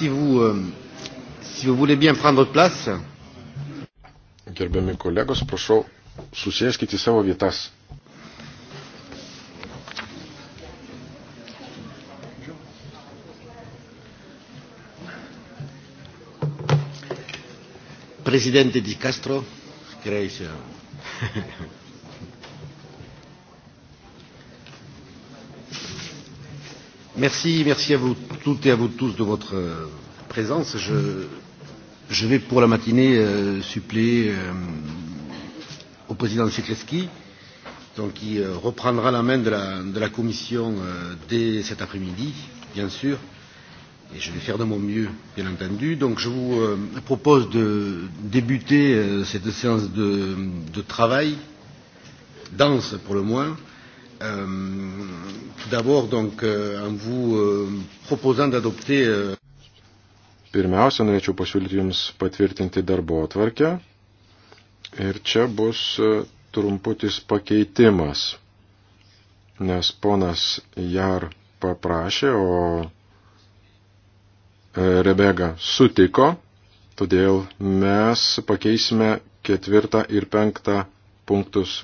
si vous, euh, si vous voulez bien prendre place. Gerbiami kolegos, prašau, susėskite į savo vietas. Presidente Di Castro, creio Merci, merci à vous toutes et à vous tous de votre euh, présence. Je, je vais pour la matinée euh, suppléer euh, au président Sikleski, donc qui euh, reprendra la main de la, de la commission euh, dès cet après-midi, bien sûr. Et je vais faire de mon mieux, bien entendu. Donc je vous euh, propose de débuter euh, cette séance de, de travail, dense pour le moins, euh, Euh, tout d'abord, donc, euh, en vous euh, proposant d'adopter. Euh... Pirmiausia, norėčiau pasiūlyti Jums patvirtinti darbo atvarkę. Ir čia bus e, trumputis pakeitimas, nes ponas Jar paprašė, o e, Rebega sutiko, todėl mes pakeisime ketvirtą ir penktą punktus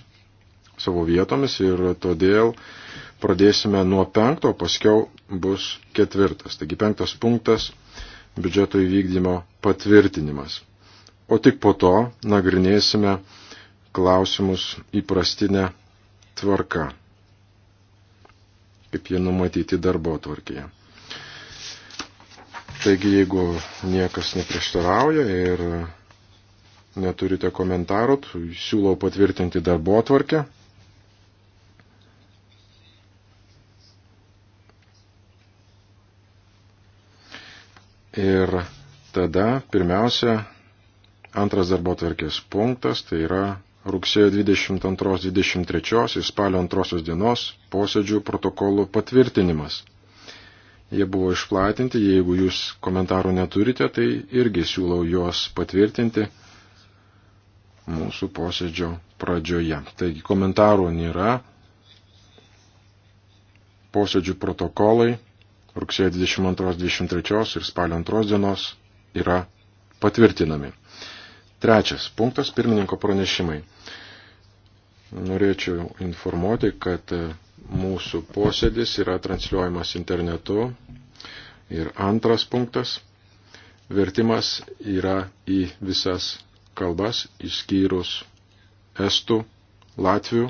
savo vietomis ir todėl pradėsime nuo penkto, paskiau bus ketvirtas. Taigi penktas punktas - biudžeto įvykdymo patvirtinimas. O tik po to nagrinėsime klausimus įprastinę tvarką, kaip jie numatyti darbo tvarkėje. Taigi, jeigu niekas neprieštarauja ir neturite komentarų, siūlau patvirtinti darbo tvarkę. Ir tada pirmiausia, antras darbo tvarkės punktas, tai yra rugsėjo 22-23 ir spalio 2 dienos posėdžių protokolų patvirtinimas. Jie buvo išplatinti, jeigu jūs komentarų neturite, tai irgi siūlau juos patvirtinti mūsų posėdžio pradžioje. Taigi komentarų nėra, posėdžių protokolai rugsėjo 22-23 ir spalio 2 dienos yra patvirtinami. Trečias punktas - pirmininko pranešimai. Norėčiau informuoti, kad e, mūsų posėdis yra transliuojamas internetu. Ir antras punktas - vertimas yra į visas kalbas, išskyrus estų, latvių,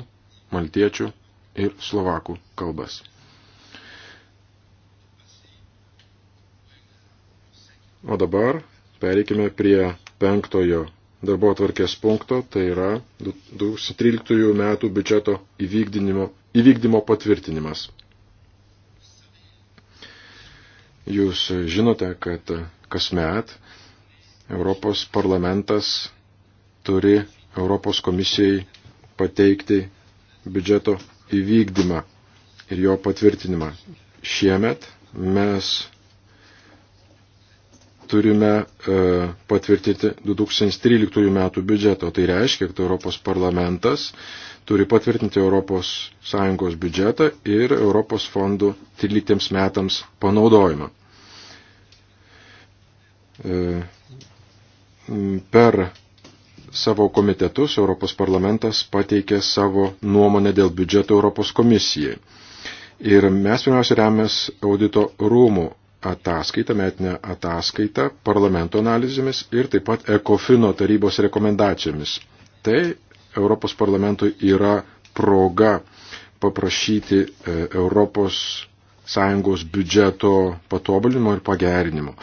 maltiečių ir slovakų kalbas. O dabar pereikime prie penktojo darbo atvarkės punkto, tai yra 2013 metų biudžeto įvykdymo, įvykdymo patvirtinimas. Jūs žinote, kad kasmet Europos parlamentas turi Europos komisijai pateikti biudžeto įvykdymą ir jo patvirtinimą. Šiemet mes turime e, patvirtinti 2013 metų biudžeto. Tai reiškia, kad Europos parlamentas turi patvirtinti ES biudžetą ir Europos fondų 13 metams panaudojimą. E, per savo komitetus Europos parlamentas pateikė savo nuomonę dėl biudžeto Europos komisijai. Ir mes pirmiausia remės audito rūmų ataskaitą, metinę ataskaitą parlamento analizėmis ir taip pat ECOFINO tarybos rekomendacijomis. Tai Europos parlamentui yra proga paprašyti e, Europos Sąjungos biudžeto patobulinimo ir pagerinimo.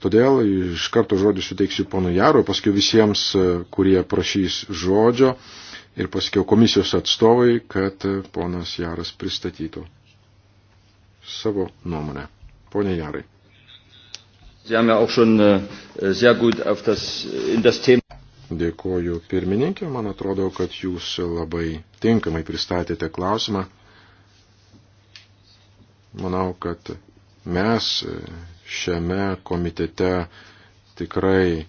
Todėl iš karto žodį suteiksiu pono Jarui, paskui visiems, e, kurie prašys žodžio ir paskiau komisijos atstovai, kad e, ponas Jaras pristatytų savo nuomonę. Pone Jarai. Äh, Dėkoju pirmininkė, man atrodo, kad jūs labai tinkamai pristatėte klausimą. Manau, kad mes e, šiame komitete tikrai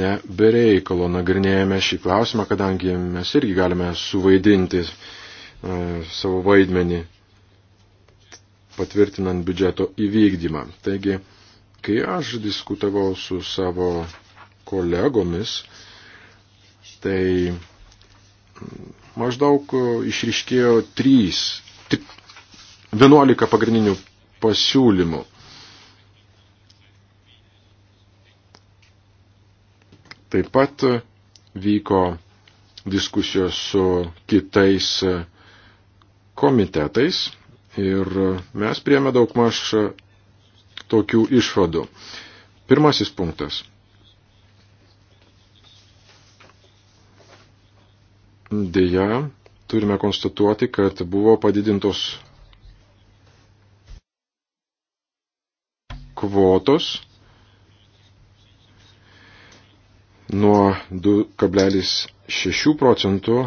nebereikalo nagrinėjame šį klausimą, kadangi mes irgi galime suvaidinti e, savo vaidmenį patvirtinant biudžeto įvykdymą. Taigi, kai aš diskutavau su savo kolegomis, tai maždaug išriškėjo 3, 11 pagrindinių pasiūlymų. Taip pat vyko diskusijos su kitais komitetais Ir mes prieme daugmaž tokių išvadų. Pirmasis punktas. Deja, turime konstatuoti, kad buvo padidintos kvotos nuo 2,6 procentų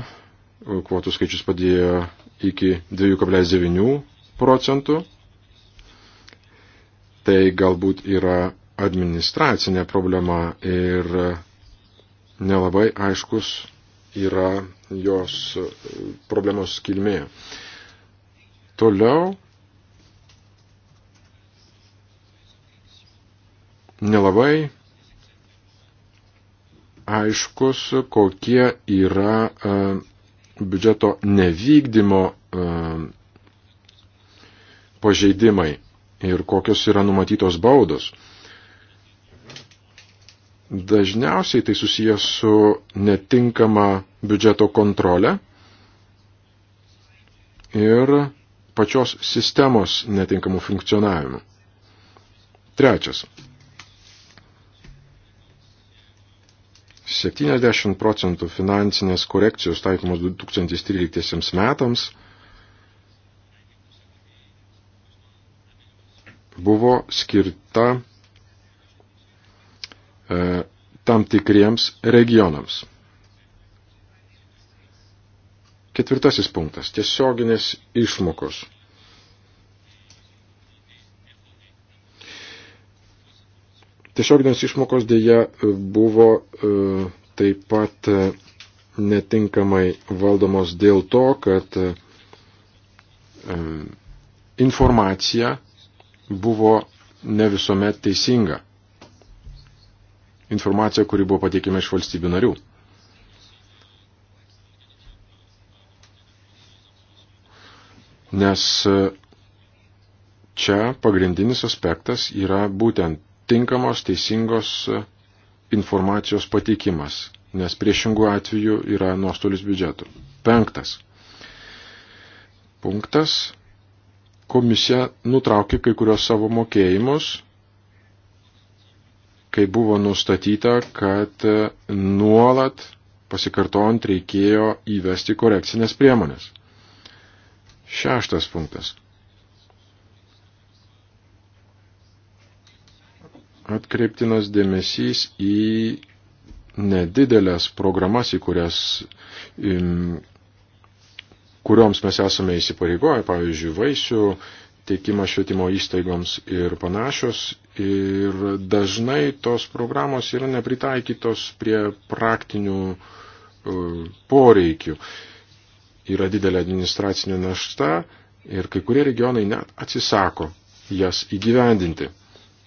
kvotų skaičius padėjo iki 2,9 procentų. Tai galbūt yra administracinė problema ir nelabai aiškus yra jos problemos kilmė. Toliau nelabai aiškus, kokie yra e, biudžeto nevykdymo e, pažeidimai ir kokios yra numatytos baudos. Dažniausiai tai susijęs su netinkama biudžeto kontrolė ir pačios sistemos netinkamų funkcionavimų. Trečias. 70 procentų finansinės korekcijos taikomos 2013 metams buvo skirta e, tam tikriems regionams. Ketvirtasis punktas – tiesioginės išmokos. Tiesioginės išmokos dėja e, buvo e, taip pat e, netinkamai valdomos dėl to, kad e, e informacija buvo ne visuomet teisinga. Informacija, kuri buvo pateikima iš valstybių narių. Nes e, čia pagrindinis aspektas yra būtent tinkamos, teisingos e, informacijos pateikimas, nes priešingų atveju yra nuostolis biudžetų. Penktas punktas komisija nutraukė kai kurios savo mokėjimus, kai buvo nustatyta, kad e, nuolat pasikartojant reikėjo įvesti korekcinės priemonės. Šeštas punktas. Atkreiptinas dėmesys į nedidelės programas, į kurias kurioms mes esame įsipareigoję, pavyzdžiui, vaisių teikimą švietimo įstaigoms ir panašios. Ir dažnai tos programos yra nepritaikytos prie praktinių e, poreikių. Yra didelė administracinė našta ir kai kurie regionai net atsisako jas įgyvendinti.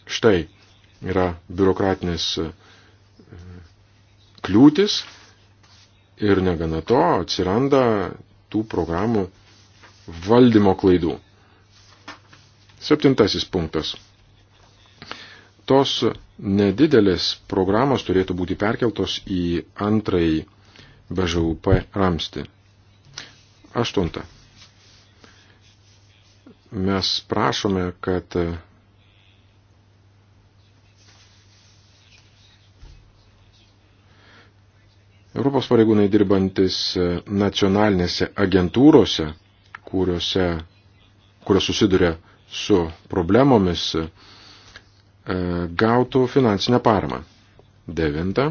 Štai yra biurokratinės e, kliūtis ir negana to atsiranda tų programų valdymo klaidų. Septintasis punktas. Tos nedidelės programos turėtų būti perkeltos į antrąjį BŽUP ramstį. Aštunta. Mes prašome, kad Europos pareigūnai dirbantis e, nacionalinėse agentūrose, kuriuose, kurios susiduria su problemomis, e, gautų finansinę paramą. Devinta,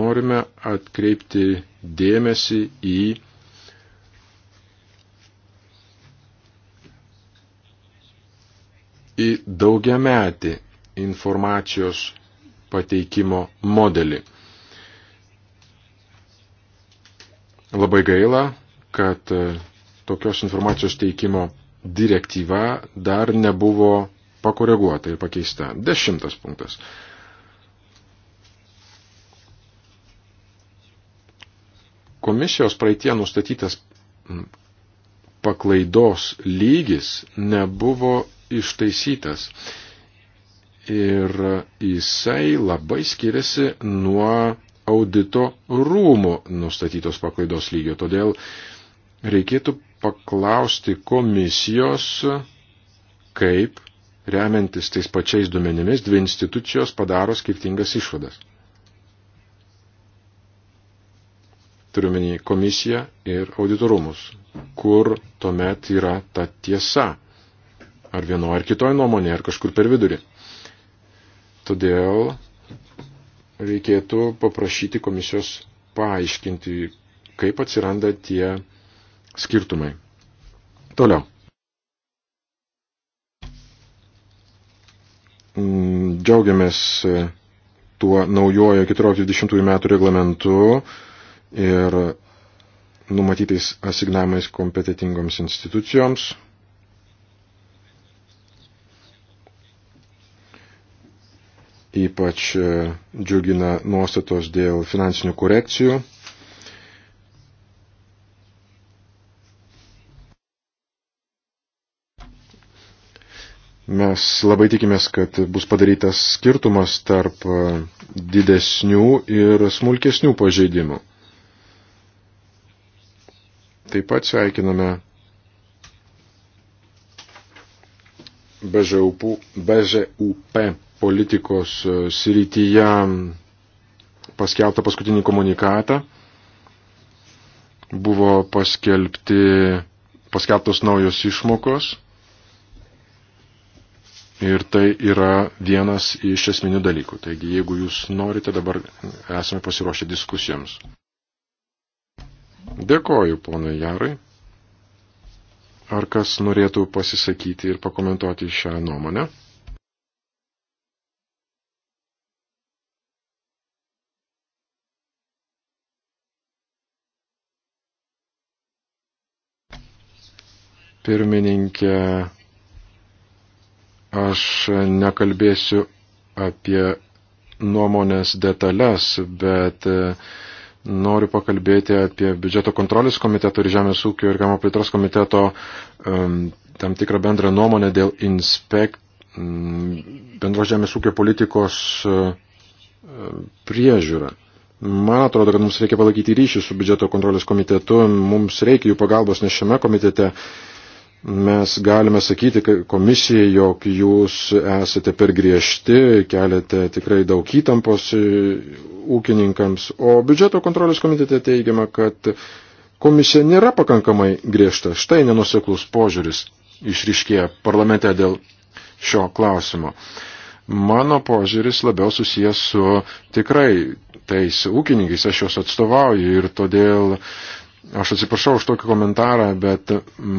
norime atkreipti dėmesį į į daugiametį informacijos pateikimo modelį. Labai gaila, kad e, tokios informacijos teikimo direktyva dar nebuvo pakoreguota ir pakeista. Dešimtas punktas. Komisijos praeitie nustatytas paklaidos lygis nebuvo ištaisytas. Ir e, jisai labai skiriasi nuo audito rūmų nustatytos paklaidos lygio. Todėl reikėtų paklausti komisijos, kaip, remiantis tais pačiais duomenimis, dvi institucijos padaro skirtingas išvadas. Turiuomenį komisiją ir auditorumus, kur tuomet yra ta tiesa, ar vienoje ar kitoje nuomonėje, ar kažkur per vidurį. Todėl reikėtų paprašyti komisijos paaiškinti, kaip atsiranda tie skirtumai. Toliau. Mm, džiaugiamės e, tuo naujojo 14-20 metų reglamentu ir numatytais asignavimais kompetitingoms institucijoms. Ypač e, džiugina nuostatos dėl finansinių korekcijų. Mes labai tikimės, kad bus padarytas skirtumas tarp e, didesnių ir smulkesnių pažeidimų. Taip pat sveikiname BŽUP politikos e, srityje paskelbtą paskutinį komunikatą. Buvo paskelbti, paskelbtos naujos išmokos. Ir tai yra vienas iš esminių dalykų. Taigi, jeigu jūs norite, dabar esame pasiruošę diskusijoms. Dėkoju, ponai Jarai. Ar kas norėtų pasisakyti ir pakomentuoti šią nuomonę? pirmininkė, aš nekalbėsiu apie nuomonės detalės, bet e, noriu pakalbėti apie biudžeto kontrolės komiteto ir Žemės ūkio ir Gamo plėtros komiteto um, tam tikrą bendrą nuomonę dėl inspekt, um, mm, bendro Žemės ūkio politikos um, e, priežiūrą. Man atrodo, kad mums reikia palaikyti ryšį su biudžeto kontrolės komitetu, mums reikia jų pagalbos, nes šiame komitete uh, mes galime sakyti komisijai, jog jūs esate per griežti, keliate tikrai daug įtampos e, ūkininkams, o biudžeto kontrolės komitete teigiama, kad komisija nėra pakankamai griežta. Štai nenuseklus požiūris išriškėja parlamente dėl šio klausimo. Mano požiūris labiau susijęs su tikrai tais ūkininkais, aš juos atstovauju ir todėl Aš atsiprašau už tokį komentarą, bet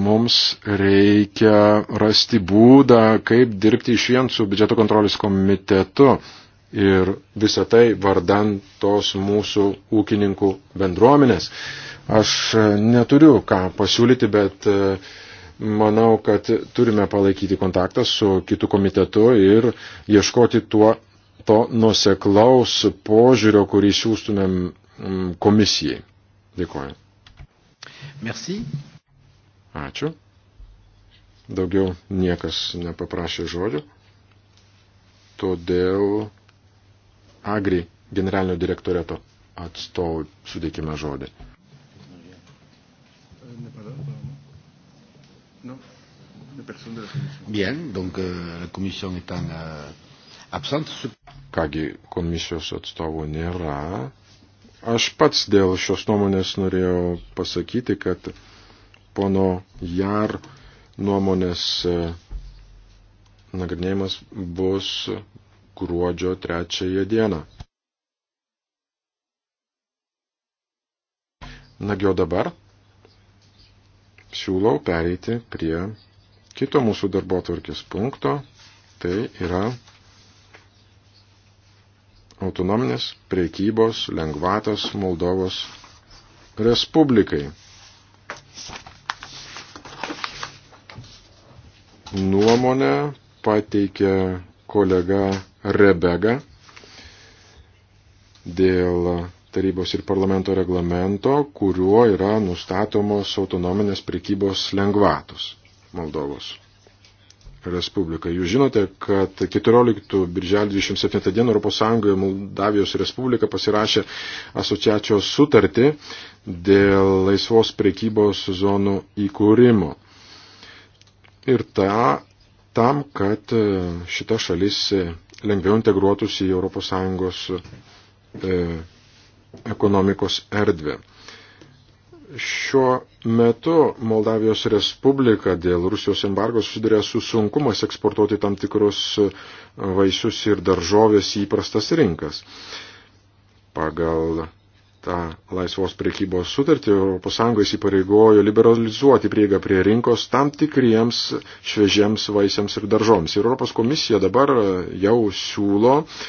mums reikia rasti būdą, kaip dirbti iš vien su biudžeto kontrolės komitetu ir visą tai vardan tos mūsų ūkininkų bendruomenės. Aš neturiu ką pasiūlyti, bet e, manau, kad turime palaikyti kontaktą su kitu komitetu ir ieškoti tuo, to nuseklaus požiūrio, kurį siūstumėm komisijai. Dėkuoju. Merci. Ačiū. Daugiau niekas nepaprašė žodžio. Todėl Agri generalinio direktoreto atstovui sudėkime žodį. Bien, donc euh, la commission étant euh, absente. Kągi, komisijos atstovų nėra, Aš pats dėl šios nuomonės norėjau pasakyti, kad pono Jar nuomonės e, nagrinėjimas bus gruodžio trečiąją dieną. Nagi, o dabar siūlau pereiti prie kito mūsų darbo tvarkės punkto, tai yra autonominės priekybos lengvatos Moldovos Respublikai. Nuomonę pateikė kolega Rebega dėl tarybos ir parlamento reglamento, kuriuo yra nustatomos autonominės prekybos lengvatos Moldovos. Respubliką. Jūs žinote, kad 14 birželio 27 dieną ES Moldavijos Respublika pasirašė asociacijos sutartį dėl laisvos prekybos zonų įkūrimo. Ir ta, tam, kad e, šita šalis e, lengviau integruotųsi į ES e, ekonomikos erdvę. Šiuo metu Moldavijos Respublika dėl Rusijos embargo susiduria su sunkumas eksportuoti tam tikrus e, vaisius ir daržovės į įprastas rinkas. Pagal tą laisvos priekybos sutartį ES įsipareigojo liberalizuoti prieigą prie rinkos tam tikriems šviežiems vaisiams ir daržoms. Ir Europos komisija dabar jau siūlo uh,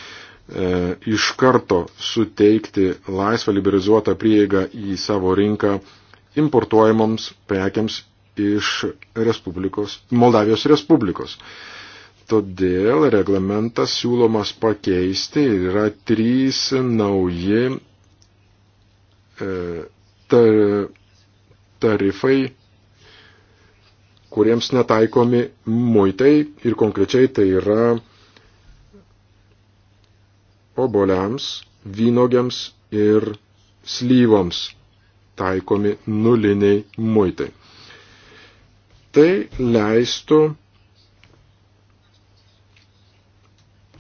E, iš karto suteikti laisvą liberalizuotą prieigą į savo rinką importuojamoms prekiams iš Respublikos, Moldavijos Respublikos. Todėl reglamentas siūlomas pakeisti ir yra trys nauji e, tarifai, kuriems netaikomi muitai ir konkrečiai tai yra oboliams, vynogiams ir slyvoms taikomi nuliniai muitai. Tai leistų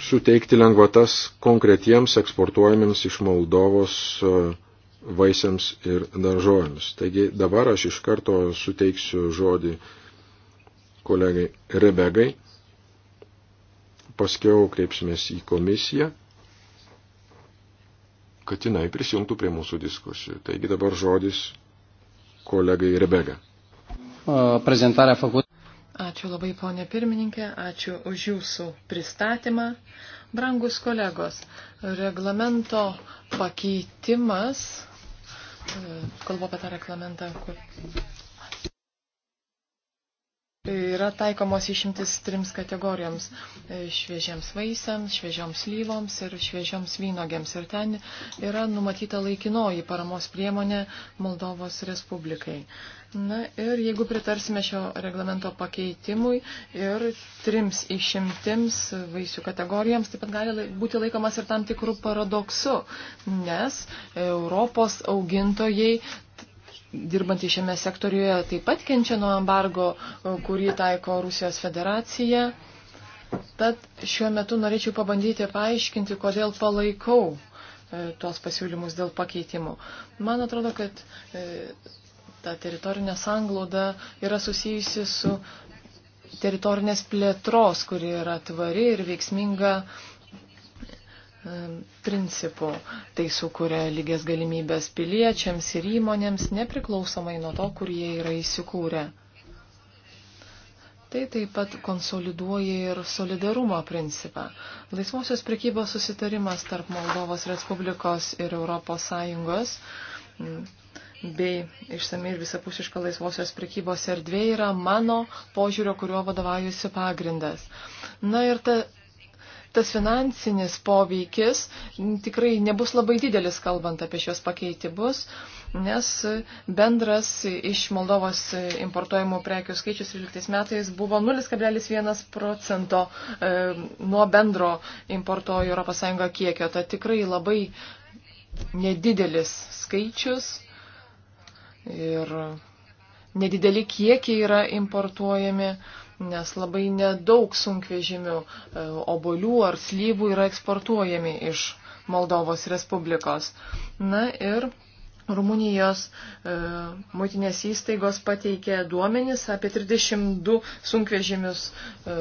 suteikti lengvatas konkretiems eksportuojamiems iš Moldovos e, vaisiams ir daržovėms. Taigi dabar aš iš karto suteiksiu žodį kolegai Rebegai, paskiau kreipsimės į komisiją kad jinai prisijungtų prie mūsų diskusijų. Taigi dabar žodis kolegai Rebega. Prezentarę fakultą. Ačiū labai, ponė pirmininkė, ačiū už jūsų pristatymą. Brangus kolegos, reglamento pakeitimas, e, kalbu apie tą reglamentą, kur Tai yra taikomos išimtis trims kategorijoms e, - šviežiems vaisiams, šviežioms lyvoms ir šviežioms vynogiams. Ir ten yra numatyta laikinoji paramos priemonė Moldovos Respublikai. Na ir jeigu pritarsime šio reglamento pakeitimui ir trims išimtims vaisių kategorijoms, taip pat gali būti laikomas ir tam tikrų paradoksų, nes Europos augintojai dirbantys šiame sektoriuje taip pat kenčia nuo embargo, e, kurį taiko Rusijos federacija. Tad šiuo metu norėčiau pabandyti paaiškinti, kodėl palaikau e, tuos pasiūlymus dėl pakeitimų. Man atrodo, kad e, ta teritorinė sanglauda yra susijusi su teritorinės plėtros, kuri yra tvari ir veiksminga principų. Tai sukuria lygias galimybės piliečiams ir įmonėms, nepriklausomai nuo to, kur jie yra įsikūrę. Tai taip pat konsoliduoja ir solidarumo principą. Laisvosios prekybos susitarimas tarp Moldovos Respublikos ir ES bei išsami ir visapusiška laisvosios prekybos erdvė yra mano požiūrio, kuriuo vadovaujusi pagrindas. Na ir ta tas finansinis poveikis tikrai nebus labai didelis, kalbant apie šios pakeitimus, nes bendras iš Moldovos importuojamų prekių skaičius 13 metais buvo 0,1 procento e, nuo bendro importo į ES kiekio. Tai tikrai labai nedidelis skaičius ir nedideli kiekiai yra importuojami nes labai nedaug sunkvežimių e, obolių ar slyvų yra eksportuojami iš Moldovos Respublikos. Na ir Rumunijos e, muitinės įstaigos pateikė duomenis apie 32 sunkvežimius e,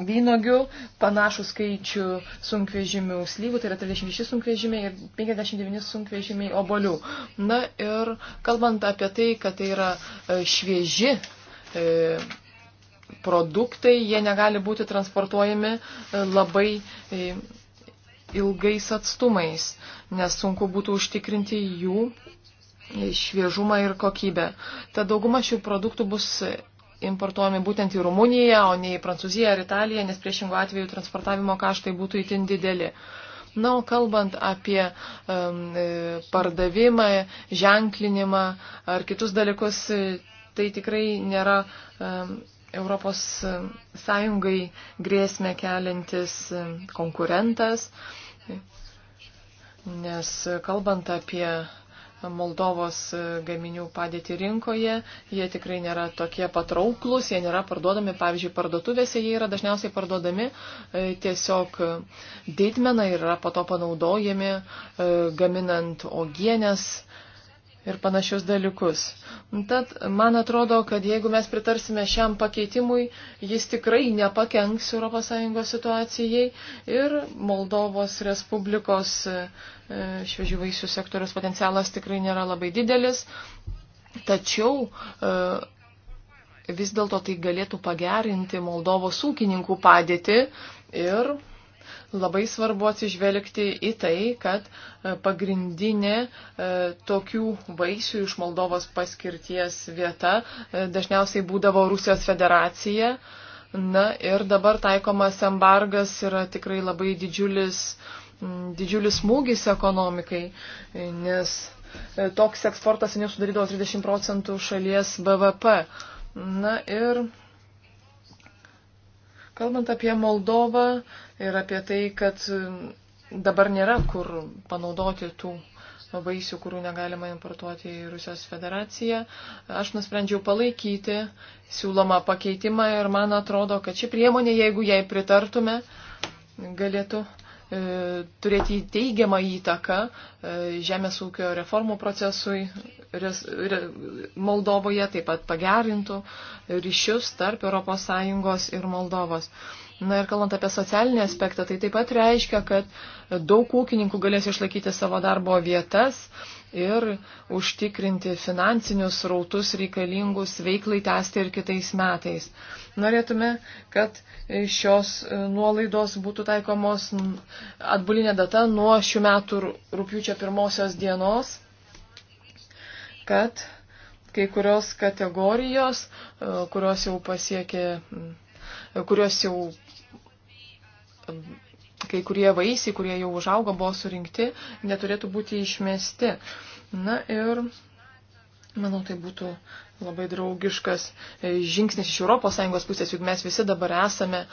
vynogių, panašų skaičių sunkvežimių slyvų, tai yra 36 sunkvežimiai ir 59 sunkvežimiai obolių. Na ir kalbant apie tai, kad tai yra e, švieži E, produktai, jie negali būti transportuojami e, labai e, ilgais atstumais, nes sunku būtų užtikrinti jų šviežumą ir kokybę. Ta dauguma šių produktų bus importuojami būtent į Rumuniją, o ne į Prancūziją ar Italiją, nes priešingų atveju transportavimo kaštai būtų itin dideli. Na, o kalbant apie um, pardavimą, ženklinimą ar kitus dalykus, tai tikrai nėra Europos Sąjungai grėsmę keliantis konkurentas, nes kalbant apie Moldovos e, gaminių padėti rinkoje, jie tikrai nėra tokie patrauklus, jie nėra parduodami, pavyzdžiui, parduotuvėse jie yra dažniausiai parduodami e, tiesiog didmeną ir yra po to panaudojami e, gaminant ogienės ir panašius dalykus. Tad man atrodo, kad jeigu mes pritarsime šiam pakeitimui, jis tikrai nepakenks ES situacijai ir Moldovos Respublikos e, šviežių vaisių sektorius potencialas tikrai nėra labai didelis. Tačiau e, vis dėlto tai galėtų pagerinti Moldovos ūkininkų padėtį ir labai svarbu atsižvelgti į tai, kad e, pagrindinė e, tokių vaisių iš Moldovos paskirties vieta e, dažniausiai būdavo Rusijos federacija. Na ir dabar taikomas embargas yra tikrai labai didžiulis, didžiulis smūgis ekonomikai, nes toks eksportas nesudarydavo 30 procentų šalies BVP. Na ir Kalbant apie Moldovą ir apie tai, kad dabar nėra kur panaudoti tų vaisių, kurių negalima importuoti į Rusijos federaciją, aš nusprendžiau palaikyti siūlomą pakeitimą ir man atrodo, kad ši priemonė, jeigu jai pritartume, galėtų E, turėti teigiamą įtaką e, žemės ūkio reformų procesui res, re, Moldovoje, taip pat pagerintų ryšius tarp ES ir Moldovos. Na ir kalbant apie socialinį aspektą, tai taip pat reiškia, kad daug ūkininkų galės išlaikyti savo darbo vietas, ir užtikrinti finansinius rautus reikalingus veiklai tęsti ir kitais metais. Norėtume, kad šios nuolaidos būtų taikomos atbulinė data nuo šių metų rūpiučio pirmosios dienos, kad kai kurios kategorijos, kurios jau pasiekė, kurios jau kai kurie vaisiai, kurie jau užaugo, buvo surinkti, neturėtų būti išmesti. Na ir manau, tai būtų labai draugiškas e, žingsnis iš ES pusės, juk mes visi dabar esame e,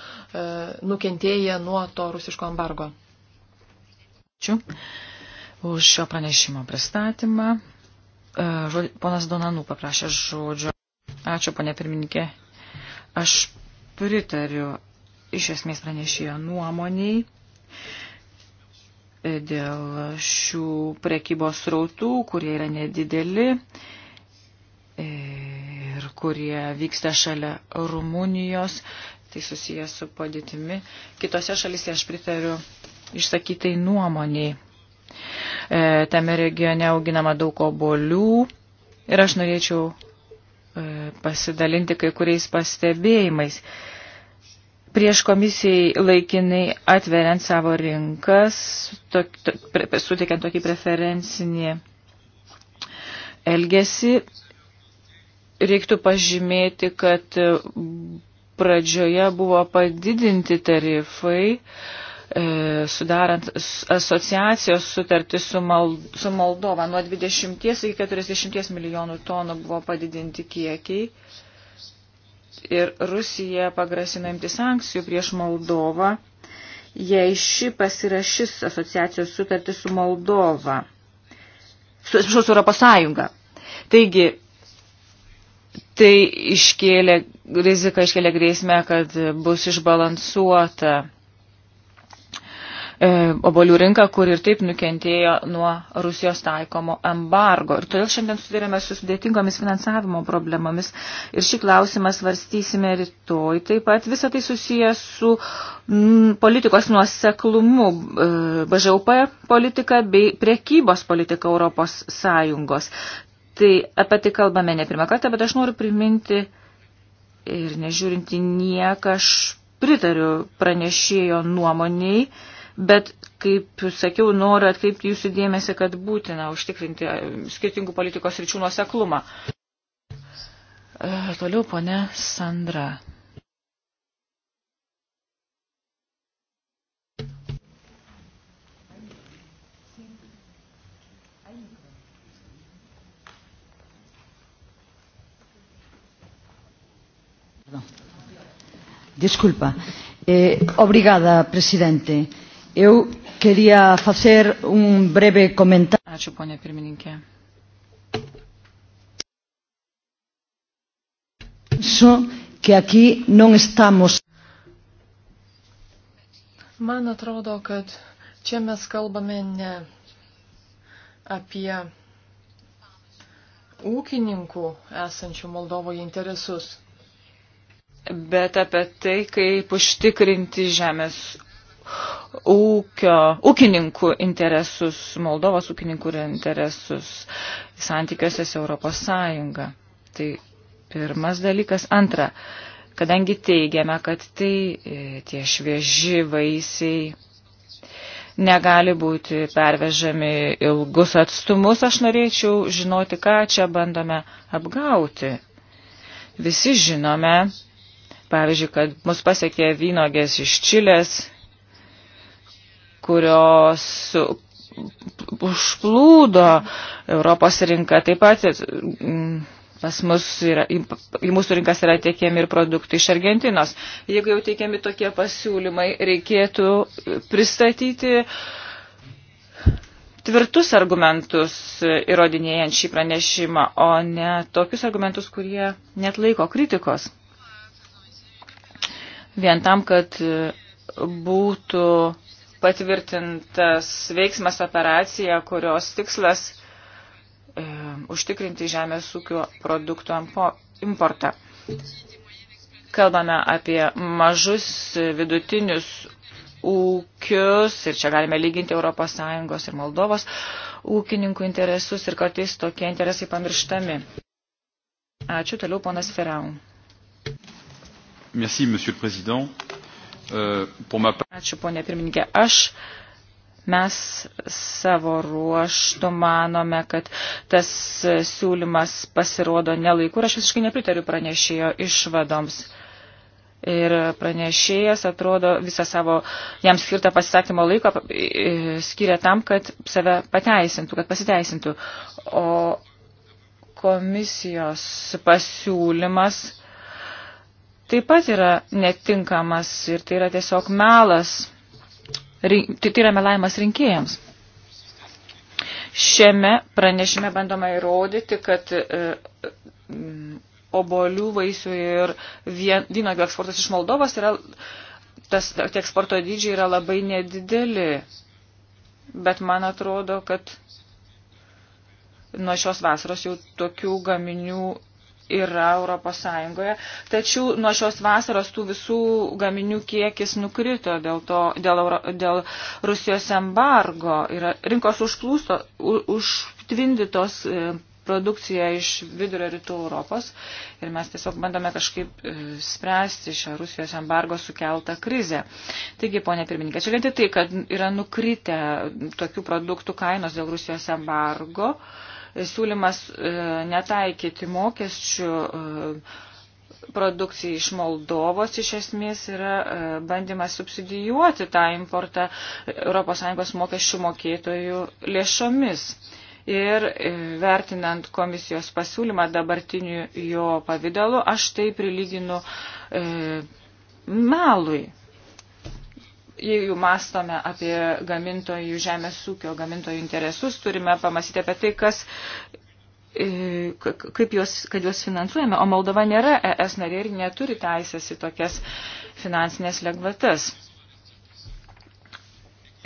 nukentėję nuo to rusiško embargo. Ačiū už šio pranešimo pristatymą. E, ponas Donanų paprašė žodžio. Ačiū, ponė pirmininkė. Aš pritariu iš esmės pranešėjo nuomoniai dėl šių prekybos rautų, kurie yra nedideli ir kurie vyksta šalia Rumunijos, tai susijęs su padėtimi. Kitose šalise aš pritariu išsakytai nuomoniai. E, tame regione auginama daug obolių ir aš norėčiau e, pasidalinti kai kuriais pastebėjimais. E, prieš komisijai laikinai atveriant savo rinkas, tok, tok, pre, suteikiant tokį preferencinį elgesį, reiktų pažymėti, kad pradžioje buvo padidinti tarifai, e, sudarant asociacijos sutartį su, Mal, su Moldova. Nuo 20 iki 40 milijonų tonų buvo padidinti kiekiai ir Rusija pagrasinanti sankcijų prieš Moldovą, jei ši pasirašys asociacijos sutartį su Moldova, su, su Europos Sąjunga. Taigi, tai iškėlė, rizika iškėlė grėsmę, kad bus išbalansuota E, obolių rinką, kur ir taip nukentėjo nuo Rusijos taikomo embargo. Ir todėl šiandien sudarėme su sudėtingomis finansavimo problemomis. Ir šį klausimą svarstysime rytoj. Taip pat visą tai susijęs su m, mm, politikos nuoseklumu, e, BŽUP politika bei priekybos politika Europos Sąjungos. Tai apie tai kalbame ne pirmą kartą, bet aš noriu priminti ir nežiūrinti nieką, aš pritariu pranešėjo nuomoniai bet, kaip sakiau, noriu atkreipti jūsų dėmesį, kad būtina užtikrinti e, skirtingų politikos ryčių nuoseklumą. E, toliau, ponė Sandra. Disculpa. Eh, obrigada, presidente. Eu queria fazer um breve comentário. Ačiū, ponė pirmininkė. Penso que aqui não estamos. Man atrodo, kad čia mes kalbame ne apie ūkininkų esančių Moldovoje interesus, bet apie tai, kaip užtikrinti žemės ūkio, ūkininkų interesus, Moldovos ūkininkų interesus santykiuose su Europos Sąjunga. Tai pirmas dalykas. Antra, kadangi teigiame, kad tai e, tie švieži vaisiai negali būti pervežami ilgus atstumus, aš norėčiau žinoti, ką čia bandome apgauti. Visi žinome, pavyzdžiui, kad mus pasiekė vynogės iš Čilės, kurios užplūdo Europos rinką. Taip pat mm, pas mus yra, į mūsų rinkas yra tiekiami ir produktai iš Argentinos. Jeigu jau teikiami tokie pasiūlymai, reikėtų pristatyti tvirtus argumentus įrodinėjant šį pranešimą, o ne tokius argumentus, kurie net laiko kritikos. Vien tam, kad būtų patvirtintas veiksmas operacija, kurios tikslas e, užtikrinti žemės ūkio produktų importą. Kalbame apie mažus vidutinius ūkius ir čia galime lyginti ES ir Moldovos ūkininkų interesus ir kartais tokie interesai pamirštami. Ačiū toliau, ponas Ferau. Merci, monsieur le président. E, Ačiū, ponė pirmininkė. Aš mes savo ruoštų manome, kad tas siūlymas pasirodo nelaiku ir aš visiškai nepritariu pranešėjo išvadoms. Ir pranešėjas atrodo visą savo jam skirtą pasisakymo laiką e, skiria tam, kad save pateisintų, kad pasiteisintų. O komisijos pasiūlymas taip pat yra netinkamas ir tai yra tiesiog melas, tai, tai yra melavimas rinkėjams. Šiame pranešime bandoma įrodyti, kad e, e, obolių vaisių ir vynogių eksportas iš Moldovos yra, tas tie eksporto dydžiai yra labai nedideli. Bet man atrodo, kad nuo šios vasaros jau tokių gaminių yra Europos Sąjungoje, tačiau nuo šios vasaros tų visų gaminių kiekis nukrito dėl, to, dėl, Euro, dėl Rusijos embargo. Yra, rinkos užplūsto, u, užtvindytos e, produkcija iš vidurio rytų Europos ir mes tiesiog bandome kažkaip e, spręsti šią Rusijos embargo sukeltą krizę. Taigi, ponė pirmininkė, čia vien tai, kad yra nukritę tokių produktų kainos dėl Rusijos embargo. Uh, siūlymas e, netaikyti mokesčių e, produkcijai iš Moldovos iš esmės yra e, bandymas subsidijuoti tą importą ES mokesčių mokėtojų lėšomis. Ir vertinant komisijos pasiūlymą dabartiniu jo pavydalu, aš tai prilyginu e, melui jeigu mastome apie gamintojų žemės ūkio, gamintojų interesus, turime pamastyti apie tai, kas, e, kaip juos, kad juos finansuojame. O Moldova nėra ES narė ir neturi teisės į tokias finansinės lengvatas.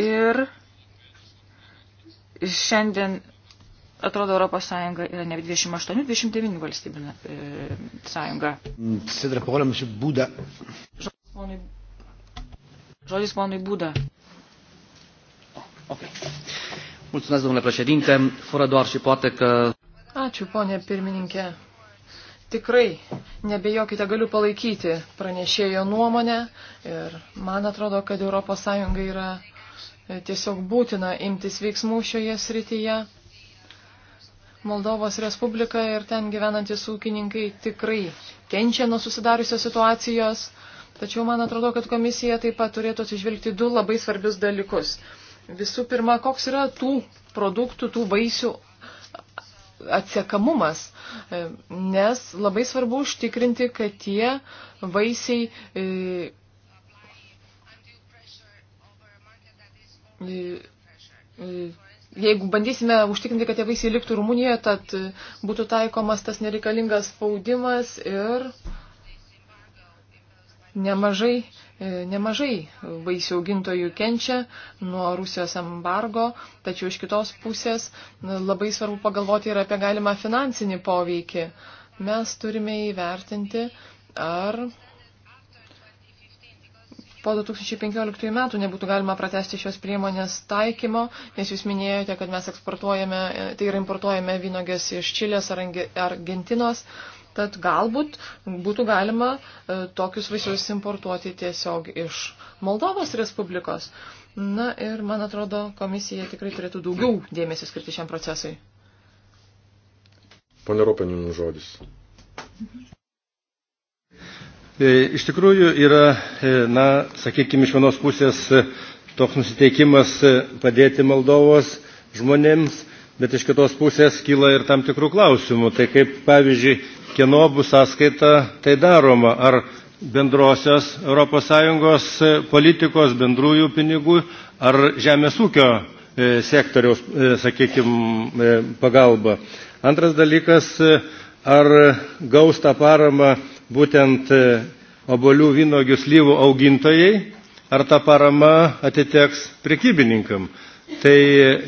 Ir šiandien, atrodo, Europos Sąjunga yra ne 28, 29 valstybių e, sąjunga. Sidra Polam, Būda. Žmonai, Žodis ponui Būda. Okay. Mulțumesc, domnule președinte, fără doar și poate că... Ačiū, ponė pirmininkė. Tikrai, nebejokite, galiu palaikyti pranešėjo nuomonę ir man atrodo, kad ES yra e, tiesiog būtina imtis veiksmų šioje srityje. Moldovos Respublika ir ten gyvenantis ūkininkai tikrai kenčia nuo susidariusios situacijos. Tačiau man atrodo, kad komisija taip pat turėtų atsižvelgti du labai svarbius dalykus. Visų pirma, koks yra tų produktų, tų vaisių atsiekamumas, e, nes labai svarbu užtikrinti, kad tie vaisiai e, e, jeigu bandysime užtikrinti, kad tie vaisiai liktų Rumunijoje, tad būtų taikomas tas nereikalingas spaudimas ir uh, Nemažai, e, nemažai vaisių augintojų kenčia nuo Rusijos embargo, tačiau iš kitos pusės labai svarbu pagalvoti ir apie galimą finansinį poveikį. Mes turime įvertinti, ar po 2015 metų nebūtų galima pratesti šios priemonės taikymo, nes jūs minėjote, kad mes eksportuojame, e, tai yra importuojame vynogės iš Čilės ar Argentinos. Ar Tad galbūt būtų galima e, tokius vaisius importuoti tiesiog iš Moldovos Respublikos. Na ir, man atrodo, komisija tikrai turėtų daugiau dėmesio skirti šiam procesui. Pane Ropeninų žodis. E, iš tikrųjų yra, e, na, sakykime, iš vienos pusės toks nusiteikimas padėti Moldovos žmonėms, bet iš kitos pusės kyla ir tam tikrų klausimų. Tai kaip, pavyzdžiui, kieno bus sąskaita tai daroma, ar bendrosios ES e, politikos, bendrųjų pinigų, ar žemės ūkio e, sektoriaus, e, sakykime, pagalba. Antras dalykas, ar gaus tą paramą būtent obolių vynogių slyvų augintojai, ar ta parama atiteks prekybininkam. Tai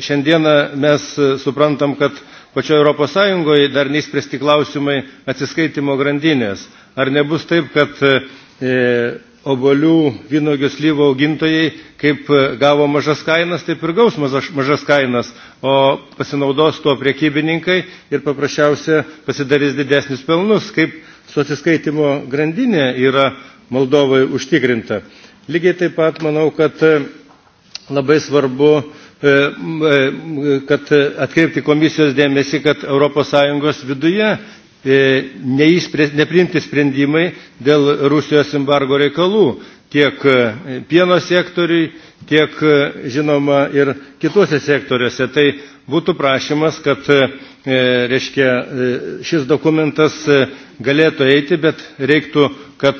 šiandieną mes suprantam, kad pačioje europos sąjungoje dar neišspręsti klausimai atsiskaitimo grandinės ar nebus taip kad e, e, obuolių vynuogių slyvų augintojai kaip e, gavo mažas kainas taip ir gaus mažas, mažas kainas o pasinaudos tuo prekybininkai ir paprasčiausia pasidarys didesnius pelnus kaip su atsiskaitimo grandinė yra moldovai užtikrinta. lygiai taip pat manau kad labai svarbu E, e, kad atkreipti komisijos dėmesį, kad ES viduje e, nepriimti sprendimai dėl Rusijos embargo reikalų tiek pieno sektoriui, tiek žinoma ir kitose sektoriuose. Tai būtų prašymas, kad reiškia, šis dokumentas galėtų eiti, bet reiktų, kad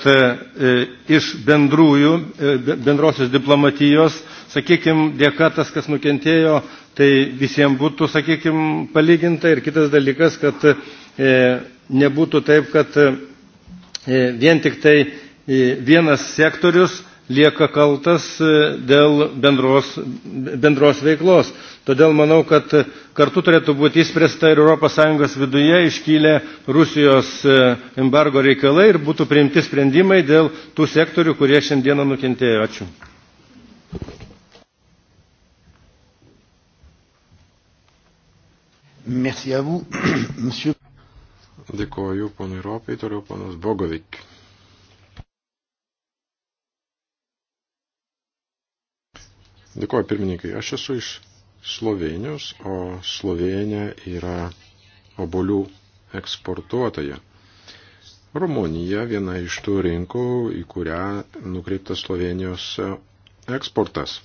iš bendrųjų, bendrosios diplomatijos sakykime, dėka tas, kas nukentėjo, tai visiems būtų, sakykime, palyginta. Ir kitas dalykas, kad e, nebūtų taip, kad e, vien tik tai e, vienas sektorius lieka kaltas dėl bendros, bendros veiklos. Todėl manau, kad kartu turėtų būti įspręsta ir ES viduje iškylę Rusijos embargo reikalai ir būtų priimti sprendimai dėl tų sektorių, kurie šiandieną nukentėjo. Ačiū. Merci à vous, monsieur. Dėkoju ponui Ropiai, toliau ponas Bogovik. Dėkoju pirmininkai, aš esu iš Slovenijos, o Slovenija yra obolių eksportuotoja. Rumunija viena iš tų rinkų, į kurią nukreiptas Slovenijos eksportas.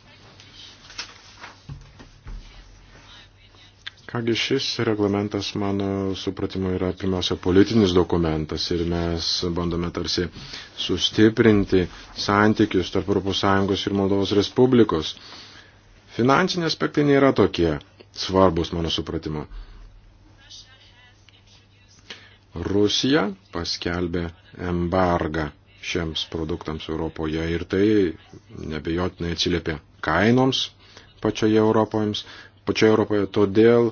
Kągi šis reglamentas, mano supratimo, yra pirmiausia politinis dokumentas ir mes bandome tarsi sustiprinti santykius tarp ES ir Moldovos Respublikos. Finansiniai aspektai nėra tokie svarbus, mano supratimo. Rusija paskelbė embargą šiems produktams Europoje ir tai nebejotinai atsiliepė kainoms pačioje Europoje, pačioje Europoje. Todėl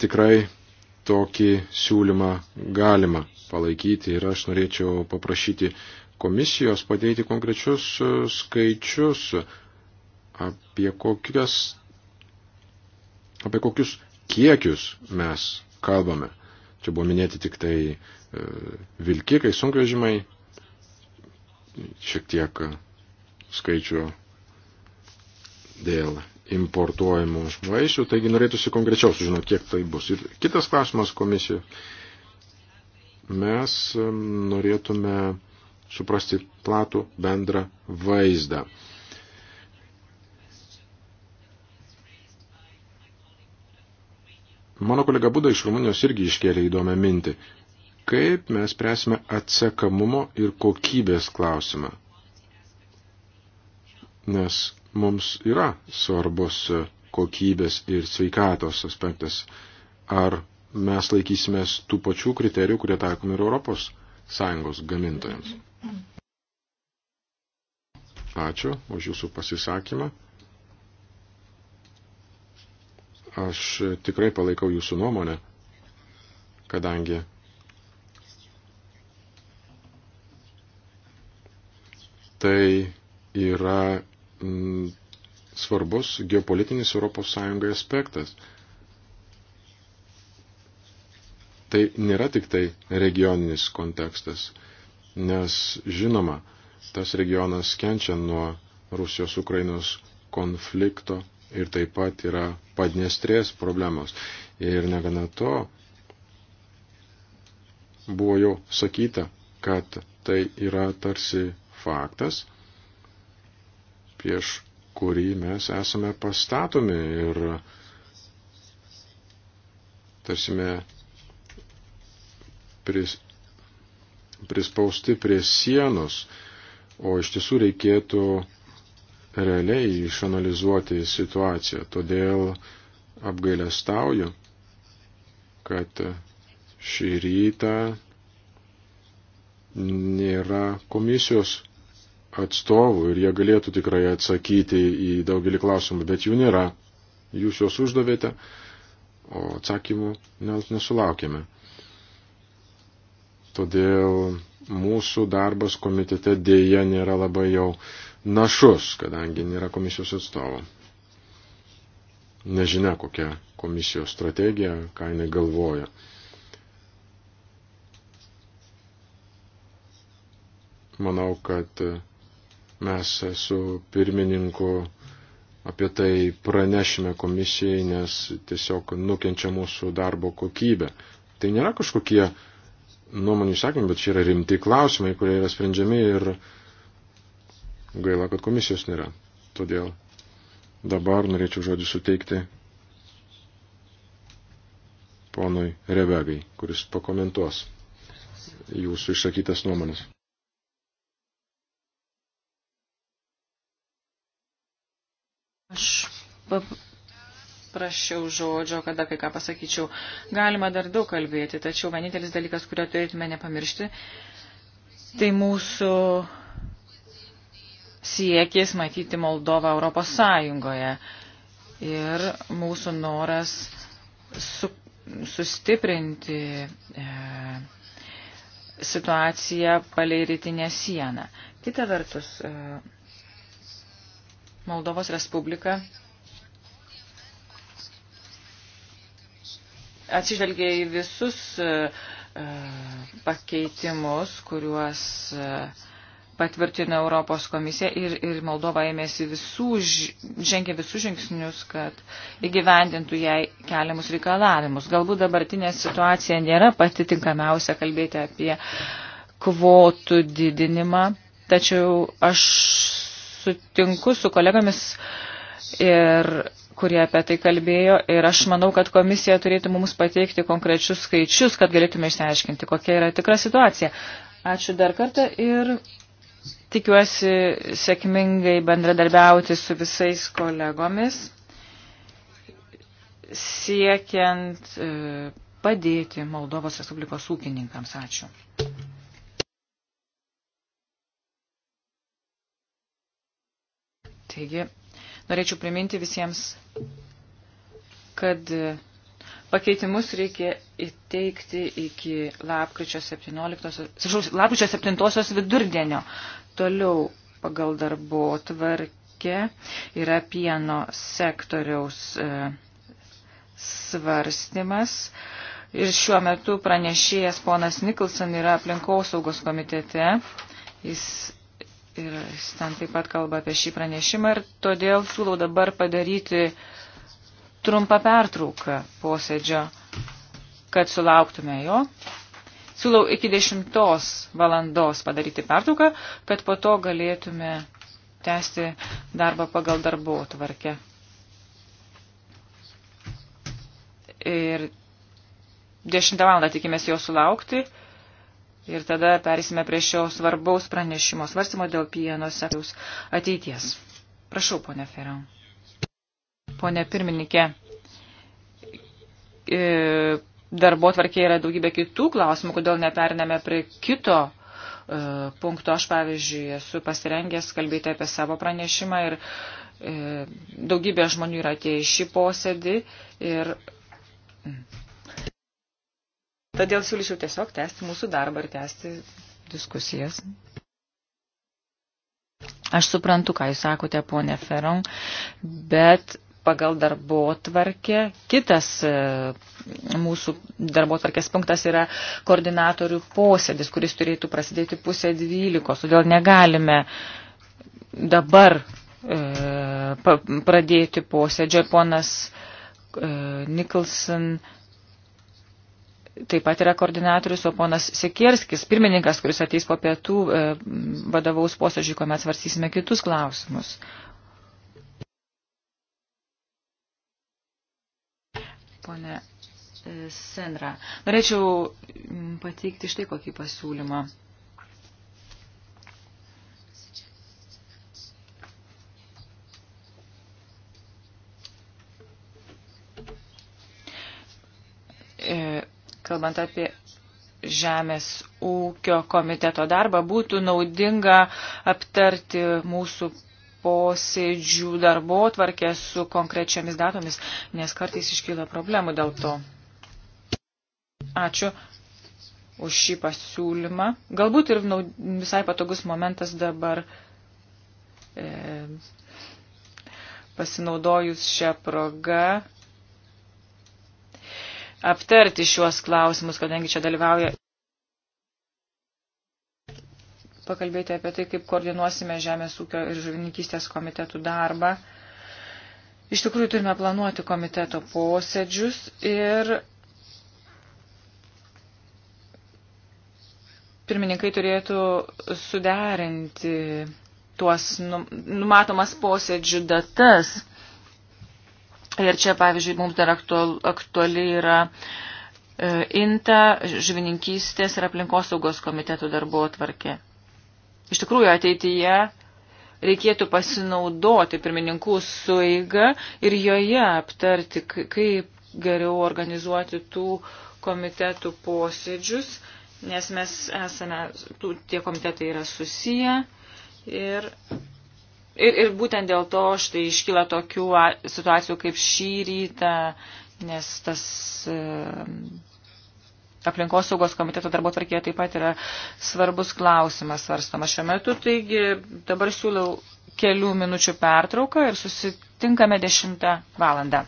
tikrai tokį siūlymą galima palaikyti ir aš norėčiau paprašyti komisijos pateikti konkrečius e, skaičius apie, kokias, apie kokius kiekius mes kalbame. Čia buvo minėti tik tai e, vilkikai, sunkvežimai, šiek tiek skaičių dėl importuojamų vaisių, taigi norėtųsi konkrečiau sužinoti, kiek tai bus. Ir kitas klausimas komisijų. Mes norėtume suprasti platų bendrą vaizdą. Mano kolega Buda iš Rumunijos irgi iškėlė įdomią mintį. Kaip mes presime atsekamumo ir kokybės klausimą? Nes mums yra svarbus kokybės ir sveikatos aspektas. Ar mes laikysimės tų pačių kriterijų, kurie taikomi ir Europos Sąjungos gamintojams? Ačiū už Jūsų pasisakymą. Aš tikrai palaikau Jūsų nuomonę, kadangi tai yra m, mm, svarbus geopolitinis ES aspektas. Tai nėra tik tai regioninis kontekstas, nes žinoma, tas regionas kenčia nuo Rusijos-Ukrainos konflikto ir taip pat yra padnestrės problemos. Ir negana to, buvo jau sakyta, kad tai yra tarsi faktas, prieš kurį mes esame pastatomi ir tarsime pris, prispausti prie sienos, o iš tiesų reikėtų realiai išanalizuoti situaciją. Todėl apgailestauju, kad šį rytą nėra komisijos atstovų ir jie galėtų tikrai atsakyti į daugelį klausimų, bet jų nėra. Jūs juos uždavėte, o atsakymų nesulaukėme. Todėl mūsų darbas komitete dėja nėra labai jau našus, kadangi nėra komisijos atstovų. Nežinia, kokia komisijos strategija, ką jinai galvoja. Manau, kad Mes su pirmininku apie tai pranešime komisijai, nes tiesiog nukenčia mūsų darbo kokybė. Tai nėra kažkokie nuomonių išsakymai, bet čia yra rimti klausimai, kurie yra sprendžiami ir gaila, kad komisijos nėra. Todėl dabar norėčiau žodį suteikti ponui Rebegai, kuris pakomentuos jūsų išsakytas nuomonės. prašiau žodžio, kada kai ką pasakyčiau. Galima dar daug kalbėti, tačiau vienintelis dalykas, kurio turėtume nepamiršti, tai mūsų siekis matyti Moldovą Europos Sąjungoje ir mūsų noras su, sustiprinti e, situaciją palei rytinę sieną. Kita vertus, e, Moldovos Respublika atsižvelgia į visus e, e, pakeitimus, kuriuos e, patvirtino Europos komisija ir, ir Moldova ėmėsi visų, žengė visus žingsnius, kad įgyvendintų jai keliamus reikalavimus. Galbūt dabartinė situacija nėra pati tinkamiausia kalbėti apie kvotų didinimą, tačiau aš sutinku su kolegomis ir kurie apie tai kalbėjo ir aš manau, kad komisija turėtų mums pateikti konkrečius skaičius, kad galėtume išsiaiškinti, kokia yra tikra situacija. Ačiū dar kartą ir tikiuosi sėkmingai bendradarbiauti su visais kolegomis, siekiant e, padėti Moldovos Respublikos ūkininkams. Ačiū. Taigi, Norėčiau priminti visiems, kad pakeitimus reikia įteikti iki lapkričio 17, lapkričio 7 vidurdienio. Toliau pagal darbo tvarkę yra pieno sektoriaus e, svarstymas. Ir šiuo metu pranešėjas ponas Nikolson yra aplinkosaugos komitete. Jis ir jis ten taip pat kalba apie šį pranešimą ir todėl siūlau dabar padaryti trumpą pertrauką posėdžio, kad sulauktume jo. Siūlau iki 10 valandos padaryti pertrauką, kad po to galėtume tęsti darbą pagal darbo tvarkę. Ir 10 valandą tikimės jo sulaukti. Ir tada persime prie šio svarbaus pranešimo svarstymo dėl pieno sektoriaus ateities. Prašau, ponė Ferau. Pone pirmininkė, e, darbo tvarkė yra daugybė kitų klausimų, kodėl neperiname prie kito e, punktų. Aš, pavyzdžiui, esu pasirengęs kalbėti apie savo pranešimą ir e, daugybė žmonių yra atėję į šį posėdį ir Todėl siūlyčiau tiesiog tęsti mūsų darbą ir tęsti diskusijas. Aš suprantu, ką jūs sakote, ponė Feron, bet pagal darbo tvarkę. Kitas e, mūsų darbo tvarkės punktas yra koordinatorių posėdis, kuris turėtų prasidėti pusę dvylikos. Todėl negalime dabar e, pradėti posėdžio. Ponas e, Nicholson taip pat yra koordinatorius, o ponas Sekierskis, pirmininkas, kuris ateis po pietų, e, vadovaus posėdžiui, kuomet svarstysime kitus klausimus. Pone e, Senra, norėčiau pateikti štai kokį pasiūlymą. kalbant apie Žemės ūkio komiteto darbą, būtų naudinga aptarti mūsų posėdžių darbo tvarkę su konkrečiamis datomis, nes kartais iškyla problemų dėl to. Ačiū už šį pasiūlymą. Galbūt ir nu, visai patogus momentas dabar e, pasinaudojus šią progą aptarti šiuos klausimus, kadangi čia dalyvauja. Pakalbėti apie tai, kaip koordinuosime Žemės ūkio ir žuvininkystės komitetų darbą. Iš tikrųjų, turime planuoti komiteto posėdžius ir pirmininkai turėtų suderinti tuos numatomas posėdžių datas. Ir čia, pavyzdžiui, mums dar aktuali yra e, INTA, žvininkystės ir aplinkosaugos komitetų darbo atvarkė. Iš tikrųjų, ateityje reikėtų pasinaudoti pirmininkų suiga ir joje aptarti, kaip geriau organizuoti tų komitetų posėdžius, nes mes esame, tų, tie komitetai yra susiję ir Ir, ir būtent dėl to štai iškyla tokių situacijų kaip šį rytą, nes tas e, aplinkos saugos komiteto darbo tvarkėje taip pat yra svarbus klausimas svarstama šiuo metu. Taigi dabar siūlau kelių minučių pertrauką ir susitinkame 10 valandą.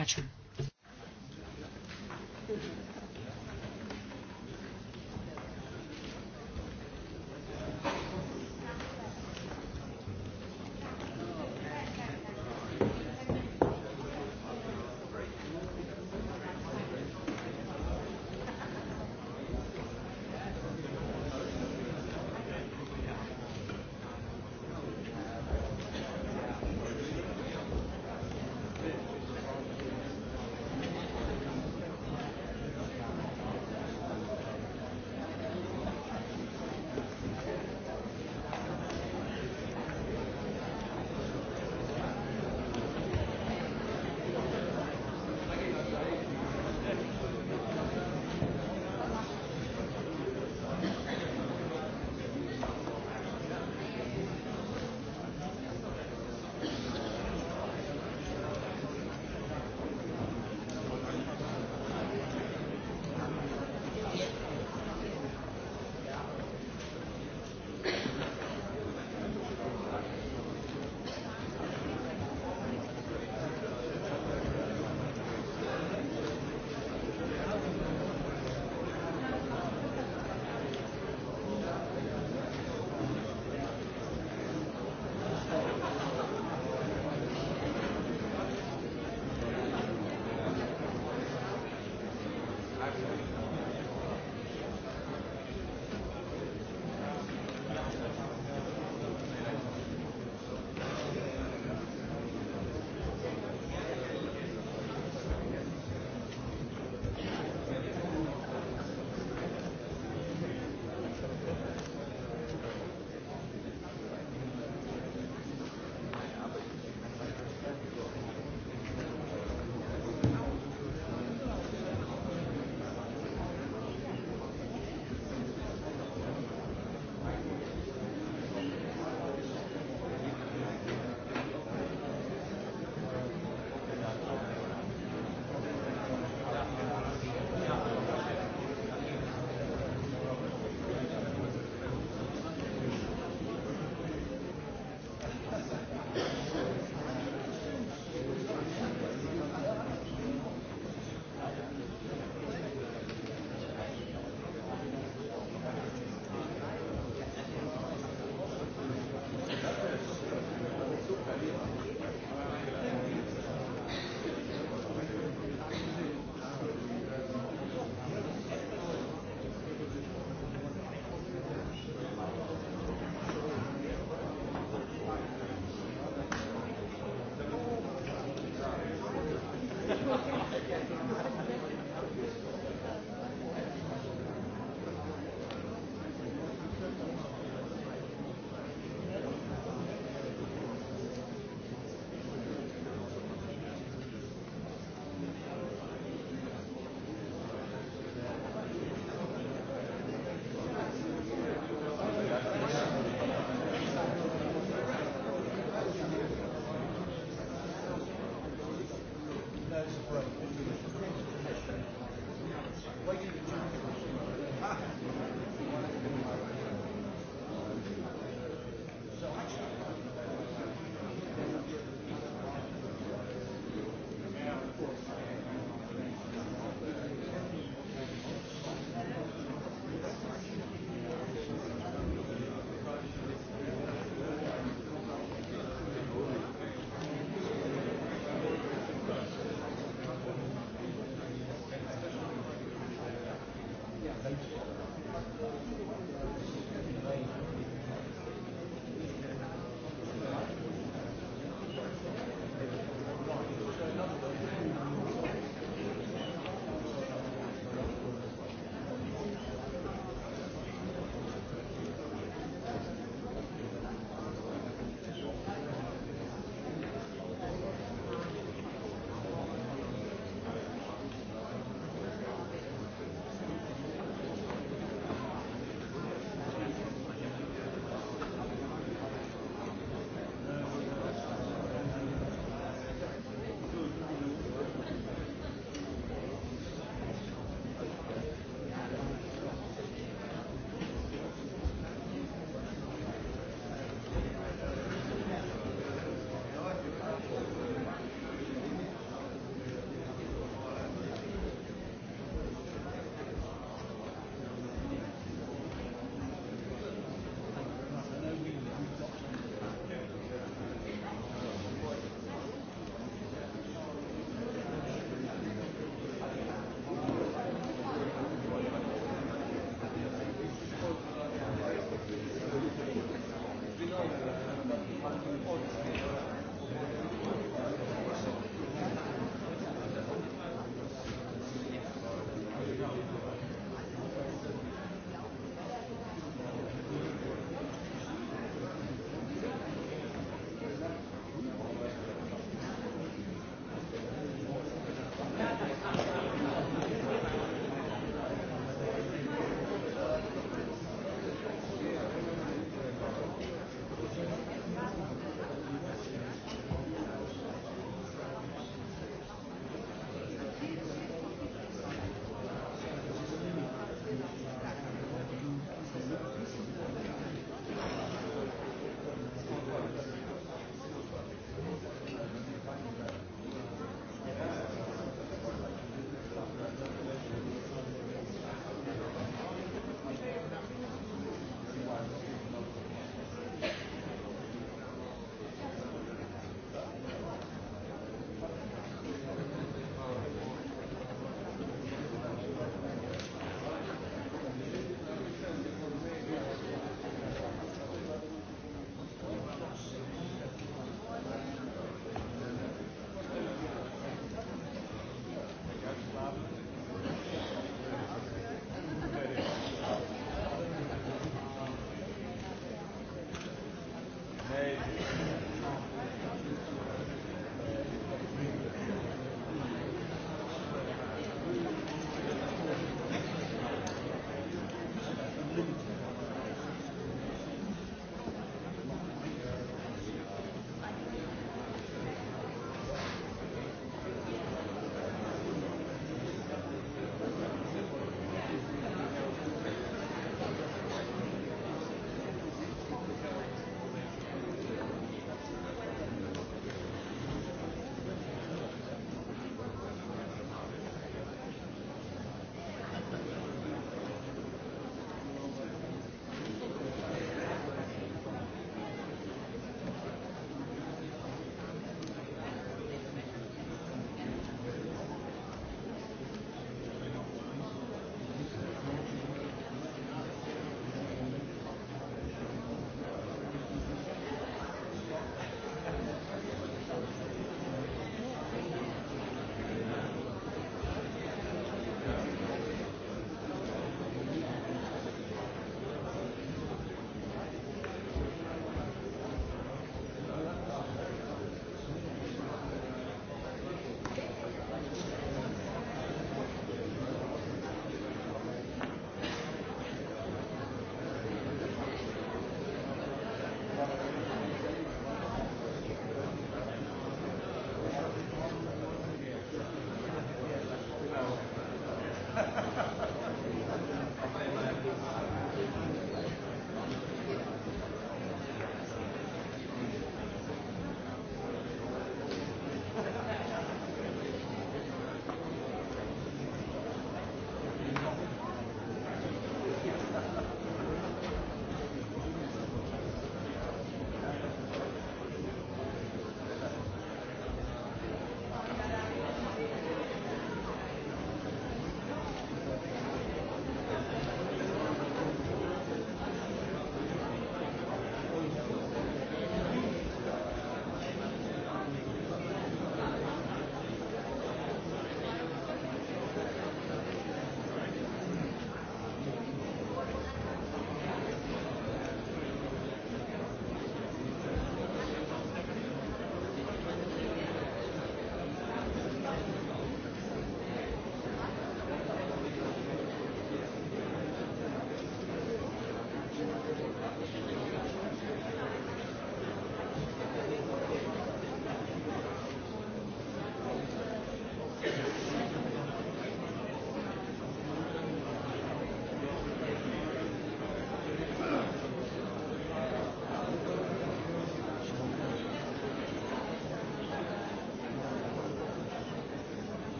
Ačiū.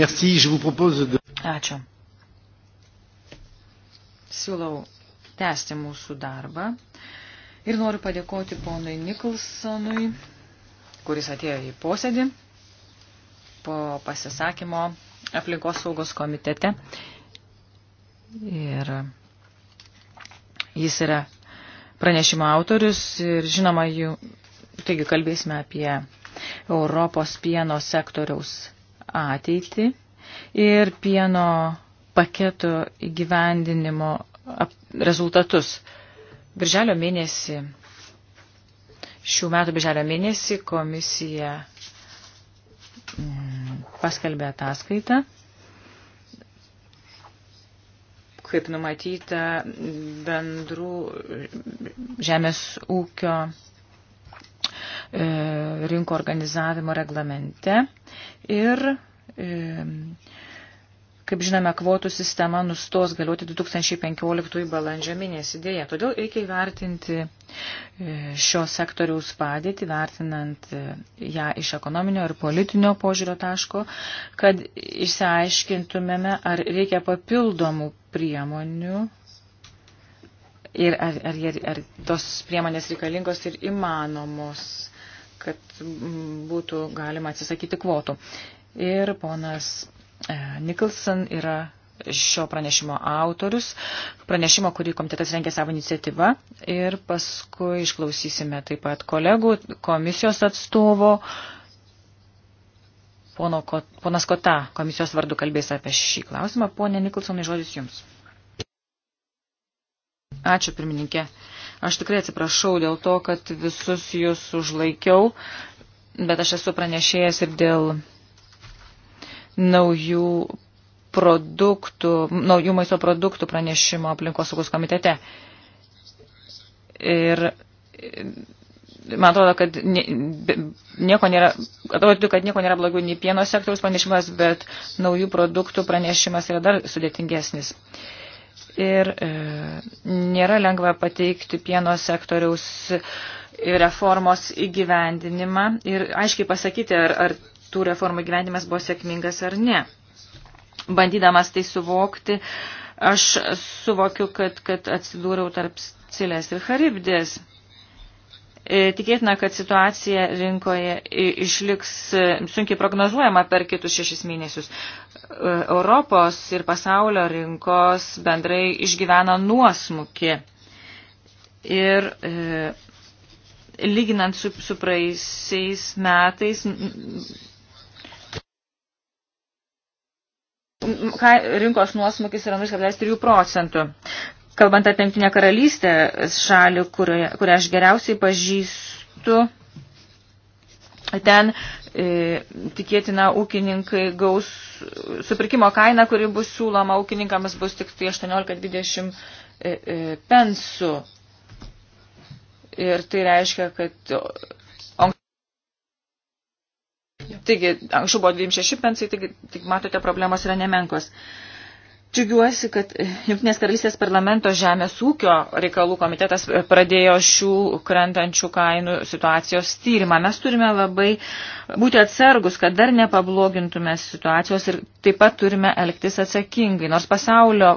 Merci, je vous propose de... Ačiū. Siūlau tęsti mūsų darbą ir noriu padėkoti ponui Nikolsonui, kuris atėjo į posėdį po pasisakymo aplinkos saugos komitete. Ir jis yra pranešimo autorius ir žinoma, jų, taigi kalbėsime apie Europos pieno sektoriaus ateitį ir pieno paketo įgyvendinimo rezultatus. Birželio mėnesį, šių metų birželio mėnesį komisija mm, paskelbė ataskaitą, kaip numatyta bendrų žemės ūkio E, rinko organizavimo reglamente ir e, Kaip žinome, kvotų sistema nustos galioti 2015 balandžio mėnesį dėje. Todėl reikia įvertinti e, šio sektoriaus padėtį, vertinant ją iš ekonominio ir politinio požiūrio taško, kad išsiaiškintumėme, ar reikia papildomų priemonių ir ar, ar, ar, ar tos priemonės reikalingos ir įmanomos kad mm, būtų galima atsisakyti kvotų. Ir ponas e, Nicholson yra šio pranešimo autorius, pranešimo, kurį komitetas rengė savo iniciatyvą ir paskui išklausysime taip pat kolegų, komisijos atstovo, pono, ponas Kota komisijos vardu kalbės apie šį klausimą. Pone Nikolsonai, žodis jums. Ačiū, pirmininkė. Aš tikrai atsiprašau dėl to, kad visus jūs užlaikiau, bet aš esu pranešėjęs ir dėl naujų produktų, naujų maisto produktų pranešimo aplinkosaugos komitete. Ir man atrodo, kad nieko nėra, atrodo, kad nieko nėra blogiau nei pieno sektoriaus pranešimas, bet naujų produktų pranešimas yra dar sudėtingesnis. Uh, ir e, nėra lengva pateikti pieno sektoriaus reformos įgyvendinimą ir aiškiai pasakyti, ar, ar tų reformų įgyvendinimas buvo sėkmingas ar ne. Bandydamas tai suvokti, aš suvokiu, kad, kad atsidūriau tarp Cilės ir Charibdės. E, tikėtina, kad situacija rinkoje išliks e, sunkiai prognozuojama per kitus šešis mėnesius. E, Europos ir pasaulio rinkos bendrai išgyvena nuosmukį. Ir e, lyginant su, su praeisiais metais, rinkos nuosmukis yra 0,3 procentų kalbant apie Jungtinę karalystę, šalį, kurioje, kurią aš geriausiai pažįstu, ten e, tikėtina ūkininkai gaus supirkimo kainą, kuri bus siūloma ūkininkams bus tik 18-20 tai e, e, pensų. Ir tai reiškia, kad Taigi, anksčiau buvo 26 pensai, taigi, tik matote, problemos yra nemenkos. E, Džiugiuosi, kad Junktinės karalystės parlamento žemės ūkio reikalų komitetas pradėjo šių krentančių kainų situacijos tyrimą. Mes turime labai būti atsargus, kad dar nepablogintume situacijos ir taip pat turime elgtis atsakingai. Nors pasaulio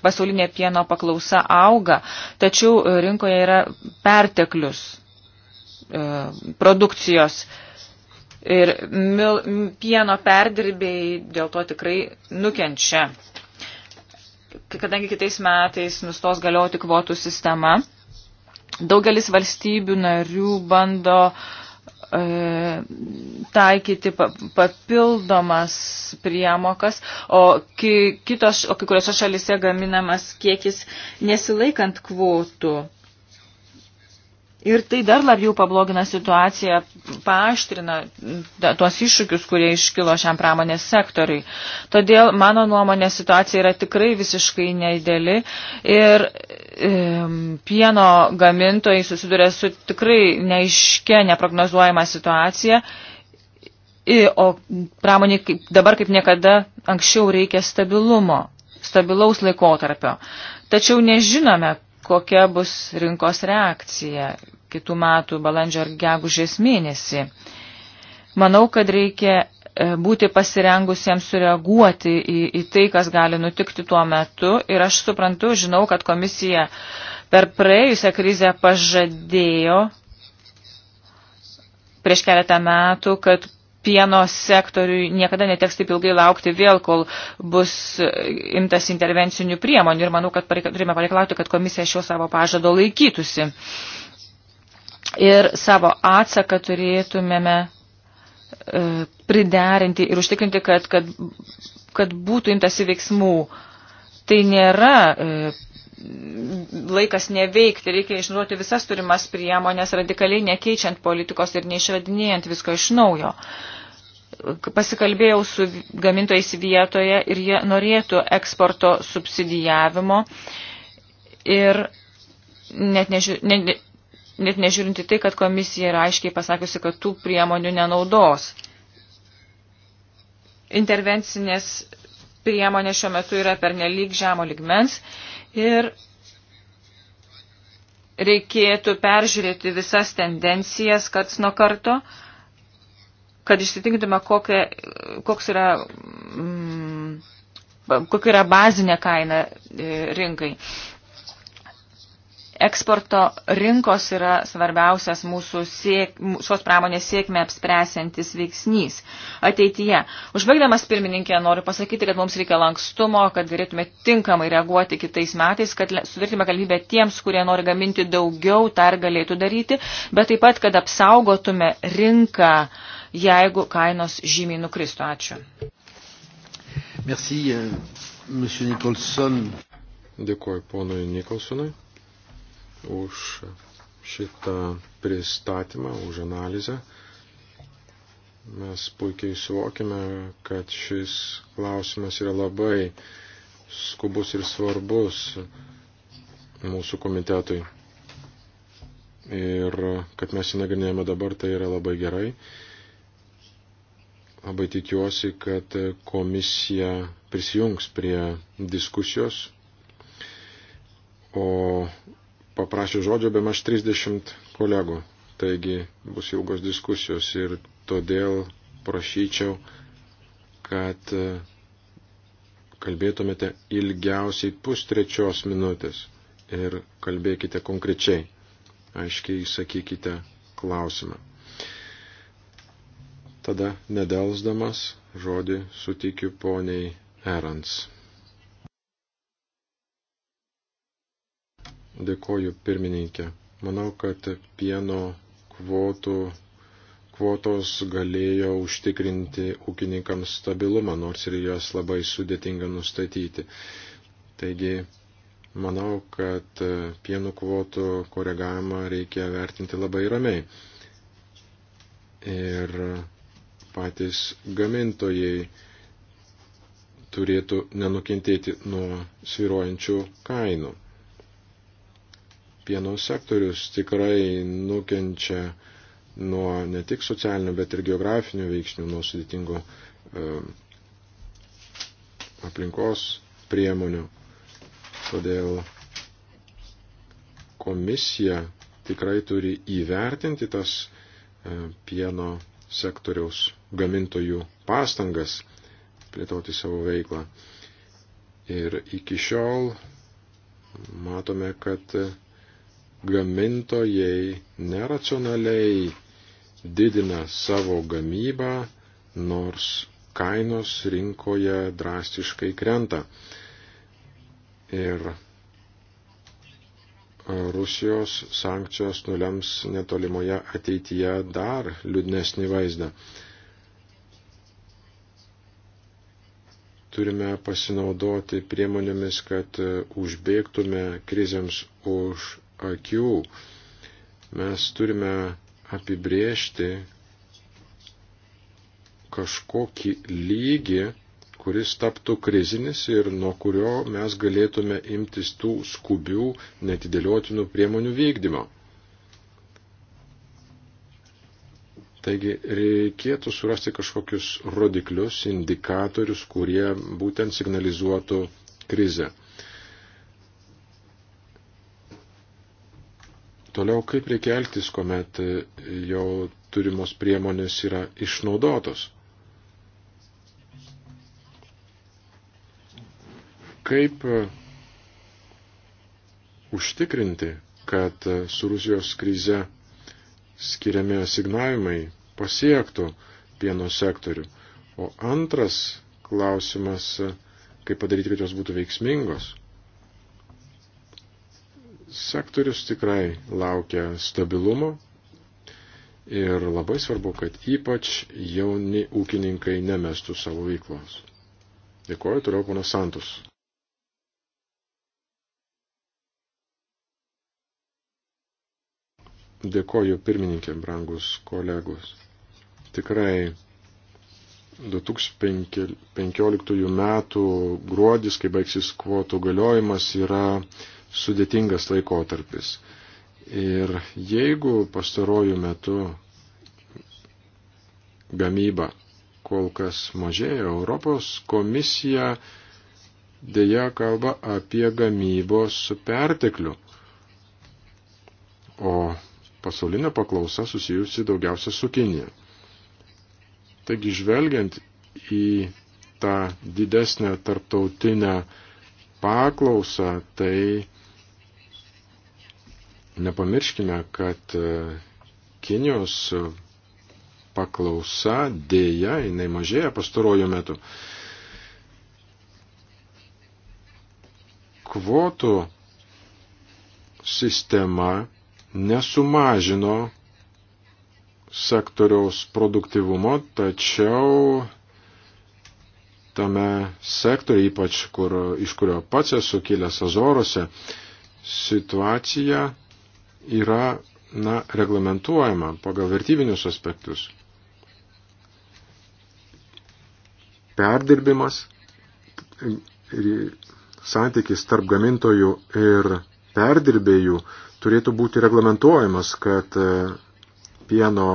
pasaulinė pieno paklausa auga, tačiau rinkoje yra perteklius e, produkcijos ir mil, pieno perdirbėjai dėl to tikrai nukenčia kadangi kitais metais nustos galioti kvotų sistema, daugelis valstybių narių bando e, taikyti papildomas priemokas, o, ki, kitos, o kai kuriuose šalise gaminamas kiekis nesilaikant kvotų. Ir tai dar labiau pablogina situaciją, paaštrina tuos iššūkius, kurie iškilo šiam pramonės sektoriui. Todėl, mano nuomonė, situacija yra tikrai visiškai neidėli ir e, pieno gamintojai susiduria su tikrai neiškia, neprognozuojama situacija, ir, o pramonė kaip, dabar kaip niekada anksčiau reikia stabilumo, stabilaus laikotarpio. Tačiau nežinome, kokia bus rinkos reakcija kitų metų balandžio ar gegužės mėnesį. Manau, kad reikia e, būti pasirengusiems sureaguoti į, į tai, kas gali nutikti tuo metu. Ir aš suprantu, žinau, kad komisija per praėjusią krizę pažadėjo prieš keletą metų, kad pieno sektoriui niekada neteks taip ilgai laukti vėl, kol bus imtas intervencinių priemonių ir manau, kad turime pareikalauti, kad komisija šio savo pažado laikytųsi. Ir savo atsaką turėtumėme e, priderinti ir užtikrinti, kad, kad, kad būtų imtasi veiksmų. Tai nėra e, laikas neveikti, reikia išnuoti visas turimas priemonės, radikaliai nekeičiant politikos ir neišradinėjant visko iš naujo. Pasikalbėjau su gamintojais vietoje ir jie norėtų eksporto subsidijavimo ir net, neži, ne, ne, net nežiūrinti tai, kad komisija yra aiškiai pasakiusi, kad tų priemonių nenaudos. Intervencinės priemonė šiuo metu yra pernelyg žemo ligmens ir reikėtų peržiūrėti visas tendencijas karts nuo karto, kad išsitinktume, kokia, koks yra, mm, kokia yra bazinė kaina e, rinkai eksporto rinkos yra svarbiausias mūsų siek, šios pramonės sėkmę apspręsiantis veiksnys ateityje. Užbaigdamas pirmininkę noriu pasakyti, kad mums reikia lankstumo, kad galėtume tinkamai reaguoti kitais metais, kad sudartume galimybę tiems, kurie nori gaminti daugiau, tą ir galėtų daryti, bet taip pat, kad apsaugotume rinką, jeigu kainos žymiai nukristų. Ačiū. Merci, euh, Monsieur Nicholson. Dėkuoju ponui Nikolsonui už šitą pristatymą, už analizę. Mes puikiai suvokime, kad šis klausimas yra labai skubus ir svarbus mūsų komitetui. Ir kad mes jį nagrinėjame dabar, tai yra labai gerai. Labai tikiuosi, kad komisija prisijungs prie diskusijos, o paprašė žodžio be maž 30 kolegų. Taigi bus ilgos diskusijos ir todėl prašyčiau, kad e, kalbėtumėte ilgiausiai pustrečios minutės ir kalbėkite konkrečiai. Aiškiai įsakykite klausimą. Tada nedelsdamas žodį suteikiu poniai Erans. Dėkoju pirmininkė. Manau, kad pieno kvotų, kvotos galėjo užtikrinti ūkininkams stabilumą, nors ir jas labai sudėtinga nustatyti. Taigi, manau, kad pienų kvotų koregavimą reikia vertinti labai ramiai. Ir patys gamintojai turėtų nenukentėti nuo sviruojančių kainų pieno sektorius tikrai nukenčia nuo ne tik socialinių, bet ir geografinių veiksnių, nuo sudėtingų e, aplinkos priemonių. Todėl komisija tikrai turi įvertinti tas e, pieno sektoriaus gamintojų pastangas plėtoti savo veiklą. Ir iki šiol matome, kad e, gamintojai neracionaliai didina savo gamybą, nors kainos rinkoje drastiškai krenta. Ir Rusijos sankcijos nulems netolimoje ateityje dar liūdnesnį vaizdą. Turime pasinaudoti priemonėmis, kad užbėgtume krizėms už akių. Mes turime apibriežti kažkokį lygį, kuris taptų krizinis ir nuo kurio mes galėtume imtis tų skubių, netidėliotinų priemonių vykdymo. Taigi reikėtų surasti kažkokius rodiklius, indikatorius, kurie būtent signalizuotų krizę. Toliau, kaip reikia elgtis, kuomet jau turimos priemonės yra išnaudotos? Kaip e, užtikrinti, kad e, su Rusijos krize skiriami asignavimai pasiektų pieno sektorių? O antras klausimas, e, kaip padaryti, kad jos būtų veiksmingos? sektorius tikrai laukia stabilumo ir labai svarbu, kad ypač jauni ūkininkai nemestų savo veiklos. Dėkuoju, turiu ponas Santus. Dėkoju pirmininkė, brangus kolegos. Tikrai 2015 metų gruodis, kai baigsis kvotų galiojimas, yra sudėtingas laikotarpis. Ir jeigu pastarojų metų gamyba kol kas mažėja, Europos komisija dėja kalba apie gamybos perteklių, o pasaulinė paklausa susijusi daugiausia su Kinija. Taigi žvelgiant į tą didesnę tarptautinę paklausą, tai Nepamirškime, kad e, Kinijos paklausa dėja, jinai mažėja pastarojų metų. Kvotų sistema nesumažino sektoriaus produktivumo, tačiau tame sektoriu, ypač kur, iš kurio pats esu kilęs Azorose, situacija yra na, reglamentuojama pagal vertybinius aspektus. Perdirbimas, santykis tarp gamintojų ir perdirbėjų turėtų būti reglamentuojamas, kad e, pieno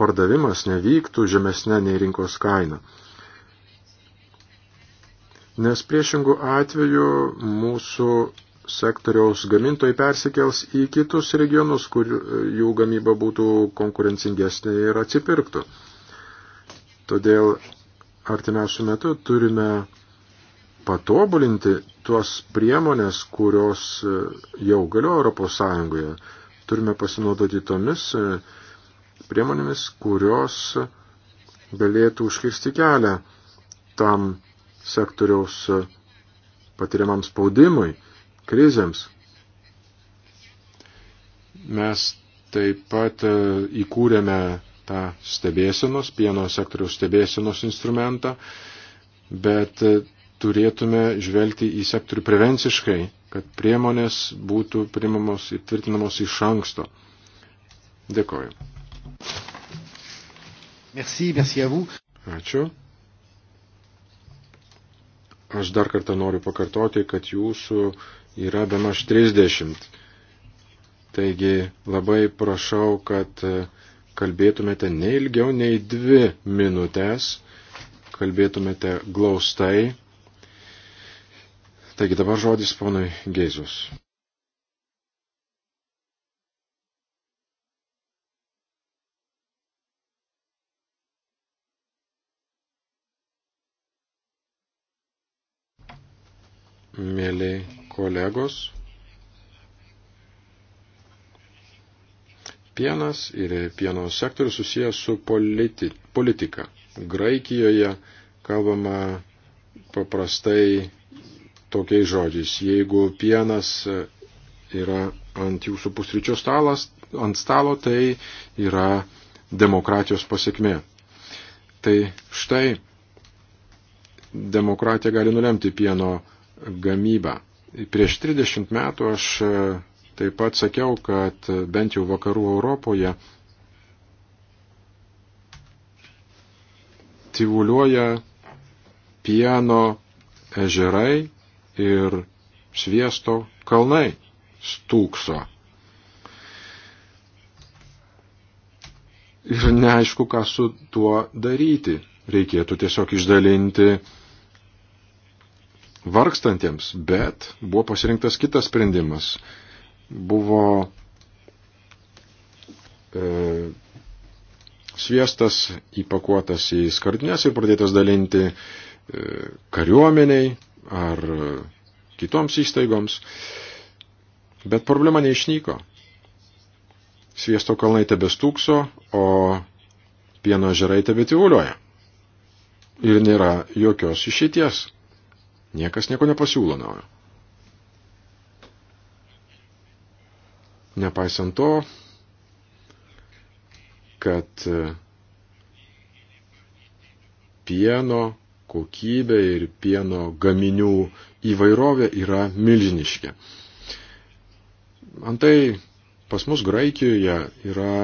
pardavimas nevyktų žemesnė nei rinkos kaina. Nes priešingų atveju mūsų sektoriaus gamintojai persikels į kitus regionus, kur e, jų gamyba būtų konkurencingesnė ir atsipirktų. Todėl artimiausių metų turime patobulinti tuos priemonės, kurios e, jau galio Europos Sąjungoje. Turime pasinaudoti tomis e, priemonėmis, kurios galėtų užkirsti kelią tam sektoriaus patiriamam spaudimui krizėms. Mes taip pat e, įkūrėme tą stebėsenos, pieno sektoriaus stebėsenos instrumentą, bet e, turėtume žvelgti į sektorių prevenciškai, kad priemonės būtų primamos ir tvirtinamos iš anksto. Dėkoju. Merci, merci à vous. Ačiū. Aš dar kartą noriu pakartoti, kad jūsų yra be maž 30. Taigi labai prašau, kad e, kalbėtumėte ne ilgiau nei dvi minutės, kalbėtumėte glaustai. Taigi dabar žodis ponui Geizus. Mėly kolegos, pienas ir pieno sektorius susijęs su politi politika. Graikijoje kalbama paprastai tokiais žodžiais. Jeigu pienas yra ant jūsų pusryčio stalas, ant stalo, tai yra demokratijos pasiekmė. Tai štai demokratija gali nulemti pieno gamybą. Prieš 30 metų aš e, taip pat sakiau, kad bent jau vakarų Europoje tyvuliuoja pieno ežerai ir sviesto kalnai stūkso. Ir neaišku, ką su tuo daryti. Reikėtų tiesiog išdalinti vargstantiems, bet buvo pasirinktas kitas sprendimas. Buvo e, sviestas įpakuotas į skardinės ir pradėtas dalinti e, kariuomeniai ar e, kitoms įstaigoms. Bet problema neišnyko. Sviesto kalnai tebestūkso, o pieno žerai tebetivuliuoja. Ir nėra jokios išeities. Niekas nieko nepasiūlo naujo. Nepaisant to, kad e, pieno kokybė ir pieno gaminių įvairovė yra milžiniška. Antai pas mus Graikijoje yra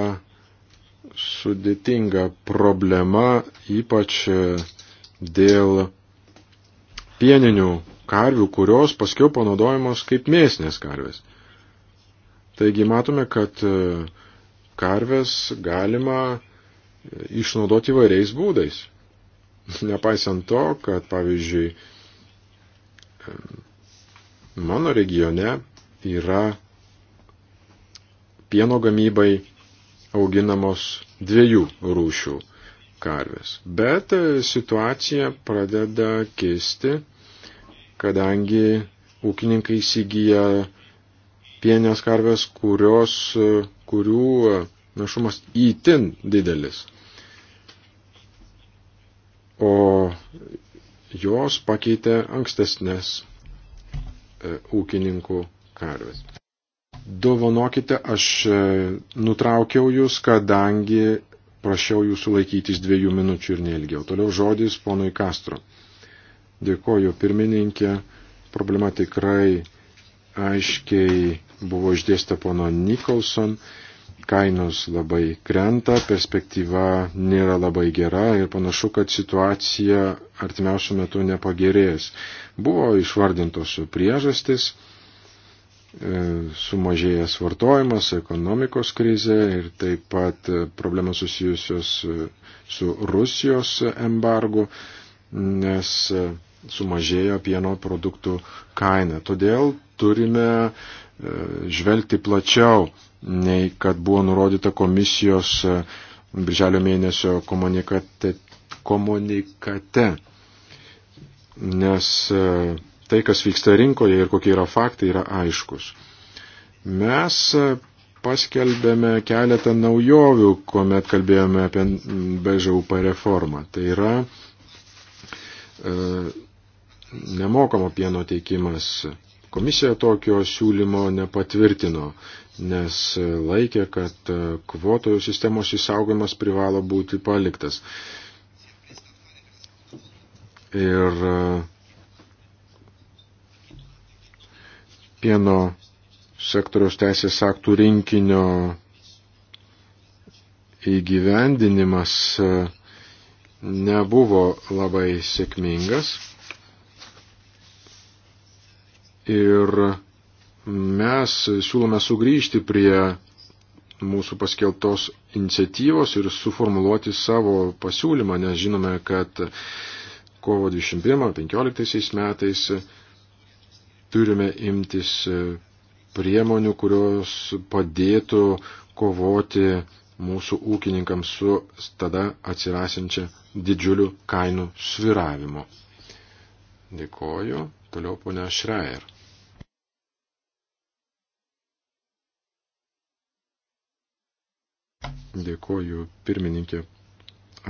sudėtinga problema, ypač e, dėl pieninių karvių, kurios paskiau panaudojamos kaip mėsinės karvės. Taigi matome, kad e, karves galima e, išnaudoti įvairiais būdais. Nepaisant to, kad pavyzdžiui e, mano regione yra pieno gamybai auginamos dviejų rūšių karvės. Bet e, situacija pradeda kisti, kadangi ūkininkai įsigyja pienės karvės, kurios, e, kurių e, našumas įtin didelis. O jos pakeitė ankstesnės ūkininkų karvės. Dovanokite, aš nutraukiau jūs, kadangi prašiau jūsų laikytis dviejų minučių ir neilgiau. Toliau žodis ponui Kastro. Dėkoju pirmininkė, problema tikrai aiškiai buvo išdėsta pono Nikolson, kainos labai krenta, perspektyva nėra labai gera ir panašu, kad situacija artimiausių metų nepagerės. Buvo išvardintos priežastis E, sumažėjęs vartojimas, ekonomikos krizė ir taip pat e, problemas susijusios e, su Rusijos embargu, nes sumažėjo pieno produktų kaina. Todėl turime žvelgti plačiau, nei kad buvo nurodyta komisijos birželio mėnesio komunikate, komunikate. nes tai, kas vyksta rinkoje ir kokie yra faktai, yra aiškus. Mes paskelbėme keletą naujovių, kuomet kalbėjome apie BŽUP reformą. Tai yra e, nemokamo pieno teikimas. Komisija tokio siūlymo nepatvirtino, nes laikė, kad kvotojų sistemos įsaugojimas privalo būti paliktas. Ir e, pieno sektoriaus teisės aktų rinkinio įgyvendinimas e, nebuvo labai sėkmingas. Ir mes siūlome sugrįžti prie mūsų paskeltos iniciatyvos ir suformuluoti savo pasiūlymą, nes žinome, kad kovo 21-15 metais turime imtis e, priemonių, kurios padėtų kovoti mūsų ūkininkams su tada atsirasinčia didžiuliu kainų sviravimu. Dėkoju. Toliau ponia Šrajer. Dėkoju pirmininkė.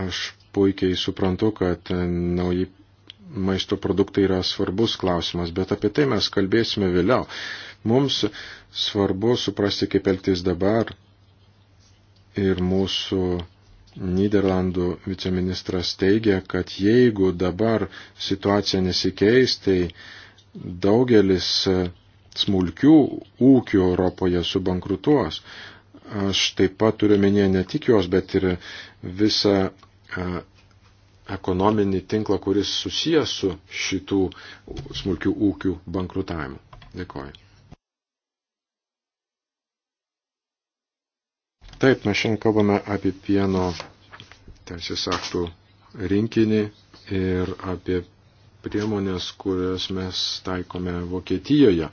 Aš puikiai suprantu, kad nauji maisto produktai yra svarbus klausimas, bet apie tai mes kalbėsime vėliau. Mums svarbu suprasti, kaip elgtis dabar ir mūsų Niderlandų viceministras teigia, kad jeigu dabar situacija nesikeis, tai daugelis smulkių ūkių Europoje subankrutuos. Aš taip pat turiu menėje ne tik juos, bet ir visą ekonominį tinklą, kuris susijęs su šitų smulkių ūkių bankrutavimu. Dėkoju. Taip, mes šiandien kalbame apie pieno teisės aktų rinkinį ir apie priemonės, kurias mes taikome Vokietijoje.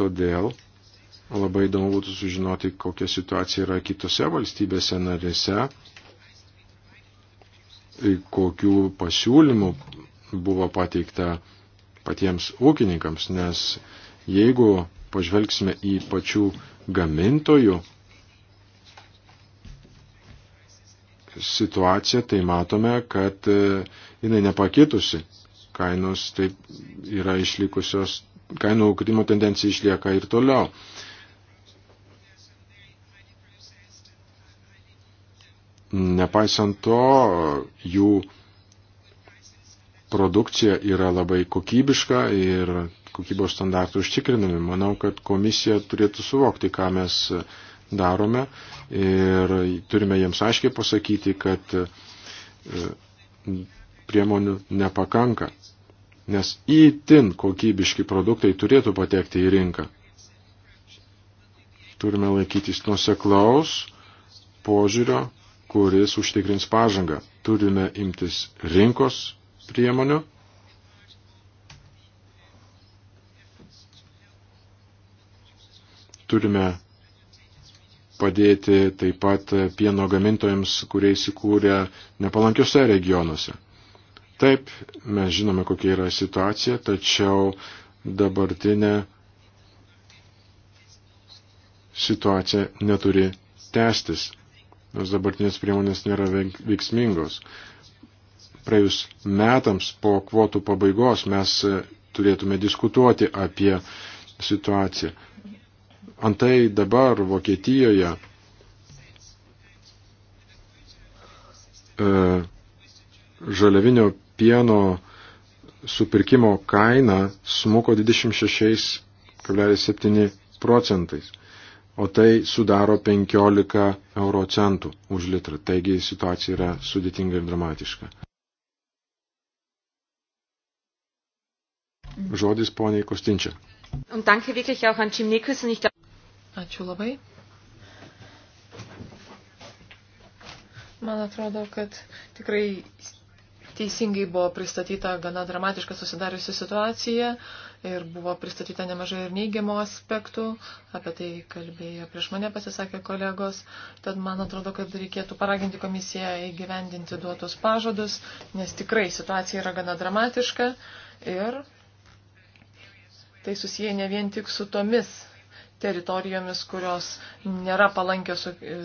Todėl labai įdomu būtų sužinoti, kokia situacija yra kitose valstybėse narėse kokių pasiūlymų buvo pateikta patiems ūkininkams, nes jeigu pažvelgsime į pačių gamintojų situaciją, tai matome, kad e, jinai nepakitusi. Kainos taip yra išlikusios, kainų krimo tendencija išlieka ir toliau. Nepaisant to, jų produkcija yra labai kokybiška ir kokybos standartų užtikrinami. Manau, kad komisija turėtų suvokti, ką mes darome ir turime jiems aiškiai pasakyti, kad e, priemonių nepakanka, nes įtin kokybiški produktai turėtų patekti į rinką. Turime laikytis nuseklaus požiūrio kuris užtikrins pažangą. Turime imtis rinkos priemonių. Turime padėti taip pat pieno gamintojams, kurie įsikūrė nepalankiuose regionuose. Taip, mes žinome, kokia yra situacija, tačiau dabartinė situacija neturi tęstis nors dabartinės priemonės nėra veiksmingos. Praėjus metams po kvotų pabaigos mes e, turėtume diskutuoti apie situaciją. Antai dabar Vokietijoje e, žaliavinio pieno supirkimo kaina smuko 26,7 procentais o tai sudaro 15 euro centų už litrą. Taigi situacija yra sudėtinga ir dramatiška. Žodis poniai Kostinčia. Ačiū labai. Man atrodo, kad tikrai teisingai buvo pristatyta gana dramatiška susidariusi situacija ir buvo pristatyta nemažai ir neigiamo aspektų, apie tai kalbėjo prieš mane pasisakė kolegos, tad man atrodo, kad reikėtų paraginti komisiją įgyvendinti duotus pažadus, nes tikrai situacija yra gana dramatiška ir tai susiję ne vien tik su tomis teritorijomis, kurios nėra palankios, e,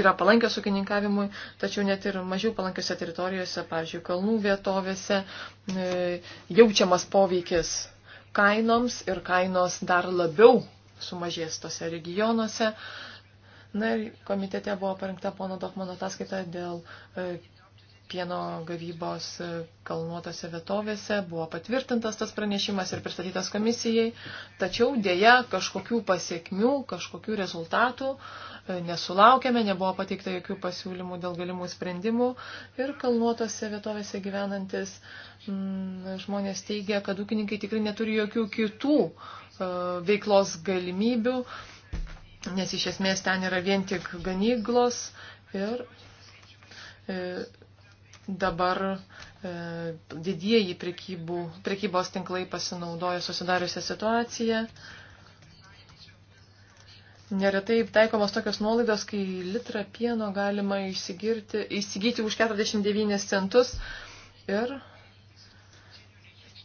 yra palankios ūkininkavimui, tačiau net ir mažiau palankiose teritorijose, pavyzdžiui, kalnų vietovėse, e, jaučiamas poveikis kainoms ir kainos dar labiau sumažės tose regionuose. Na ir komitete buvo parengta pono Dokmano ataskaita dėl e, pieno gavybos kalnuotose vietovėse, buvo patvirtintas tas pranešimas ir pristatytas komisijai, tačiau dėja kažkokių pasiekmių, kažkokių rezultatų e, nesulaukėme, nebuvo pateikta jokių pasiūlymų dėl galimų sprendimų ir kalnuotose vietovėse gyvenantis m, mm, žmonės teigia, kad ūkininkai tikrai neturi jokių kitų e, veiklos galimybių, nes iš esmės ten yra vien tik ganyglos ir e, dabar e, didieji prekybų, prekybos tinklai pasinaudoja susidariusią situaciją. Neretai taikomos tokios nuolaidos, kai litrą pieno galima įsigyti už 49 centus ir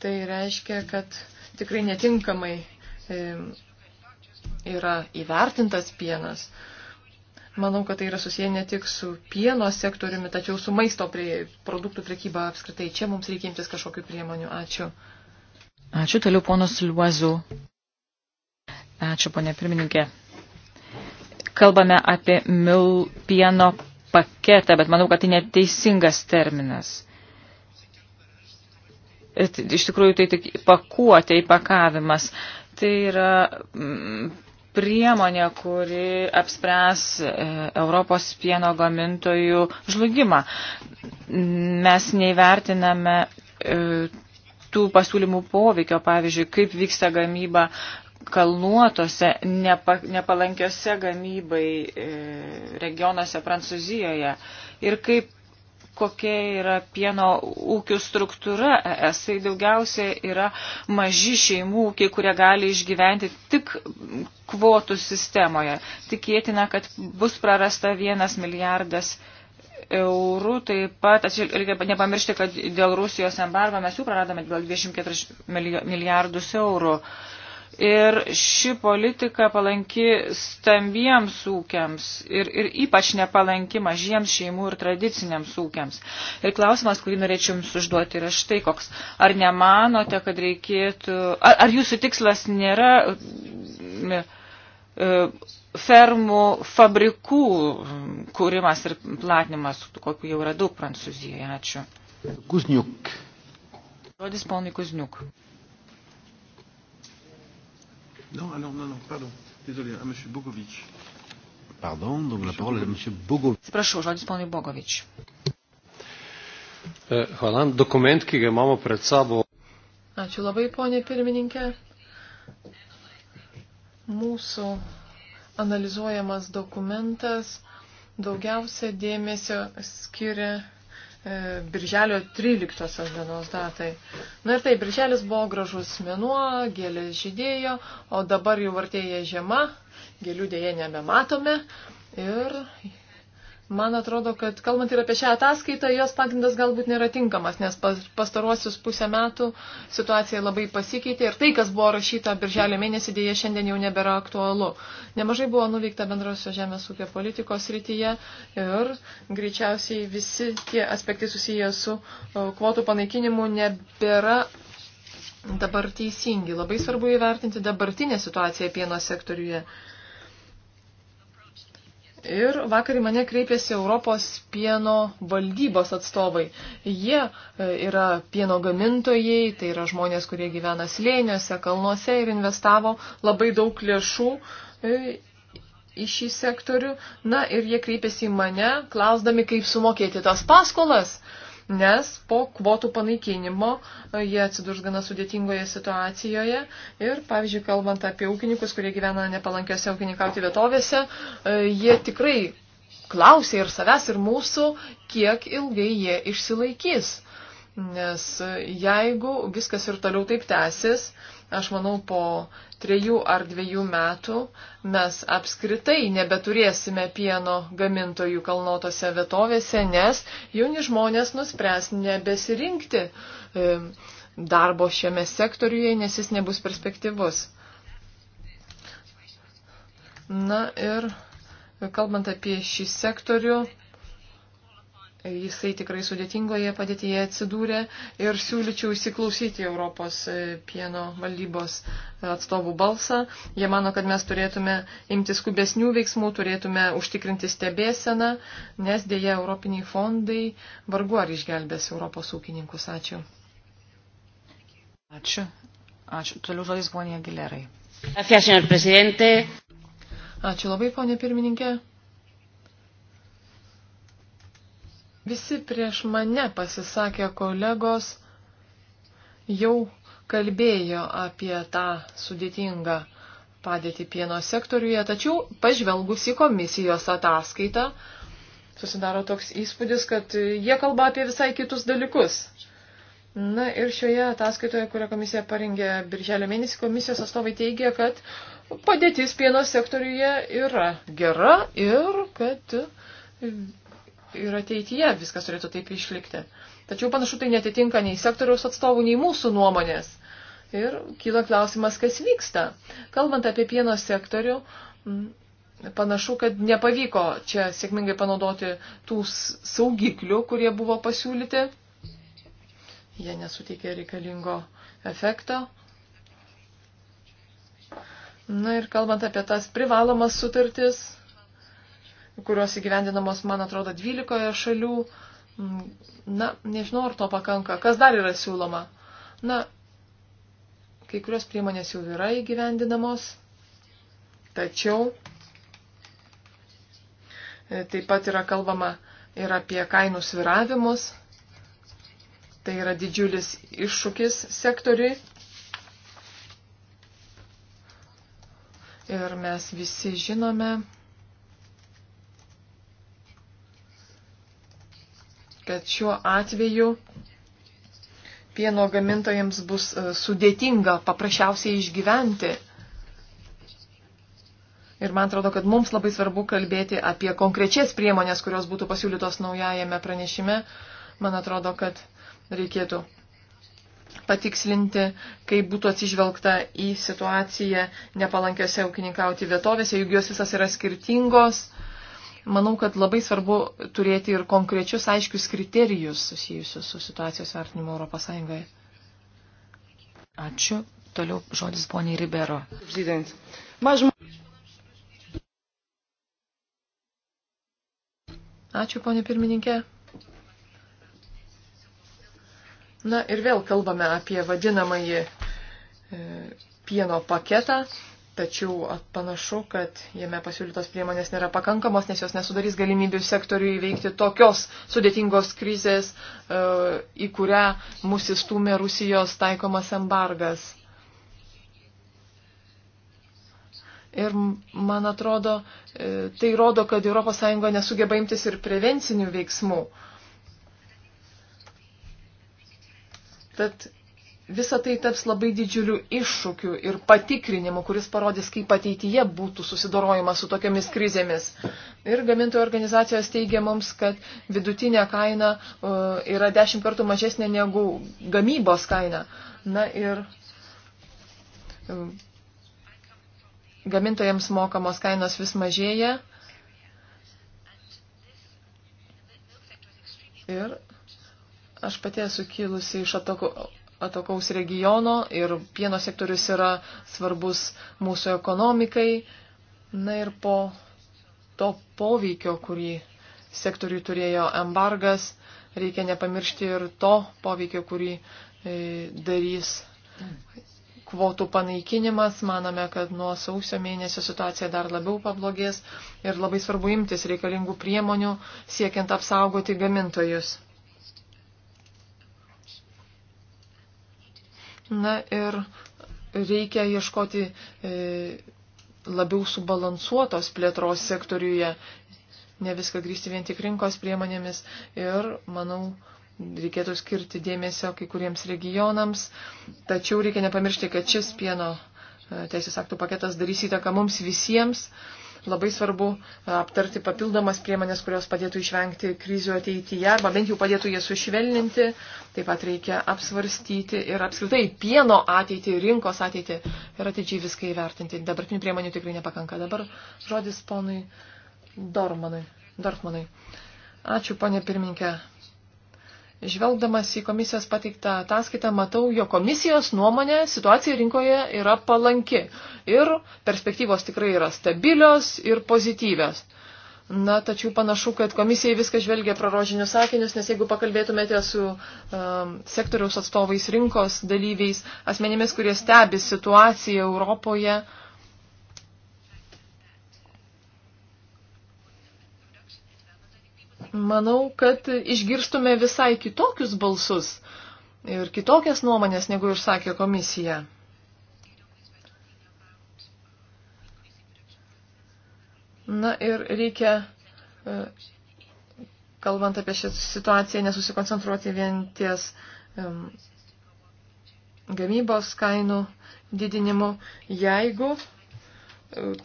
tai reiškia, kad tikrai netinkamai e, yra įvertintas pienas. E, Manau, kad tai yra susiję ne tik su pieno sektoriumi, tačiau su maisto prie produktų prekyba apskritai. Čia mums reikia imtis kažkokiu priemonių. Ačiū. Ačiū toliau, ponas Liuazu. Ačiū, ponė pirmininkė. Kalbame apie mil pieno paketą, bet manau, kad tai neteisingas terminas. Iš tikrųjų, tai tik pakuotė, įpakavimas. Tai yra priemonė, kuri apspręs e, Europos pieno gamintojų žlugimą. Mes neįvertiname e, tų pasiūlymų poveikio, pavyzdžiui, kaip vyksta gamyba kalnuotose, nepa, nepalankiose gamybai e, regionuose Prancūzijoje ir kaip kokia yra pieno ūkių struktūra ES. Tai daugiausia yra maži šeimų ūkiai, kurie gali išgyventi tik kvotų sistemoje. Tikėtina, kad bus prarasta vienas milijardas eurų. Taip pat, reikia nepamiršti, kad dėl Rusijos embargo mes jau praradome dėl 24 milijardus eurų. Uh, Ir ši politika palanki stambiems ūkiams ir, ir ypač nepalanki mažiems šeimų ir tradiciniams ūkiams. Ir klausimas, kurį norėčiau jums užduoti, yra štai koks. Ar nemanote, kad reikėtų. Ar, ar jūsų tikslas nėra e, fermų fabrikų kūrimas ir platinimas, kokiu jau yra daug Prancūzijoje? Ačiū. Kuzniuk. Žodis ponui Kuzniuk. Non, ah non, non, non, pardon. Désolé, à M. Bogovic. Pardon, donc la parole est à M. Bogovic. Prašau, žodis ponui Bogovič. Eh, hvala. Dokument, ki ga imamo pred sabo. Ačiū labai, ponė pirmininkė. Mūsų analizuojamas dokumentas daugiausia dėmesio skiria E, birželio 13 dienos datai. Na ir tai, birželis buvo gražus mėnuo, gėlės žydėjo, o dabar jau artėja žiema, gėlių dėje nebematome ir Man atrodo, kad kalbant ir apie šią ataskaitą, jos pagrindas galbūt nėra tinkamas, nes pastaruosius pusę metų situacija labai pasikeitė ir tai, kas buvo rašyta birželio mėnesį, dėje šiandien jau nebėra aktualu. Nemažai buvo nuveikta bendrosios žemės ūkio politikos rytyje ir greičiausiai visi tie aspektai susiję su kvotų panaikinimu nebėra dabar teisingi. Labai svarbu įvertinti dabartinę situaciją pieno sektoriuje. Ir vakar į mane kreipėsi Europos pieno valdybos atstovai. Jie e, yra pieno gamintojai, tai yra žmonės, kurie gyvena slėniuose, kalnuose ir investavo labai daug lėšų e, į šį sektorių. Na ir jie kreipėsi į mane, klausdami, kaip sumokėti tas paskolas nes po kvotų panaikinimo e, jie atsidurs gana sudėtingoje situacijoje ir, pavyzdžiui, kalbant apie ūkininkus, kurie gyvena nepalankiose ūkininkauti vietovėse, e, jie tikrai klausia ir savęs, ir mūsų, kiek ilgai jie išsilaikys. Nes e, jeigu viskas ir toliau taip tęsis, Aš manau, po trejų ar dviejų metų mes apskritai nebeturėsime pieno gamintojų kalnotose vietovėse, nes jauni žmonės nuspręs nebesirinkti e, darbo šiame sektoriuje, nes jis nebus perspektyvus. Na ir kalbant apie šį sektorių, Jisai tikrai sudėtingoje padėtyje atsidūrė ir siūlyčiau įsiklausyti Europos e, pieno valdybos e, atstovų balsą. Jie mano, kad mes turėtume imti skubesnių veiksmų, turėtume užtikrinti stebėseną, nes dėja Europiniai fondai vargu ar išgelbės Europos ūkininkus. Ačiū. Ačiū. Ačiū. Toliau žodis ponė Gilerai. Ačiū labai, ponė pirmininkė. Visi prieš mane pasisakė kolegos jau kalbėjo apie tą sudėtingą padėtį pieno sektoriuje, tačiau pažvelgus į komisijos ataskaitą, susidaro toks įspūdis, kad jie kalba apie visai kitus dalykus. Na ir šioje ataskaitoje, kurią komisija parengė birželio mėnesį, komisijos atstovai teigia, kad padėtis pieno sektoriuje yra gera ir kad ir ateityje viskas turėtų taip išlikti. Tačiau panašu tai netitinka nei sektoriaus atstovų, nei mūsų nuomonės. Ir kyla klausimas, kas vyksta. Kalbant apie pieno sektorių, panašu, kad nepavyko čia sėkmingai panaudoti tų saugiklių, kurie buvo pasiūlyti. Jie nesuteikė reikalingo efekto. Na ir kalbant apie tas privalomas sutartis, kurios įgyvendinamos, man atrodo, 12 šalių. Na, nežinau, ar to pakanka. Kas dar yra siūloma? Na, kai kurios priemonės jau yra įgyvendinamos, tačiau e, taip pat yra kalbama ir apie kainų sviravimus. Tai yra didžiulis iššūkis sektoriui. Ir mes visi žinome, kad šiuo atveju pieno gamintojams bus e, sudėtinga paprasčiausiai išgyventi. Ir man atrodo, kad mums labai svarbu kalbėti apie konkrečias priemonės, kurios būtų pasiūlytos naujajame pranešime. Man atrodo, kad reikėtų patikslinti, kaip būtų atsižvelgta į situaciją nepalankiose ūkininkauti vietovėse, juk jos visas yra skirtingos. Manau, kad labai svarbu turėti ir konkrečius aiškius kriterijus susijusius su situacijos vertinimu Europos Sąjungoje. Ačiū. Toliau žodis poniai Ribero. Ačiū, ponė pirmininkė. Na ir vėl kalbame apie vadinamąjį e, pieno paketą. Tačiau panašu, kad jame pasiūlytos priemonės nėra pakankamos, nes jos nesudarys galimybių sektoriui įveikti tokios sudėtingos krizės, e, į kurią mūsų įstumė Rusijos taikomas embargas. Ir man atrodo, e, tai rodo, kad ES nesugeba imtis ir prevencinių veiksmų. Tad visa tai taps labai didžiuliu iššūkiu ir patikrinimu, kuris parodys, kaip ateityje būtų susidorojama su tokiamis krizėmis. Ir gamintojų organizacijos teigia mums, kad vidutinė kaina e, yra dešimt kartų mažesnė negu gamybos kaina. Na ir e, gamintojams mokamos kainos vis mažėja. Ir aš pati esu kilusi iš atoko atokaus regiono ir pieno sektorius yra svarbus mūsų ekonomikai. Na ir po to poveikio, kurį sektoriui turėjo embargas, reikia nepamiršti ir to poveikio, kurį e, darys kvotų panaikinimas. Manome, kad nuo sausio mėnesio situacija dar labiau pablogės ir labai svarbu imtis reikalingų priemonių siekiant apsaugoti gamintojus. Na ir reikia ieškoti e, labiau subalansuotos plėtros sektoriuje, ne viską grįsti vien tik rinkos priemonėmis ir, manau, reikėtų skirti dėmesio kai kuriems regionams, tačiau reikia nepamiršti, kad šis pieno e, teisės aktų paketas darys įtaką mums visiems. Uh, labai svarbu e, aptarti papildomas priemonės, kurios padėtų išvengti krizių ateityje arba bent jau padėtų jas sušvelninti. Taip pat reikia apsvarstyti ir apskritai pieno ateitį, rinkos ateitį ir atidžiai viską įvertinti. Dabartinių priemonių tikrai nepakanka. Dabar žodis ponui Dormanui. Dorfmanui. Ačiū, ponė pirmininkė. Žvelgdamas į komisijos pateiktą ataskaitą, matau, jo komisijos nuomonė situacija rinkoje yra palanki ir perspektyvos tikrai yra stabilios ir pozityvios. Na, tačiau panašu, kad komisijai viską žvelgia prarožinius sakinius, nes jeigu pakalbėtumėte su um, sektoriaus atstovais, rinkos dalyviais, asmenimis, kurie stebi situaciją Europoje, uh, manau, kad išgirstume visai kitokius balsus ir kitokias nuomonės, negu išsakė komisija. Na ir reikia, e, kalbant apie šią situaciją, nesusikoncentruoti vien ties um, gamybos kainų didinimu, jeigu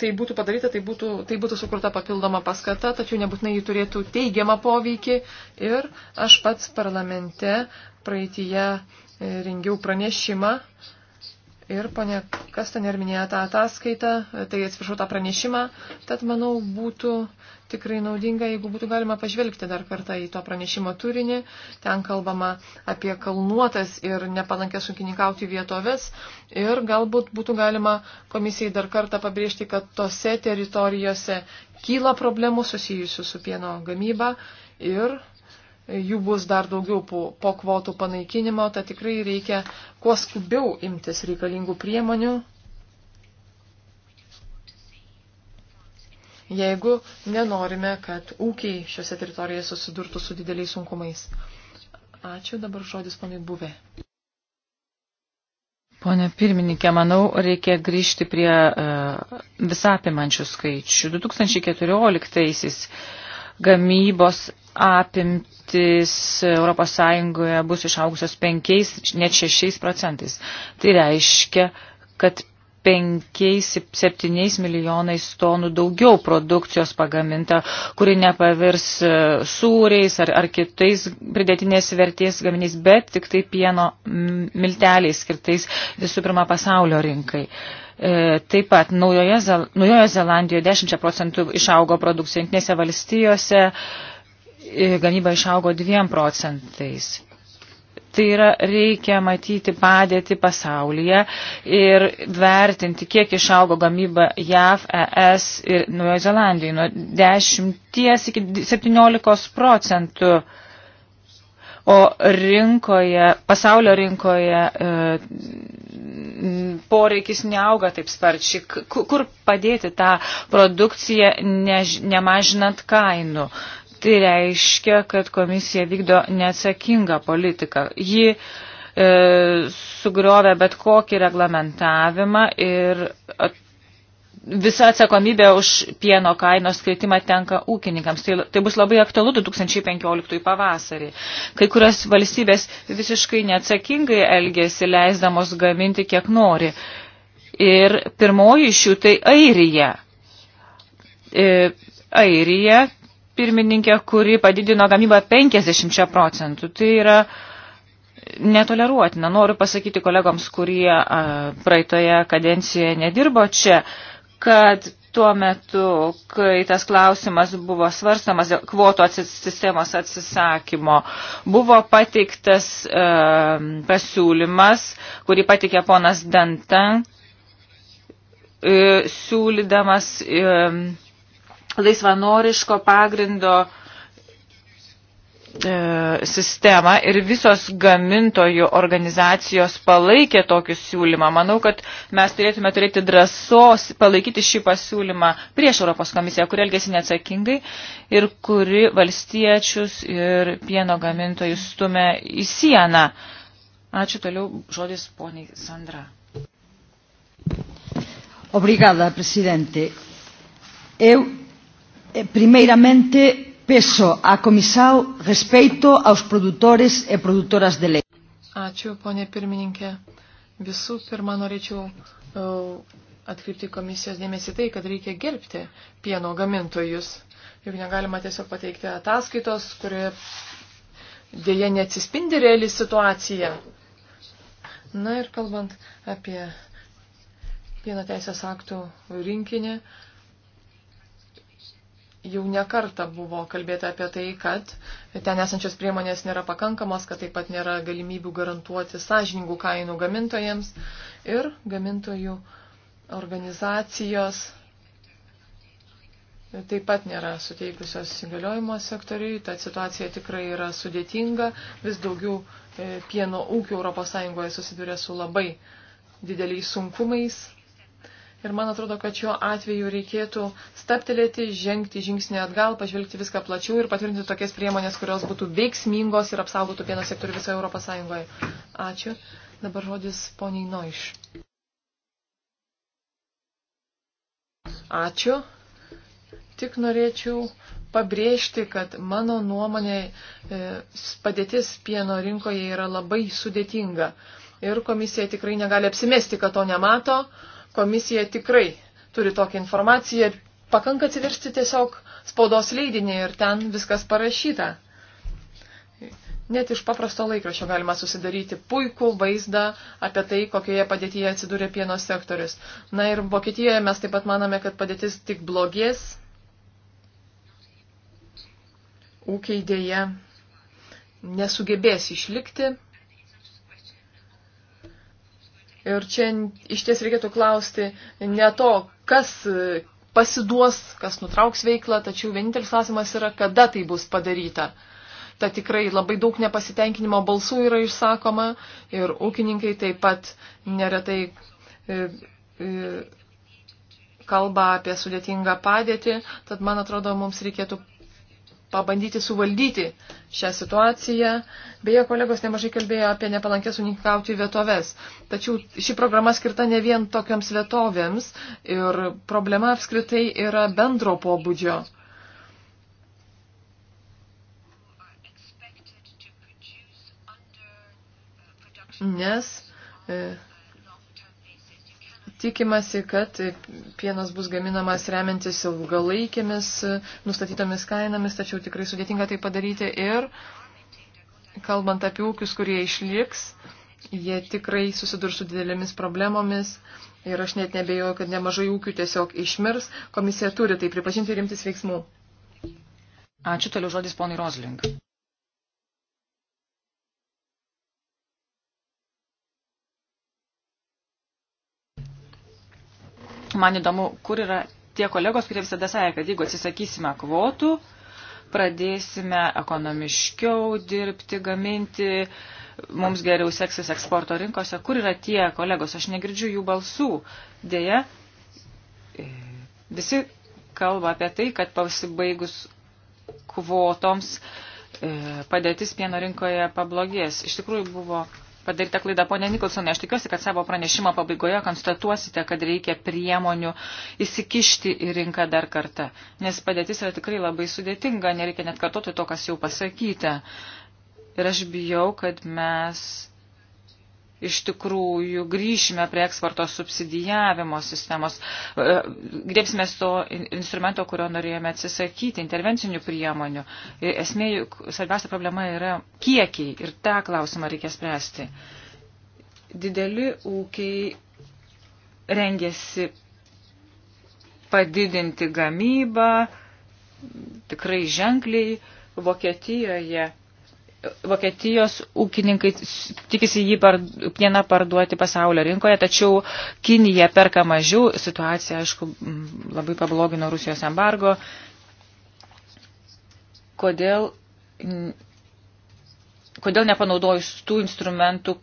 tai būtų padaryta, tai būtų, tai būtų sukurta papildoma paskata, tačiau nebūtinai jį turėtų teigiamą poveikį. Ir aš pats parlamente praeitįje e, rengiau pranešimą Ir ponė Kastaner minėjo tą ataskaitą, tai atsiprašau tą pranešimą, tad manau būtų tikrai naudinga, jeigu būtų galima pažvelgti dar kartą į to pranešimo turinį. Ten kalbama apie kalnuotas ir nepalankės sunkininkauti vietovės ir galbūt būtų galima komisijai dar kartą pabrėžti, kad tose teritorijose kyla problemų susijusių su pieno gamyba ir jų bus dar daugiau po, po kvotų panaikinimo, tad tikrai reikia kuo skubiau imtis reikalingų priemonių. Jeigu nenorime, kad ūkiai šiuose teritorijose susidurtų su dideliais sunkumais. Ačiū, dabar žodis ponai buvė. Pone pirmininkė, manau, reikia grįžti prie uh, visapimančių skaičių. 2014 gamybos apimtis ES bus išaugusios 5, net 6 procentais. Tai reiškia, kad 5-7 milijonais tonų daugiau produkcijos pagaminta, kuri nepavirs e, sūriais ar, ar kitais pridėtinės vertės gaminiais, bet tik tai pieno milteliais skirtais visų pirma pasaulio rinkai. E, taip pat Naujoje, Zel Naujoje Zelandijoje 10 procentų išaugo produkcija, Junktinėse valstijose gamyba išaugo 2 procentais. Tai yra, reikia matyti padėti pasaulyje ir vertinti, kiek išaugo gamyba JAV, ES ir Naujojo Zelandijoje nuo 10 iki 17 procentų. O rinkoje, pasaulio rinkoje e, poreikis neauga taip sparčiai. Kur padėti tą produkciją, ne, nemažinant kainų? E, Tai reiškia, kad komisija vykdo neatsakingą politiką. Ji e, sugriovė bet kokį reglamentavimą ir visa atsakomybė už pieno kainos kritimą tenka ūkininkams. Tai, tai bus labai aktualu 2015 pavasarį. Kai kurios valstybės visiškai neatsakingai elgėsi, leisdamos gaminti kiek nori. Ir pirmoji iš jų tai Airija. E, Airija pirmininkė, kuri padidino gamybą 50 procentų. Tai yra netoleruotina. Noriu pasakyti kolegoms, kurie a, praeitoje kadencijoje nedirbo čia, kad tuo metu, kai tas klausimas buvo svarstamas kvotų atsis, sistemos atsisakymo, buvo pateiktas e, pasiūlymas, kurį pateikė ponas Dantan, e, siūlydamas e, laisvanoriško pagrindo e, sistemą ir visos gamintojų organizacijos palaikė tokį siūlymą. Manau, kad mes turėtume turėti drąsos palaikyti šį pasiūlymą prieš Europos komisiją, kuri elgėsi neatsakingai ir kuri valstiečius ir pieno gamintojus stumė į sieną. Ačiū toliau žodis poniai Sandra. Obrigada, presidente. Eu eh, primeiramente, peso a comisao respeito aos produtores e produtoras de leite. Ačiū, ponė pirmininkė. Visų pirma, norėčiau uh, atkreipti komisijos dėmesį tai, kad reikia gerbti pieno gamintojus. Juk negalima tiesiog pateikti ataskaitos, kurioje dėje neatsispindi reali situacija. Na ir kalbant apie pieno teisės aktų rinkinį, uh, jau nekarta buvo kalbėta apie tai, kad ten esančios priemonės nėra pakankamos, kad taip pat nėra galimybių garantuoti sąžiningų kainų gamintojams ir gamintojų organizacijos taip pat nėra suteikusios įgaliojimo sektoriui, ta situacija tikrai yra sudėtinga, vis daugiau e, pieno ūkių ES susiduria su labai dideliais sunkumais, Ir man atrodo, kad šiuo atveju reikėtų staptelėti, žengti žingsnį atgal, pažvelgti viską plačiau ir patvirtinti tokias priemonės, kurios būtų veiksmingos ir apsaugotų pieno sektorių visoje Europos Sąjungoje. Ačiū. Dabar žodis poniai Noiš. Ačiū. Tik norėčiau pabrėžti, kad mano nuomonė e, padėtis pieno rinkoje yra labai sudėtinga. Ir komisija tikrai negali apsimesti, kad to nemato komisija tikrai turi tokią informaciją. Pakanka atsiversti tiesiog spaudos leidinį ir ten viskas parašyta. Net iš paprasto laikraščio galima susidaryti puikų vaizdą apie tai, kokioje padėtyje atsidūrė pieno sektorius. Na ir Vokietijoje mes taip pat manome, kad padėtis tik blogės. Ūkiai dėje nesugebės išlikti. Ir čia iš ties reikėtų klausti ne to, kas pasiduos, kas nutrauks veiklą, tačiau vienintelis klausimas yra, kada tai bus padaryta. Ta tikrai labai daug nepasitenkinimo balsų yra išsakoma ir ūkininkai taip pat neretai e, e, kalba apie sudėtingą padėtį, tad man atrodo, mums reikėtų pabandyti suvaldyti šią situaciją. Beje, kolegos nemažai kalbėjo apie nepalankės unikauti vietovės. Tačiau ši programa skirta ne vien tokiams vietovėms ir problema apskritai yra bendro pobūdžio. Nes e, Tikimasi, kad pienas bus gaminamas remiantis ilgalaikėmis nustatytomis kainomis, tačiau tikrai sudėtinga tai padaryti. Ir kalbant apie ūkius, kurie išliks, jie tikrai susidurs su didelėmis problemomis. Ir aš net nebejoju, kad nemažai ūkių tiesiog išmirs. Komisija turi tai pripažinti ir imtis veiksmų. Ačiū toliau žodis ponui Rozlink. Man įdomu, kur yra tie kolegos, kurie visada sąja, kad jeigu atsisakysime kvotų, pradėsime ekonomiškiau dirbti, gaminti, mums geriau seksis eksporto rinkose. Kur yra tie kolegos? Aš negirdžiu jų balsų. Deja, e, visi kalba apie tai, kad pasibaigus kvotoms e, padėtis pieno rinkoje pablogės. Iš tikrųjų buvo padaryta klaida. Pone Nikolsonai, aš tikiuosi, kad savo pranešimo pabaigoje konstatuosite, kad reikia priemonių įsikišti į rinką dar kartą, nes padėtis yra tikrai labai sudėtinga, nereikia net kartoti to, kas jau pasakyta. Ir aš bijau, kad mes iš tikrųjų grįšime prie eksporto subsidijavimo sistemos, e, grėpsime to instrumento, kurio norėjome atsisakyti, intervencinių priemonių. E, esmė, svarbiausia problema yra kiekiai ir tą klausimą reikia spręsti. Dideli ūkiai rengėsi padidinti gamybą tikrai ženkliai Vokietijoje Vokietijos ūkininkai tikisi jį par, pieną parduoti pasaulio rinkoje, tačiau Kinija perka mažiau, situacija, aišku, labai pablogino Rusijos embargo. Kodėl, kodėl nepanaudojus tų instrumentų,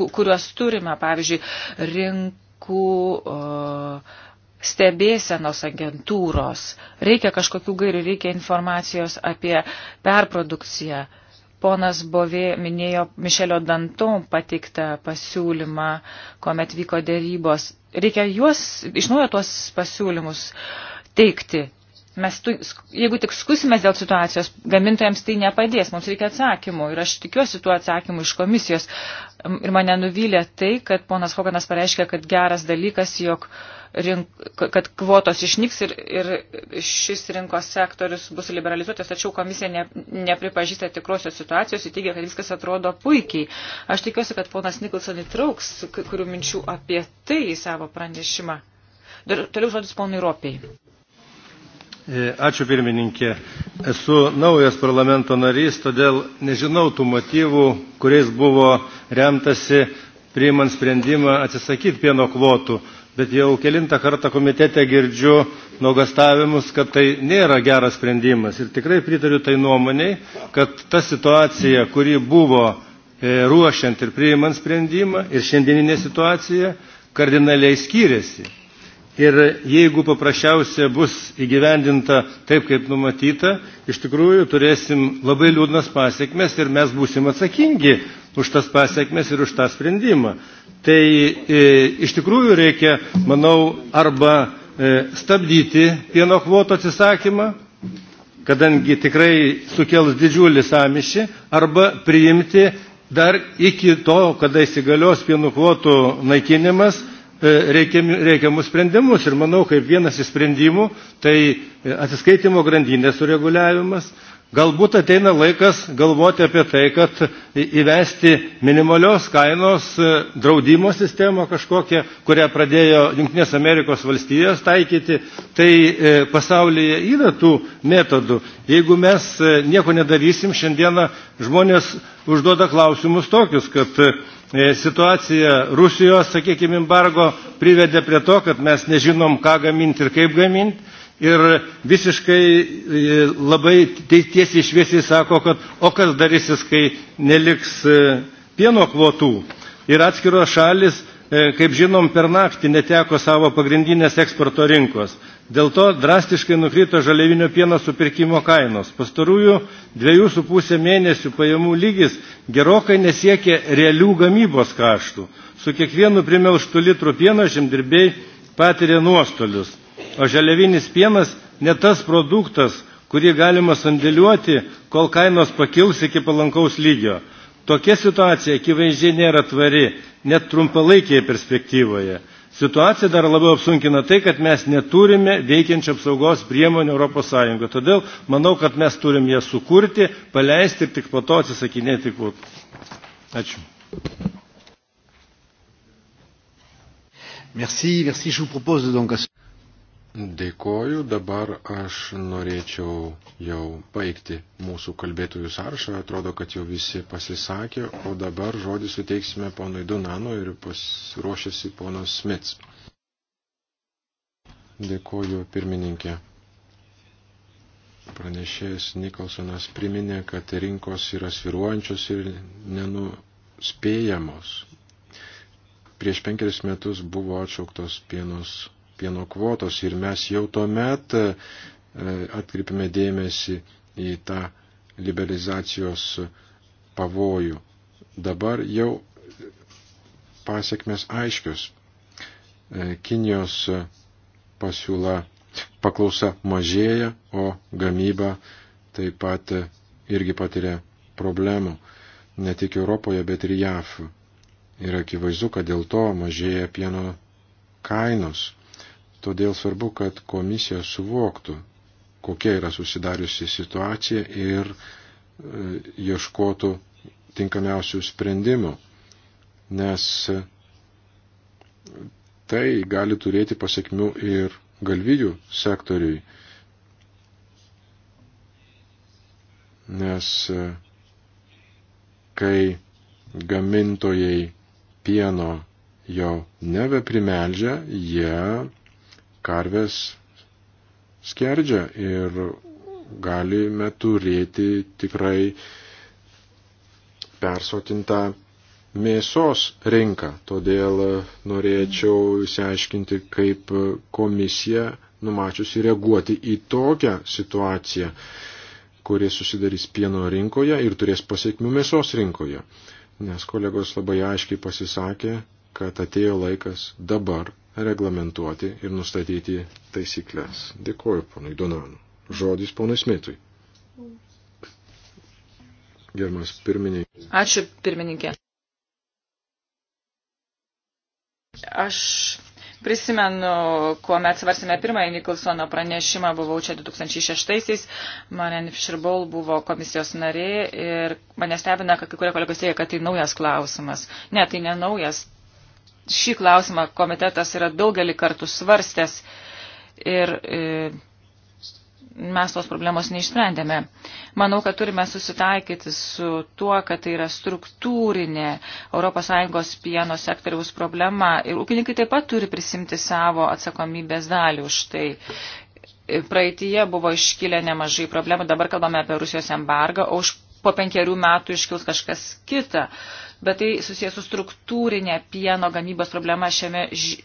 kuriuos turime, pavyzdžiui, rinkų o, stebėsenos agentūros. Reikia kažkokių gairių, reikia informacijos apie perprodukciją Ponas Bovė minėjo Mišelio Danton patiktą pasiūlymą, kuomet vyko dėrybos. Reikia juos, iš naujo tuos pasiūlymus teikti. Mes tu, jeigu tik skusimės dėl situacijos, gamintojams tai nepadės, mums reikia atsakymų ir aš tikiuosi tuo atsakymu iš komisijos. Ir mane nuvylė tai, kad ponas Hoganas pareiškė, kad geras dalykas, jog rink, kad kvotos išnyks ir, ir šis rinkos sektorius bus liberalizuotas, tačiau komisija ne, nepripažįsta tikrosios situacijos ir teigia, kad viskas atrodo puikiai. Aš tikiuosi, kad ponas Nikolson įtrauks kurių minčių apie tai į savo pranešimą. Dar, toliau žodis ponui Ropiai. E, ačiū pirmininkė. Esu naujas parlamento narys, todėl nežinau tų motyvų, kuriais buvo remtasi priimant sprendimą atsisakyti pieno kvotų. Bet jau kilintą kartą komitete girdžiu nuogastavimus, kad tai nėra geras sprendimas. Ir tikrai pritariu tai nuomoniai, kad ta situacija, kuri buvo e, ruošiant ir priimant sprendimą ir šiandieninė situacija kardinaliai skiriasi ir jeigu paprasčiausia bus įgyvendinta taip, kaip numatyta, iš tikrųjų turėsim labai liūdnas pasiekmes ir mes būsim atsakingi už tas pasiekmes ir už tą sprendimą. Tai e, iš tikrųjų reikia, manau, arba e, stabdyti pieno kvotų atsisakymą, kadangi tikrai sukels didžiulį samišį, arba priimti dar iki to, kada įsigalios pieno kvotų naikinimas E, reikiamus sprendimus. Ir manau, kaip vienas iš sprendimų, tai e, atsiskaitimo grandinės sureguliavimas. Galbūt ateina laikas galvoti apie tai, kad įvesti minimalios kainos e, draudimo sistemą kažkokią, kurią pradėjo Junktinės Amerikos valstijos taikyti. Tai pasaulyje yra tų metodų. Jeigu mes nieko nedarysim, šiandieną žmonės užduoda klausimus tokius, kad E, situacija Rusijos, sakykime, embargo privedė prie to, kad mes nežinom, ką gaminti ir kaip gaminti. Ir visiškai e, labai tiesiai šviesiai sako, kad o kas darysis, kai neliks e, pieno kvotų. Ir atskiros šalis, kaip žinom, per naktį neteko savo pagrindinės eksporto rinkos. Dėl to drastiškai nukrito žaliavinio pieno supirkimo kainos. Pastarųjų dviejų su pusė mėnesių pajamų lygis gerokai nesiekė realių gamybos kaštų. Su kiekvienu primelštų litrų pieno žemdirbėjai patiria nuostolius. O žaliavinis pienas ne tas produktas, kurį galima sandėliuoti, kol kainos pakils iki palankaus lygio. Tokia situacija akivaizdžiai nėra tvari, net trumpalaikėje perspektyvoje. Situaciją dar labiau apsunkina tai, kad mes neturime veikiančio apsaugos priemonių Europos Sąjungoje. Todėl manau, kad mes turim jas sukurti, paleisti ir tik po to atsisakinėti kvotų. Ačiū. Merci, merci, je vous propose donc à Dėkoju, dabar aš norėčiau jau baigti mūsų kalbėtojų sąrašą, atrodo, kad jau visi pasisakė, o dabar žodį suteiksime ponui Donano ir pasiruošėsi ponas Smits. Dėkoju pirmininkė. Pranešėjas Nikolsonas priminė, kad rinkos yra sviruojančios ir nenuspėjamos. Prieš penkeris metus buvo atšauktos pienos pieno kvotos ir mes jau tuomet e, atkreipime dėmesį į tą liberalizacijos pavojų. Dabar jau pasiekmes aiškios. E, Kinijos pasiūla paklausa mažėja, o gamyba taip pat irgi patiria problemų. Ne tik Europoje, bet ir JAF. Ir akivaizdu, kad dėl to mažėja pieno kainos. Todėl svarbu, kad komisija suvoktų, kokia yra susidariusi situacija ir e, ieškotų tinkamiausių sprendimų, nes e, tai gali turėti pasiekmių ir galvijų sektoriui, nes e, kai gamintojai pieno jau nebeprimeldžia, jie karvės skerdžia ir galime turėti tikrai persotintą mėsos rinką. Todėl norėčiau įsiaiškinti, kaip komisija numačiusi reaguoti į tokią situaciją, kurie susidarys pieno rinkoje ir turės pasiekmių mėsos rinkoje. Nes kolegos labai aiškiai pasisakė, kad atėjo laikas dabar reglamentuoti ir nustatyti taisyklės. Dėkuoju ponui Donanu. Žodis ponui Smitui. Germas pirmininkė. Ačiū pirmininkė. Aš prisimenu, kuomet svarsime pirmąjį Nikolsono pranešimą, buvau čia 2006-aisiais, Marianne Fischer-Bowl buvo komisijos narė ir mane stebina, kad kai kurie kolegos teigia, kad tai naujas klausimas. Ne, tai ne naujas, šį klausimą komitetas yra daugelį kartų svarstęs ir e, mes tos problemos neišsprendėme. Manau, kad turime susitaikyti su tuo, kad tai yra struktūrinė ES pieno sektoriaus problema ir ūkininkai taip pat turi prisimti savo atsakomybės dalį už tai. Praeitie buvo iškilę nemažai problemų, dabar kalbame apie Rusijos embargą, o už po penkerių metų iškils kažkas kita. Bet tai susijęs su struktūrinė pieno gamybos problema šiame ž...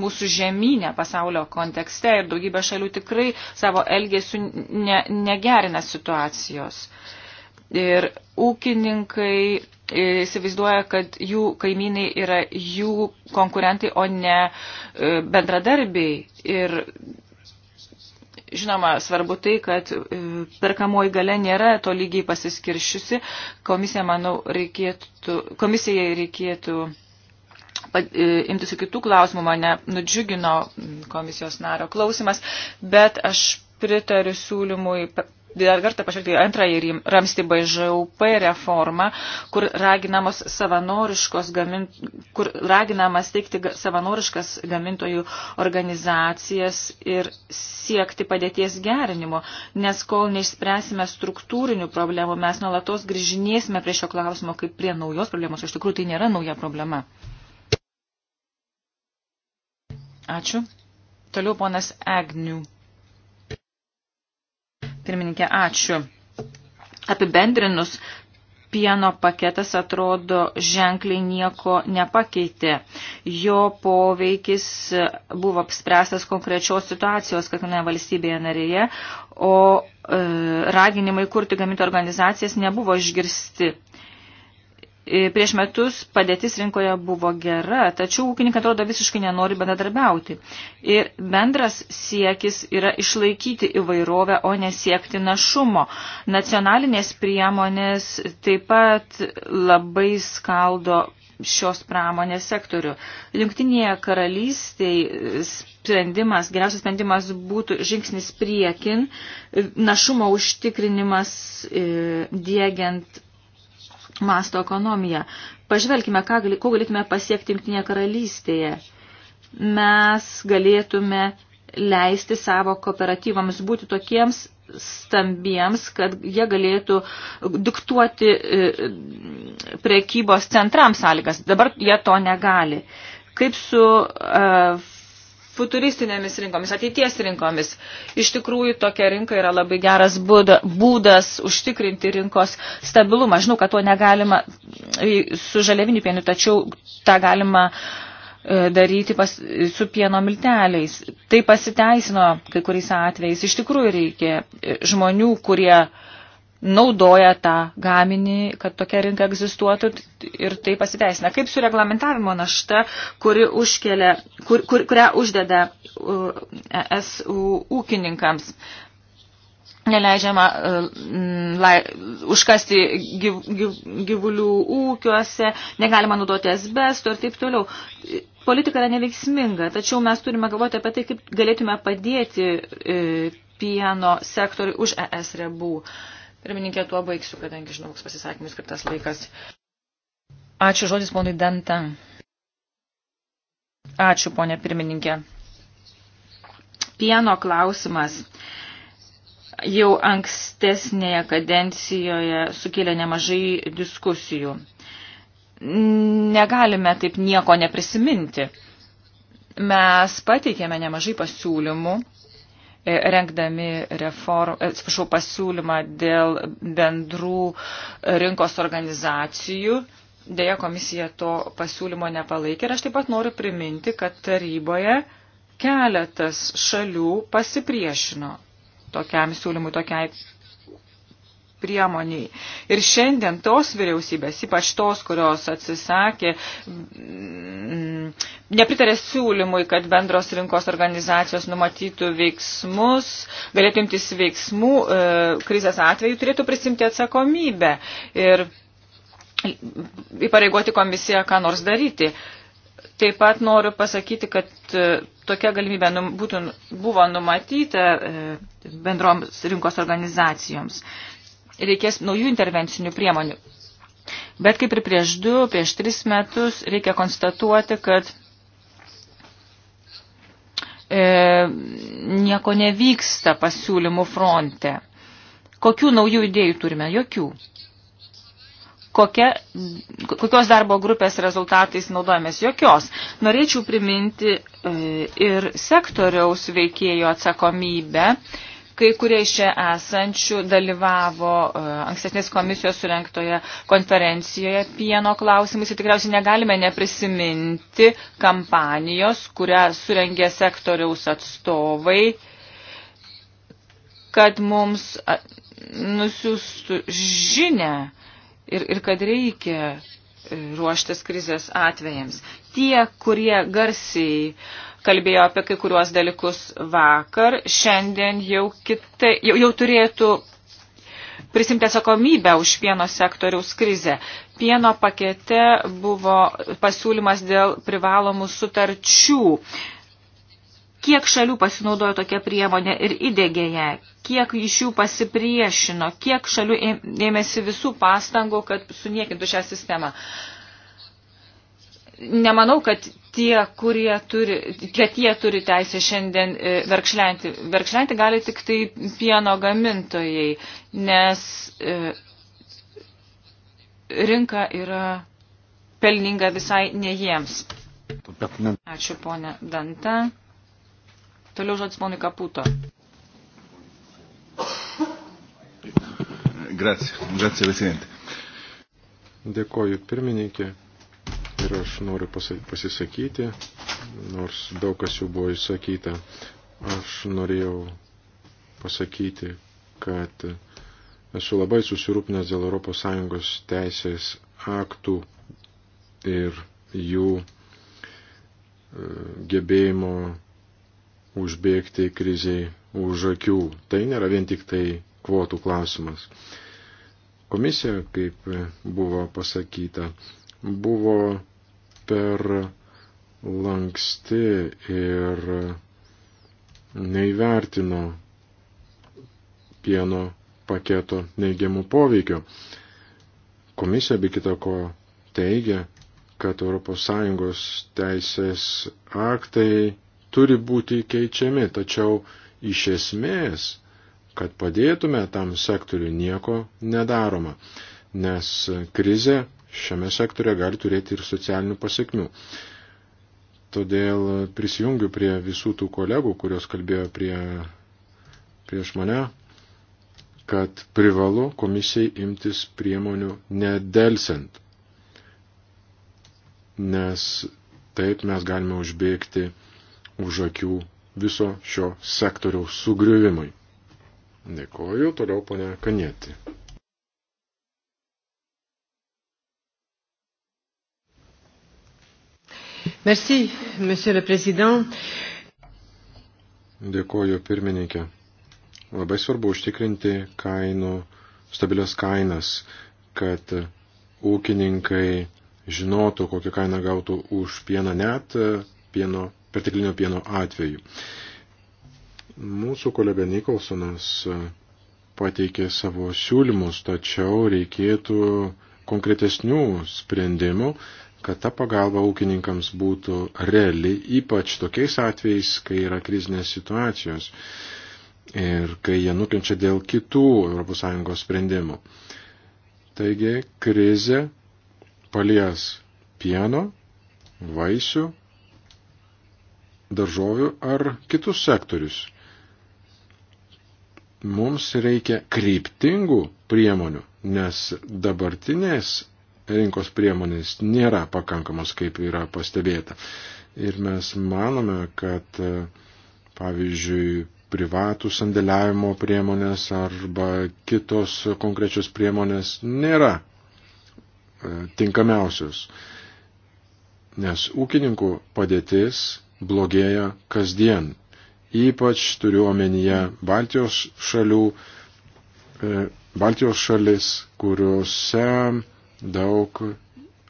mūsų žemynė pasaulio kontekste ir daugybė šalių tikrai savo elgesių ne, negerina situacijos. Ir ūkininkai e, įsivaizduoja, kad jų kaimynai yra jų konkurentai, o ne e, bendradarbiai. Ir Žinoma, svarbu tai, kad e, perkamoji gale nėra to lygiai pasiskiršiusi. Komisija, manau, reikėtų, komisijai reikėtų e, imtis kitų klausimų, mane nudžiugino komisijos nario klausimas, bet aš pritariu siūlymui dar kartą pažvelgti antrąjį ramstį BŽUP reformą, kur raginamos savanoriškos gamint, kur raginamas teikti savanoriškas gamintojų organizacijas ir siekti padėties gerinimo, nes kol neišspręsime struktūrinių problemų, mes nuolatos grįžinėsime prie šio klausimo kaip prie naujos problemos. Iš tikrųjų, tai nėra nauja problema. Ačiū. Toliau ponas Agnių. Pirmininkė, ačiū. Apibendrinus, pieno paketas atrodo ženkliai nieko nepakeitė. Jo poveikis buvo apspręstas konkrečios situacijos kiekvienoje valstybėje narėje, o e, raginimai kurti gaminti organizacijas nebuvo išgirsti. E, prieš metus padėtis rinkoje buvo gera, tačiau ūkininkai atrodo visiškai nenori bendradarbiauti. Ir bendras siekis yra išlaikyti įvairovę, o nesiekti našumo. Nacionalinės priemonės taip pat labai skaldo šios pramonės sektorių. Junktinėje karalystėje e, sprendimas, geriausias sprendimas būtų žingsnis priekin, e, našumo užtikrinimas dėgiant masto ekonomiją. Pažvelkime, ką, ko galėtume pasiekti Junktinėje karalystėje. Mes galėtume leisti savo kooperatyvams būti tokiems stambiems, kad jie galėtų diktuoti e, prekybos centrams sąlygas. Dabar jie to negali. Kaip su uh, futuristinėmis rinkomis, ateities rinkomis. Iš tikrųjų, tokia rinka yra labai geras būda, būdas užtikrinti rinkos stabilumą. Žinau, kad to negalima e, su žaliaviniu pienu, tačiau tą galima e, daryti pas, su pieno milteliais. Tai pasiteisino kai kuriais atvejais. Iš tikrųjų reikia e, žmonių, kurie uh, naudoja tą gaminį, kad tokia rinka egzistuotų ir tai pasiteisina. Kaip su reglamentavimo našta, kuri užkelia, kur, kur, kurią uždeda uh, ES ūkininkams? Neleidžiama uh, lai, užkasti gyv, gyv, gyvulių ūkiuose, negalima naudoti asbesto ir taip toliau. Politika yra neveiksminga, tačiau mes turime galvoti apie tai, kaip galėtume padėti uh, pieno sektoriui už ES rebų. E, Pirmininkė, tuo baigsiu, kadangi žinau, koks pasisakymus skirtas laikas. Ačiū žodis ponui Dantan. Ačiū, ponė pirmininkė. Pieno klausimas jau ankstesnėje kadencijoje sukėlė nemažai diskusijų. Negalime taip nieko neprisiminti. Mes pateikėme nemažai pasiūlymų E, rengdami reform, e, atsiprašau, pasiūlymą dėl bendrų e, rinkos organizacijų. Deja, komisija to pasiūlymo nepalaikė ir aš taip pat noriu priminti, kad taryboje keletas šalių pasipriešino tokiam siūlymui, tokiai priemoniai. Ir šiandien tos vyriausybės, ypač tos, kurios atsisakė, mm, nepritarė siūlymui, kad bendros rinkos organizacijos numatytų veiksmus, galėtų imtis veiksmų e, krizės atveju, turėtų prisimti atsakomybę ir įpareigoti komisiją, ką nors daryti. Taip pat noriu pasakyti, kad e, tokia galimybė būtų, buvo numatyta e, bendroms rinkos organizacijoms reikės naujų intervencinių priemonių. Bet kaip ir prieš du, prieš tris metus reikia konstatuoti, kad e, nieko nevyksta pasiūlymų fronte. Kokių naujų idėjų turime? Jokių. Kokia, kokios darbo grupės rezultatais naudojamės? Jokios. Norėčiau priminti e, ir sektoriaus veikėjo atsakomybę. E, Kai kurie iš čia esančių dalyvavo e, ankstesnės komisijos surenktoje konferencijoje pieno klausimais ir tikriausiai negalime neprisiminti kampanijos, kurią surengė sektoriaus atstovai, kad mums nusiųstų žinę ir, ir kad reikia e, ruoštis krizės atvejams. Tie, kurie garsiai uh, kalbėjo apie kai kuriuos dalykus vakar, šiandien jau, kita, jau, jau turėtų prisimti atsakomybę už pieno sektoriaus krizę. Pieno pakete buvo pasiūlymas dėl privalomų sutarčių. Kiek šalių pasinaudojo tokia priemonė ir įdėgė ją, kiek iš jų pasipriešino, kiek šalių ėmėsi visų pastangų, kad suniekintų šią sistemą. Nemanau, kad tie, kurie turi, kad jie turi teisę šiandien e, verkšlenti. Verkšlenti gali tik tai pieno gamintojai, nes e, rinka yra pelninga visai ne jiems. Ačiū, ponė Danta. Toliau žodis ponui Kaputo. Grazie, grazie, Presidente. Dėkoju, pirmininkė ir aš noriu pasisakyti, nors daug kas jau buvo įsakyta. Aš norėjau pasakyti, kad esu labai susirūpinęs dėl ES teisės aktų ir jų e, gebėjimo užbėgti kriziai už akių. Tai nėra vien tik tai kvotų klausimas. Komisija, kaip buvo pasakyta, buvo per lanksti ir neįvertino pieno paketo neigiamų poveikio. Komisija be kita ko teigia, kad ES teisės aktai turi būti keičiami, tačiau iš esmės, kad padėtume tam sektoriu nieko nedaroma, nes krize šiame sektorė gali turėti ir socialinių pasiekmių. Todėl prisijungiu prie visų tų kolegų, kurios kalbėjo prie, prieš mane, kad privalu komisijai imtis priemonių nedelsiant. Nes taip mes galime užbėgti už akių viso šio sektoriaus sugriuvimui. Dėkoju, toliau ponia Kanėti. Merci, monsieur le président. Dėkuoju pirmininkė. Labai svarbu užtikrinti kainų, stabilias kainas, kad ūkininkai žinotų, kokią kainą gautų už pieną net pieno, perteklinio pieno atveju. Mūsų kolega Nikolsonas pateikė savo siūlymus, tačiau reikėtų konkretesnių sprendimų, kad ta pagalba ūkininkams būtų reali, ypač tokiais atvejais, kai yra krizinės situacijos ir kai jie nukenčia dėl kitų ES sprendimų. Taigi krizė palies pieno, vaisių, daržovių ar kitus sektorius. Mums reikia kryptingų priemonių, nes dabartinės rinkos priemonės nėra pakankamos, kaip yra pastebėta. Ir mes manome, kad pavyzdžiui privatų sandėliavimo priemonės arba kitos konkrečios priemonės nėra e, tinkamiausios, nes ūkininkų padėtis blogėja kasdien. Ypač turiu omenyje Baltijos šalių, e, Baltijos šalis, kuriuose daug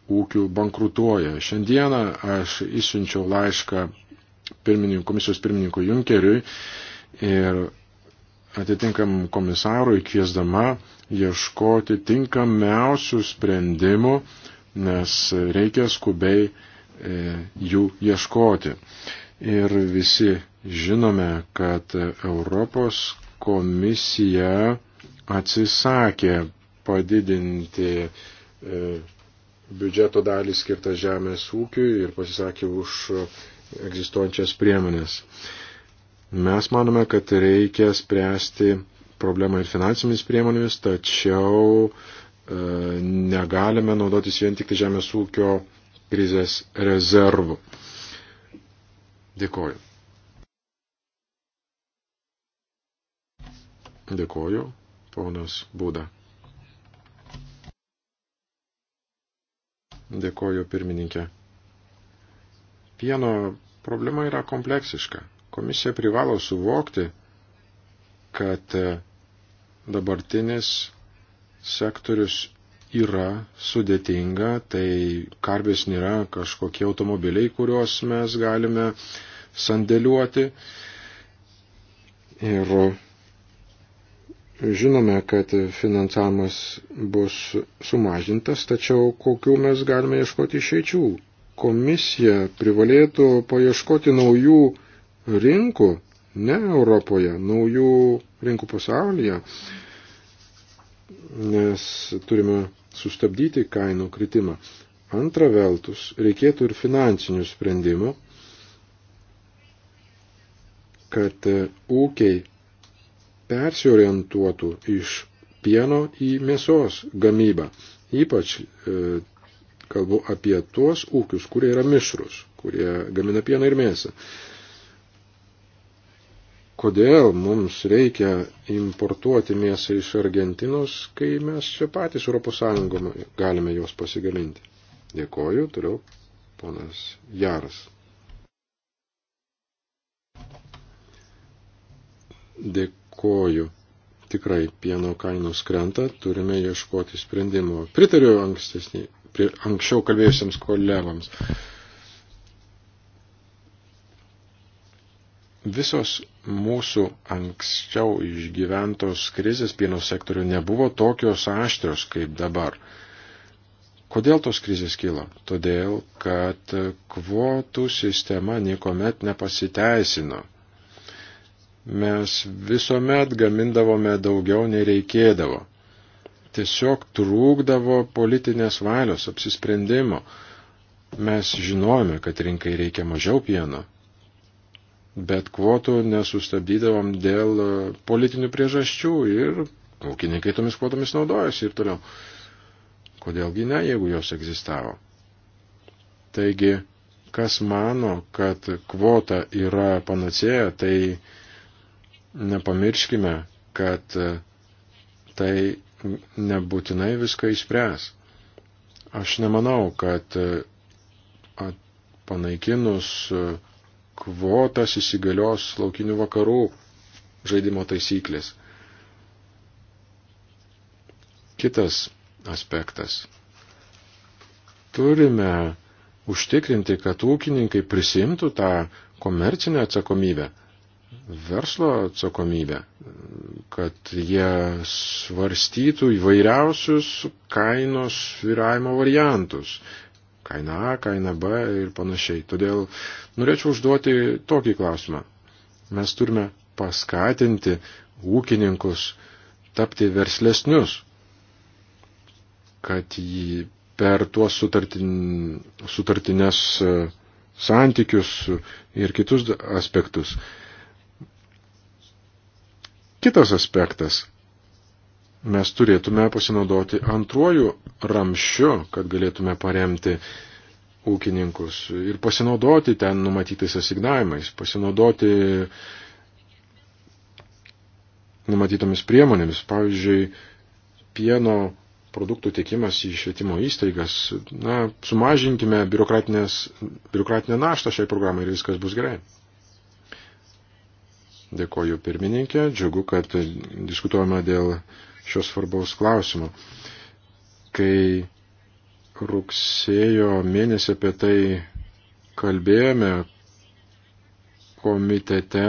ūkių bankrutuoja. Šiandieną aš išsiunčiau laišką pirmininkų, komisijos pirmininkų Junkeriui ir atitinkam komisarui kviesdama ieškoti tinkamiausių sprendimų, nes reikia skubiai e, jų ieškoti. Ir visi žinome, kad Europos komisija atsisakė padidinti E, biudžeto dalį skirtą žemės ūkiui ir pasisakė už egzistuojančias priemonės. Mes manome, kad reikia spręsti problemą ir finansinėmis priemonėmis, tačiau e, negalime naudotis vien tik tai žemės ūkio krizės rezervų. Dėkoju. Dėkoju, ponas Būda. Dėkoju pirmininkė. Pieno problema yra kompleksiška. Komisija privalo suvokti, kad e, dabartinis sektorius yra sudėtinga, tai karvės nėra kažkokie automobiliai, kuriuos mes galime sandėliuoti. Ir Žinome, kad finansavimas bus sumažintas, tačiau kokių mes galime ieškoti išeičių. Komisija privalėtų paieškoti naujų rinkų, ne Europoje, naujų rinkų pasaulyje, nes turime sustabdyti kainų kritimą. Antra veltus, reikėtų ir finansinių sprendimų, kad ūkiai persiorientuotų iš pieno į mėsos gamybą. Ypač e, kalbu apie tuos ūkius, kurie yra mišrus, kurie gamina pieną ir mėsą. Kodėl mums reikia importuoti mėsą iš Argentinos, kai mes čia patys ES galime jos pasigaminti? Dėkoju, toliau ponas Jaras. Dėkoju dėkoju. Tikrai pieno kainos krenta, turime ieškoti sprendimo. Pritariu ankstesnį, prie, anksčiau kalbėjusiems kolegams. Visos mūsų anksčiau išgyventos krizės pieno sektoriu nebuvo tokios aštrios kaip dabar. Kodėl tos krizės kilo? Todėl, kad kvotų sistema niekuomet nepasiteisino mes visuomet gamindavome daugiau nei reikėdavo. Tiesiog trūkdavo politinės valios apsisprendimo. Mes žinojome, kad rinkai reikia mažiau pieno, bet kvotų nesustabdydavom dėl e, politinių priežasčių ir ūkininkai tomis kvotomis naudojasi ir toliau. Kodėlgi ne, jeigu jos egzistavo. Taigi, kas mano, kad kvota yra panacėja, tai nepamirškime, kad e, tai nebūtinai viską išspręs. Aš nemanau, kad e, panaikinus e, kvotas įsigalios laukinių vakarų žaidimo taisyklės. Kitas aspektas. Turime užtikrinti, kad ūkininkai prisimtų tą komercinę atsakomybę verslo atsakomybę, kad jie svarstytų įvairiausius kainos viravimo variantus. Kaina A, kaina B ir panašiai. Todėl norėčiau užduoti tokį klausimą. Mes turime paskatinti ūkininkus tapti verslesnius, kad jį per tuos sutartin, sutartinės e, santykius ir kitus aspektus Kitas aspektas. Mes turėtume pasinaudoti antruoju ramščiu, kad galėtume paremti ūkininkus ir pasinaudoti ten numatytais asignavimais, pasinaudoti numatytomis priemonėmis. Pavyzdžiui, pieno produktų tiekimas į švietimo įstaigas. Na, sumažinkime biurokratinę naštą šiai programai ir viskas bus gerai. Dėkoju pirmininkė, džiugu, kad diskutuojame dėl šios svarbaus klausimo. Kai rugsėjo mėnesį apie tai kalbėjome komitete,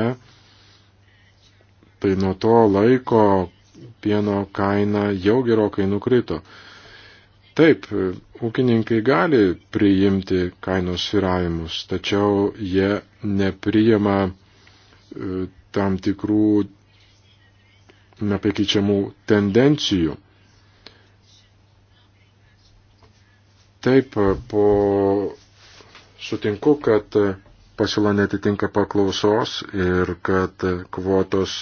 tai nuo to laiko pieno kaina jau gerokai nukrito. Taip, ūkininkai gali priimti kainos sviravimus, tačiau jie nepriima e, tam tikrų nepakeičiamų tendencijų. Taip, po sutinku, kad pasiūla netitinka paklausos ir kad kvotos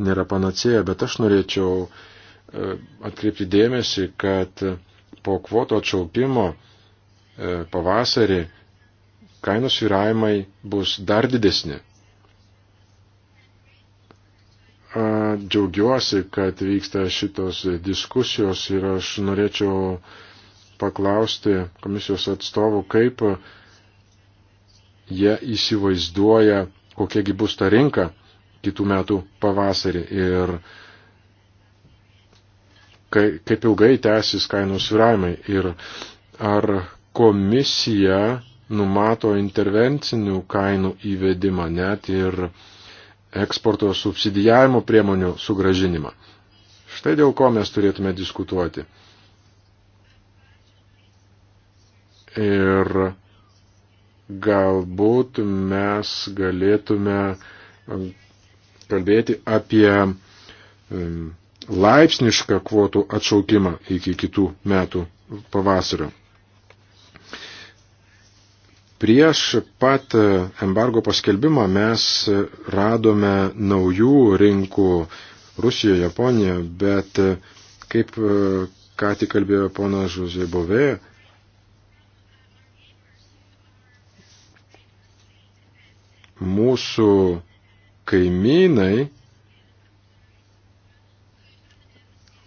nėra panacėja, bet aš norėčiau e, atkreipti dėmesį, kad po kvoto atšaukimo e, pavasarį kainos viravimai bus dar didesni. Džiaugiuosi, kad vyksta šitos diskusijos ir aš norėčiau paklausti komisijos atstovų, kaip jie įsivaizduoja, kokiegi bus ta rinka kitų metų pavasarį ir kaip ilgai tęsis kainų sviravimai ir ar komisija numato intervencinių kainų įvedimą net ir eksporto subsidijavimo priemonių sugražinimą. Štai dėl ko mes turėtume diskutuoti. Ir galbūt mes galėtume um, kalbėti apie um, laipsnišką kvotų atšaukimą iki kitų metų pavasario. Prieš pat embargo paskelbimą mes radome naujų rinkų Rusijoje, Japonijoje, bet kaip ką tik kalbėjo ponas Žuzė Bovė, mūsų kaimynai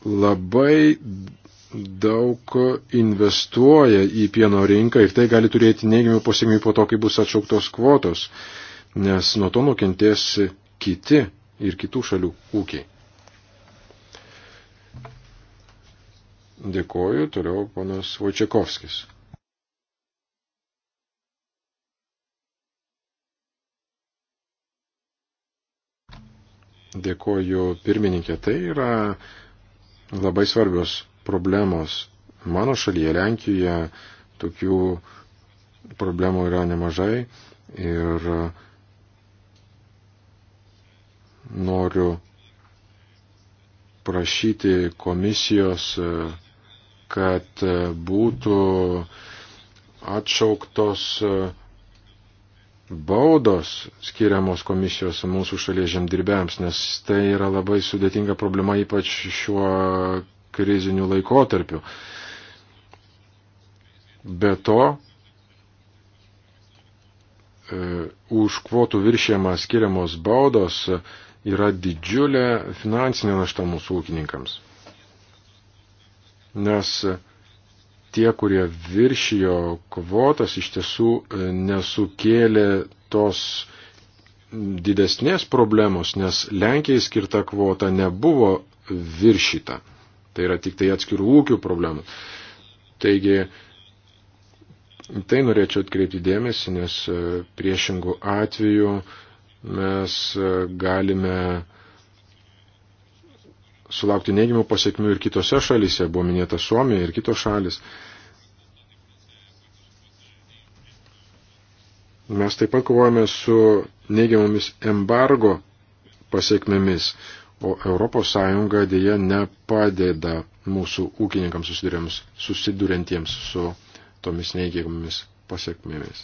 labai daug investuoja į pieno rinką ir tai gali turėti neigiamų pasiekmių po to, kai bus atšauktos kvotos, nes nuo to nukentės kiti ir kitų šalių ūkiai. Dėkoju, toliau panas Vojčiakovskis. Dėkoju pirmininkė, tai yra labai svarbios problemos. Mano šalyje, Lenkijoje, tokių problemų yra nemažai ir noriu prašyti komisijos, kad būtų atšauktos baudos skiriamos komisijos mūsų šalies žemdirbėms, nes tai yra labai sudėtinga problema, ypač šiuo krizinių laikotarpių. Be to, e, už kvotų viršėmą skiriamos baudos yra didžiulė finansinė našta mūsų ūkininkams. Nes tie, kurie viršijo kvotas, iš tiesų e, nesukėlė tos didesnės problemos, nes Lenkijai skirta kvota nebuvo viršyta. Tai yra tik tai atskirų ūkių problema. Taigi, tai norėčiau atkreipti dėmesį, nes e, priešingų atveju mes e, galime sulaukti neigiamų pasiekmių ir kitose šalyse, buvo minėta Suomija ir kitos šalis. Mes taip pat kovojame su neigiamomis embargo pasiekmėmis. O ES dėja nepadeda mūsų ūkininkams susidurintiems su tomis neįgėgomis pasiekmėmis.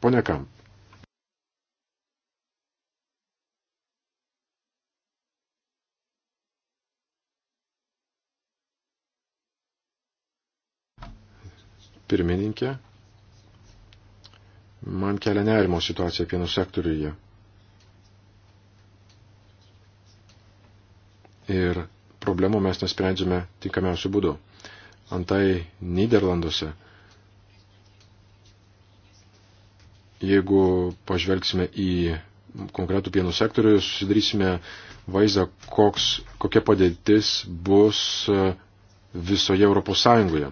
Pone Kamp. Pirmininkė, man kelia nerimo situacija pieno sektoriuje. ir problemų mes nesprendžiame tinkamiausių būdų. Antai Niderlanduose, jeigu pažvelgsime į konkretų pienų sektorių, susidarysime vaizdą, koks, kokia padėtis bus visoje Europos Sąjungoje.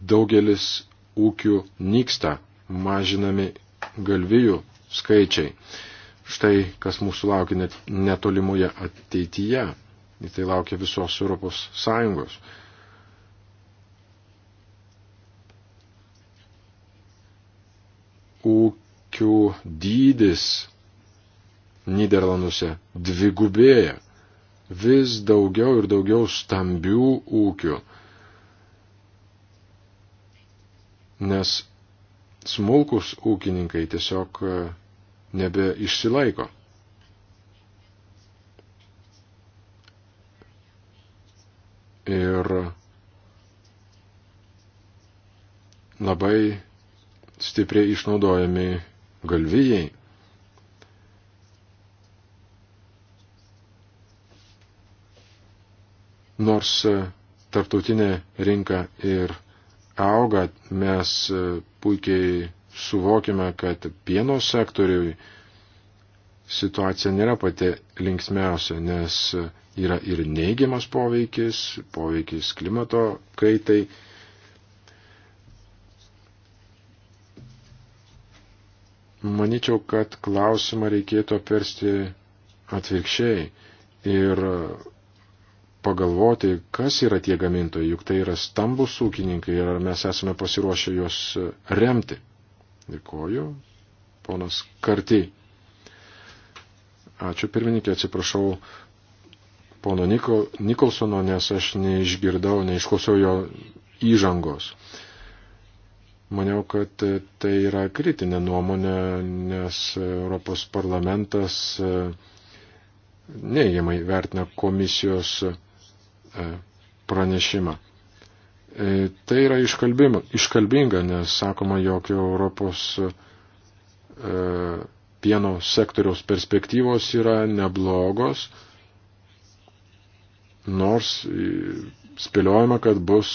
Daugelis ūkių nyksta, mažinami galvijų skaičiai. Štai kas mūsų laukia net, netolimoje ateityje į tai laukia visos Europos Sąjungos. Ūkių dydis Niderlanduose dvigubėja. Vis daugiau ir daugiau stambių ūkių. Nes smulkus ūkininkai tiesiog e, nebeišsilaiko. ir labai stipriai išnaudojami galvijai. Nors tarptautinė rinka ir auga, mes puikiai suvokime, kad pieno sektoriui situacija nėra pati linksmiausia, nes yra ir neigiamas poveikis, poveikis klimato kaitai. Maničiau, kad klausimą reikėtų apversti atvirkščiai ir pagalvoti, kas yra tie gamintojai, juk tai yra stambus ūkininkai ir ar mes esame pasiruošę juos remti. Dėkoju, ponas Karti. Ačiū pirmininkė, atsiprašau pono Niko, Nikolsono, nes aš neišgirdau, neišklausiau jo įžangos. Maniau, kad tai yra kritinė nuomonė, nes Europos parlamentas e, neįjamai vertina komisijos e, pranešimą. E, tai yra iškalbinga, nes sakoma, jog Europos pieno sektoriaus perspektyvos yra neblogos, nors spėliojama, kad bus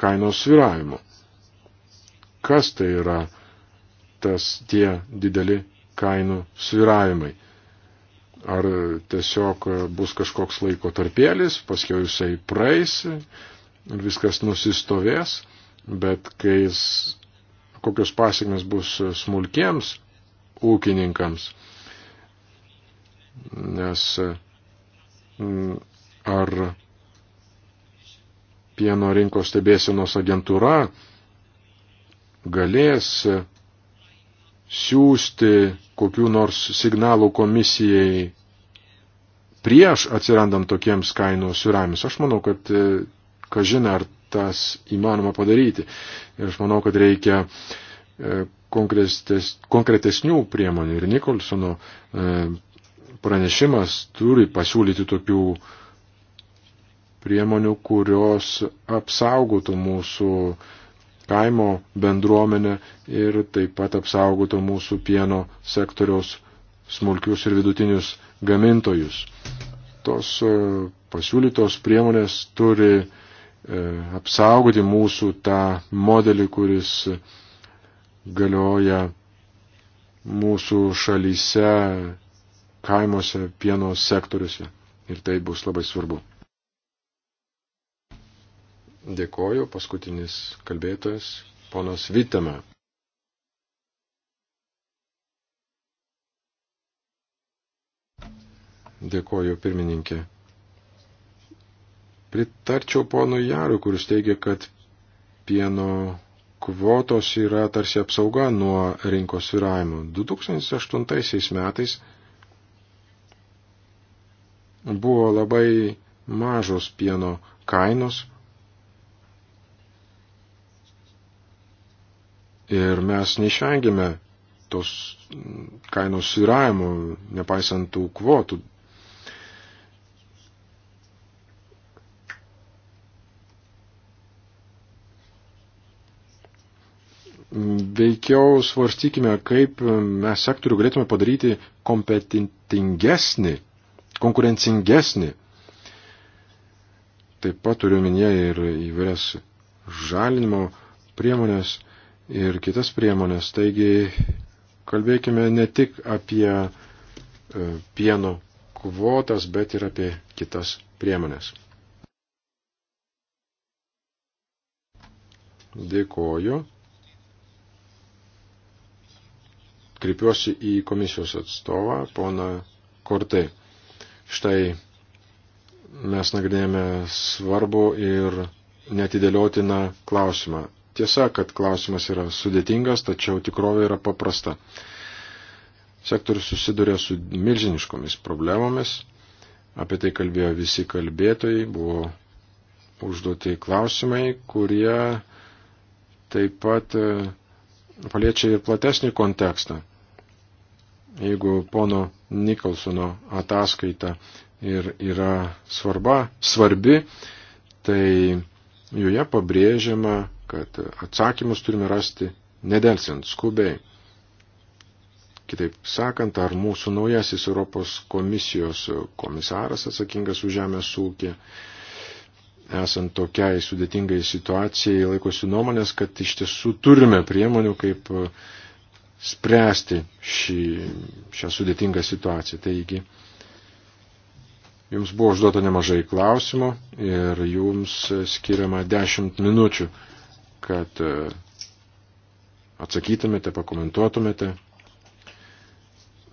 kainos sviravimo. Kas tai yra tas tie dideli kainų sviravimai? Ar tiesiog bus kažkoks laiko tarpėlis, paskui jisai praeis, viskas nusistovės, bet kai kokios pasiekmes bus smulkiems ūkininkams. Nes mm, ar pieno rinkos stebėsenos agentūra galės siūsti kokių nors signalų komisijai prieš atsirandant tokiems kainų suramis. Aš manau, kad kažin ar tas įmanoma padaryti. Ir aš manau, kad reikia e, konkretesnių priemonių ir Nikolsono e, pranešimas turi pasiūlyti tokių priemonių, kurios apsaugotų mūsų kaimo bendruomenę ir taip pat apsaugotų mūsų pieno sektoriaus smulkius ir vidutinius gamintojus. Tos e, pasiūlytos priemonės turi e, apsaugoti mūsų tą modelį, kuris galioja mūsų šalyse, kaimuose, pieno sektoriuose. Ir tai bus labai svarbu. Dėkoju, paskutinis kalbėtojas, ponas Vitame. Dėkoju, pirmininkė. Pritarčiau ponui Jarui, kuris teigia, kad pieno kvotos yra tarsi apsauga nuo rinkos sviravimo. 2008 metais buvo labai mažos pieno kainos ir mes neišvengėme tos kainos sviravimo, nepaisant tų kvotų veikiau svarstykime, kaip mes sektorių galėtume padaryti kompetentingesnį, konkurencingesnį. Taip pat turiu minėję ir įvairias žalinimo priemonės ir kitas priemonės. Taigi kalbėkime ne tik apie e, pieno kvotas, bet ir apie kitas priemonės. Dėkoju. kreipiuosi į komisijos atstovą, poną Kortai. Štai mes nagrinėjame svarbu ir netidėliotiną klausimą. Tiesa, kad klausimas yra sudėtingas, tačiau tikrovė yra paprasta. Sektorius susiduria su milžiniškomis problemomis, apie tai kalbėjo visi kalbėtojai, buvo užduoti klausimai, kurie taip pat paliečia ir platesnį kontekstą. Jeigu pono Nikolsono ataskaita ir yra svarba, svarbi, tai joje pabrėžiama, kad atsakymus turime rasti nedelsint, skubiai. Kitaip sakant, ar mūsų naujasis Europos komisijos komisaras atsakingas už žemės ūkį, esant tokiai sudėtingai situacijai, laikosi nuomonės, kad iš tiesų turime priemonių, kaip e, spręsti šį, šią sudėtingą situaciją. Taigi, jums buvo užduota nemažai klausimų ir jums skiriama 10 minučių, kad e, atsakytumėte, pakomentuotumėte.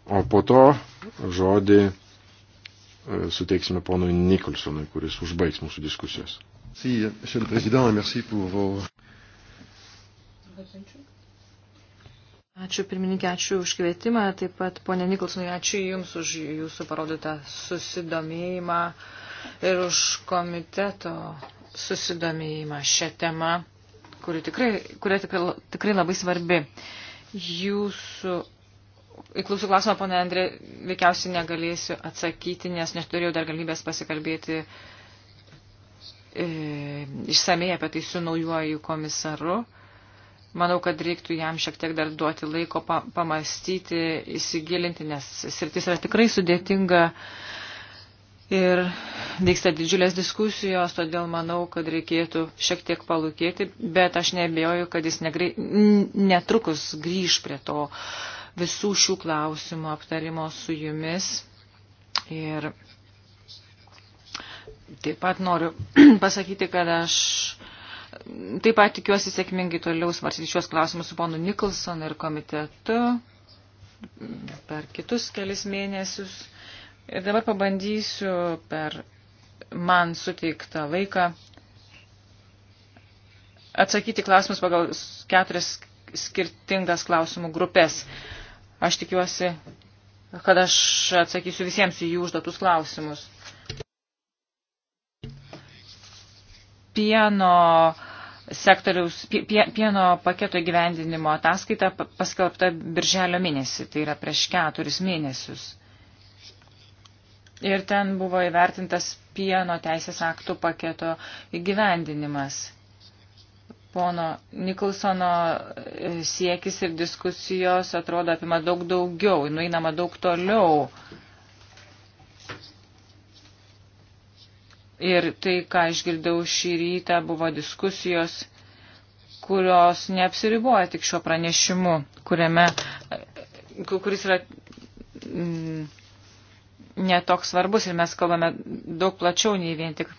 O po to žodį suteiksime ponui Nikolsonui, kuris užbaigs mūsų diskusijas. Ačiū pirmininkė, ačiū už kvietimą, taip pat ponė Nikolsonui, ačiū Jums už Jūsų parodytą susidomėjimą ir už komiteto susidomėjimą šią temą, kuri tikrai, kuria tikrai, tikrai labai svarbi. Jūsų Įklausų klausimą, ponė Andrė, veikiausiai negalėsiu atsakyti, nes neturėjau dar galimybės pasikalbėti e, išsamei apie tai su naujuoju komisaru. Manau, kad reiktų jam šiek tiek dar duoti laiko pa pamastyti, įsigilinti, nes sritis yra tikrai sudėtinga ir vyksta didžiulės diskusijos, todėl manau, kad reikėtų šiek tiek palūkėti, bet aš nebejoju, kad jis negrei, netrukus grįž prie to visų šių klausimų aptarimo su jumis. Ir taip pat noriu pasakyti, kad aš taip pat tikiuosi sėkmingai toliau svarstyti šios klausimus su ponu Nikolson ir komitetu per kitus kelis mėnesius. Ir dabar pabandysiu per man suteiktą laiką atsakyti klausimus pagal keturias skirtingas klausimų grupės. Aš tikiuosi, kad aš atsakysiu visiems į jų užduotus klausimus. Pieno sektoriaus, pieno paketo gyvendinimo ataskaita paskelbta birželio mėnesį, tai yra prieš keturis mėnesius. Ir ten buvo įvertintas pieno teisės aktų paketo įgyvendinimas pono Nikolsono e, siekis ir diskusijos atrodo apima daug daugiau, nueinama daug toliau. Ir tai, ką išgirdau šį rytą, buvo diskusijos, kurios neapsiribuoja tik šiuo pranešimu, kuriame, kuris yra mm, netoks svarbus ir mes kalbame daug plačiau nei vien tik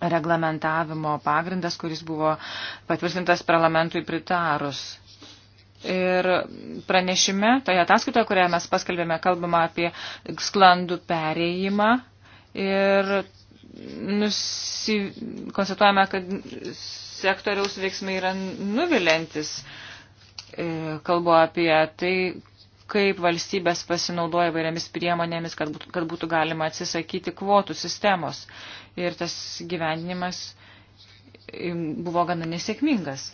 reglamentavimo pagrindas, kuris buvo patvirtintas parlamentui pritarus. Ir pranešime, toje ataskaitoje, kurioje mes paskelbėme, kalbama apie sklandų perėjimą ir nusi... konstatuojame, kad sektoriaus veiksmai yra nuvilentis. E, kalbu apie tai, kaip valstybės pasinaudoja vairiamis priemonėmis, kad būtų, kad būtų galima atsisakyti kvotų sistemos ir tas gyvenimas buvo gana nesėkmingas.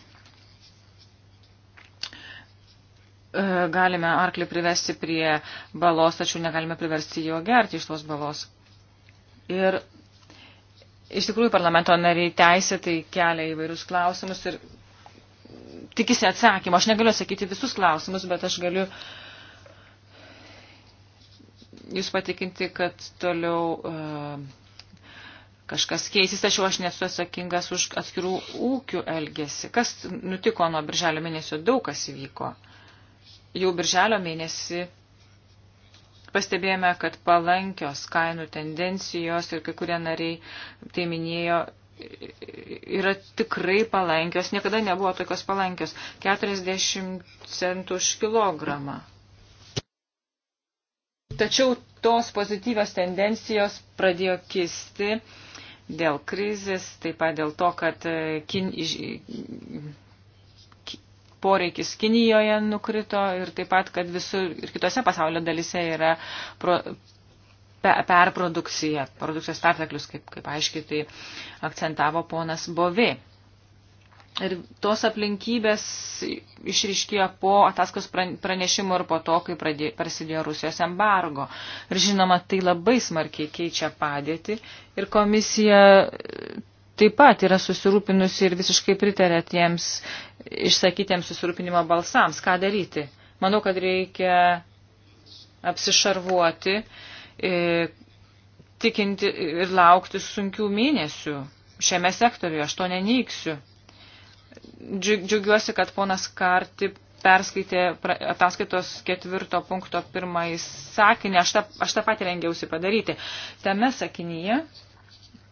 E, galime arklį privesti prie balos, tačiau negalime priversti jo gerti iš tos balos. Ir iš tikrųjų parlamento nariai teisė tai kelia įvairius klausimus ir tikisi atsakymą. Aš negaliu atsakyti visus klausimus, bet aš galiu jūs patikinti, kad toliau uh, kažkas keisis, tačiau aš nesu atsakingas už atskirų ūkių elgesį. Kas nutiko nuo birželio mėnesio, daug kas įvyko. Jau birželio mėnesį pastebėjome, kad palankios kainų tendencijos ir kai kurie nariai tai minėjo, yra tikrai palankios, niekada nebuvo tokios palankios, 40 centų už kilogramą. Tačiau tos pozityvios tendencijos pradėjo kisti dėl krizės, taip pat dėl to, kad e, kin, poreikis Kinijoje nukrito ir taip pat, kad visur ir kitose pasaulio dalise yra pro, pe, perprodukcija, produkcijos perteklius, kaip, kaip aiškiai tai akcentavo ponas Bovi. Ir tos aplinkybės išriškėjo po ataskos pranešimo ir po to, kai pradė, prasidėjo Rusijos embargo. Ir žinoma, tai labai smarkiai keičia padėtį. Ir komisija taip pat yra susirūpinusi ir visiškai pritarė tiems išsakytiems susirūpinimo balsams. Ką daryti? Manau, kad reikia apsišarvuoti, e, tikinti ir laukti sunkių mėnesių. Šiame sektoriuje aš to neneiksiu Džiaugiuosi, kad ponas Karti perskaitė ataskaitos ketvirto punkto pirmąjį sakinį. Aš tą, aš tą patį rengiausi padaryti. Tame sakinyje,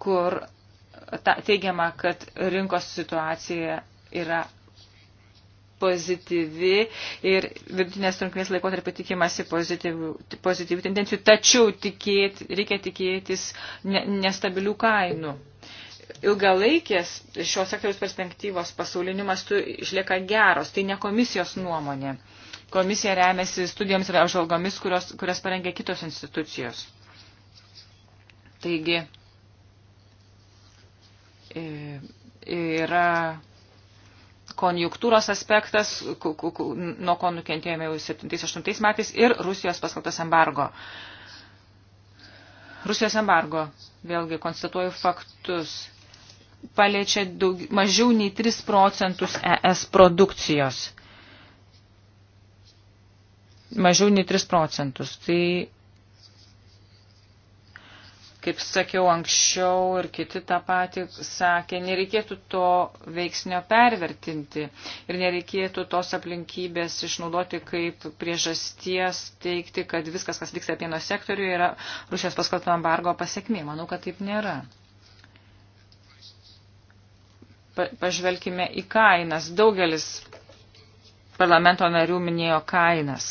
kur ta, teigiama, kad rinkos situacija yra pozityvi ir vidutinės trunkmės laikotarpį tikimasi pozityvių, pozityvių tendencijų, tačiau tikėti, reikia tikėtis nestabilių kainų. Uh, ilgalaikės šios sektoriaus perspektyvos pasauliniu mastu išlieka geros. Tai ne komisijos nuomonė. Komisija remiasi studijoms ir apžvalgomis, kurios, kurias parengė kitos institucijos. Taigi e, yra konjunktūros aspektas, nuo ko nukentėjome jau 7-8 metais, ir Rusijos paskaltas embargo. Rusijos embargo, vėlgi konstatuoju faktus, paliečia daug, mažiau nei 3 procentus ES produkcijos. Mažiau nei 3 procentus. Tai, kaip sakiau anksčiau ir kiti tą patį sakė, nereikėtų to veiksnio pervertinti ir nereikėtų tos aplinkybės išnaudoti kaip priežasties teikti, kad viskas, kas vyksta pieno sektoriuje, yra Rusijos paskalbto embargo pasiekmė. Manau, kad taip nėra pažvelkime į kainas. Daugelis parlamento narių minėjo kainas.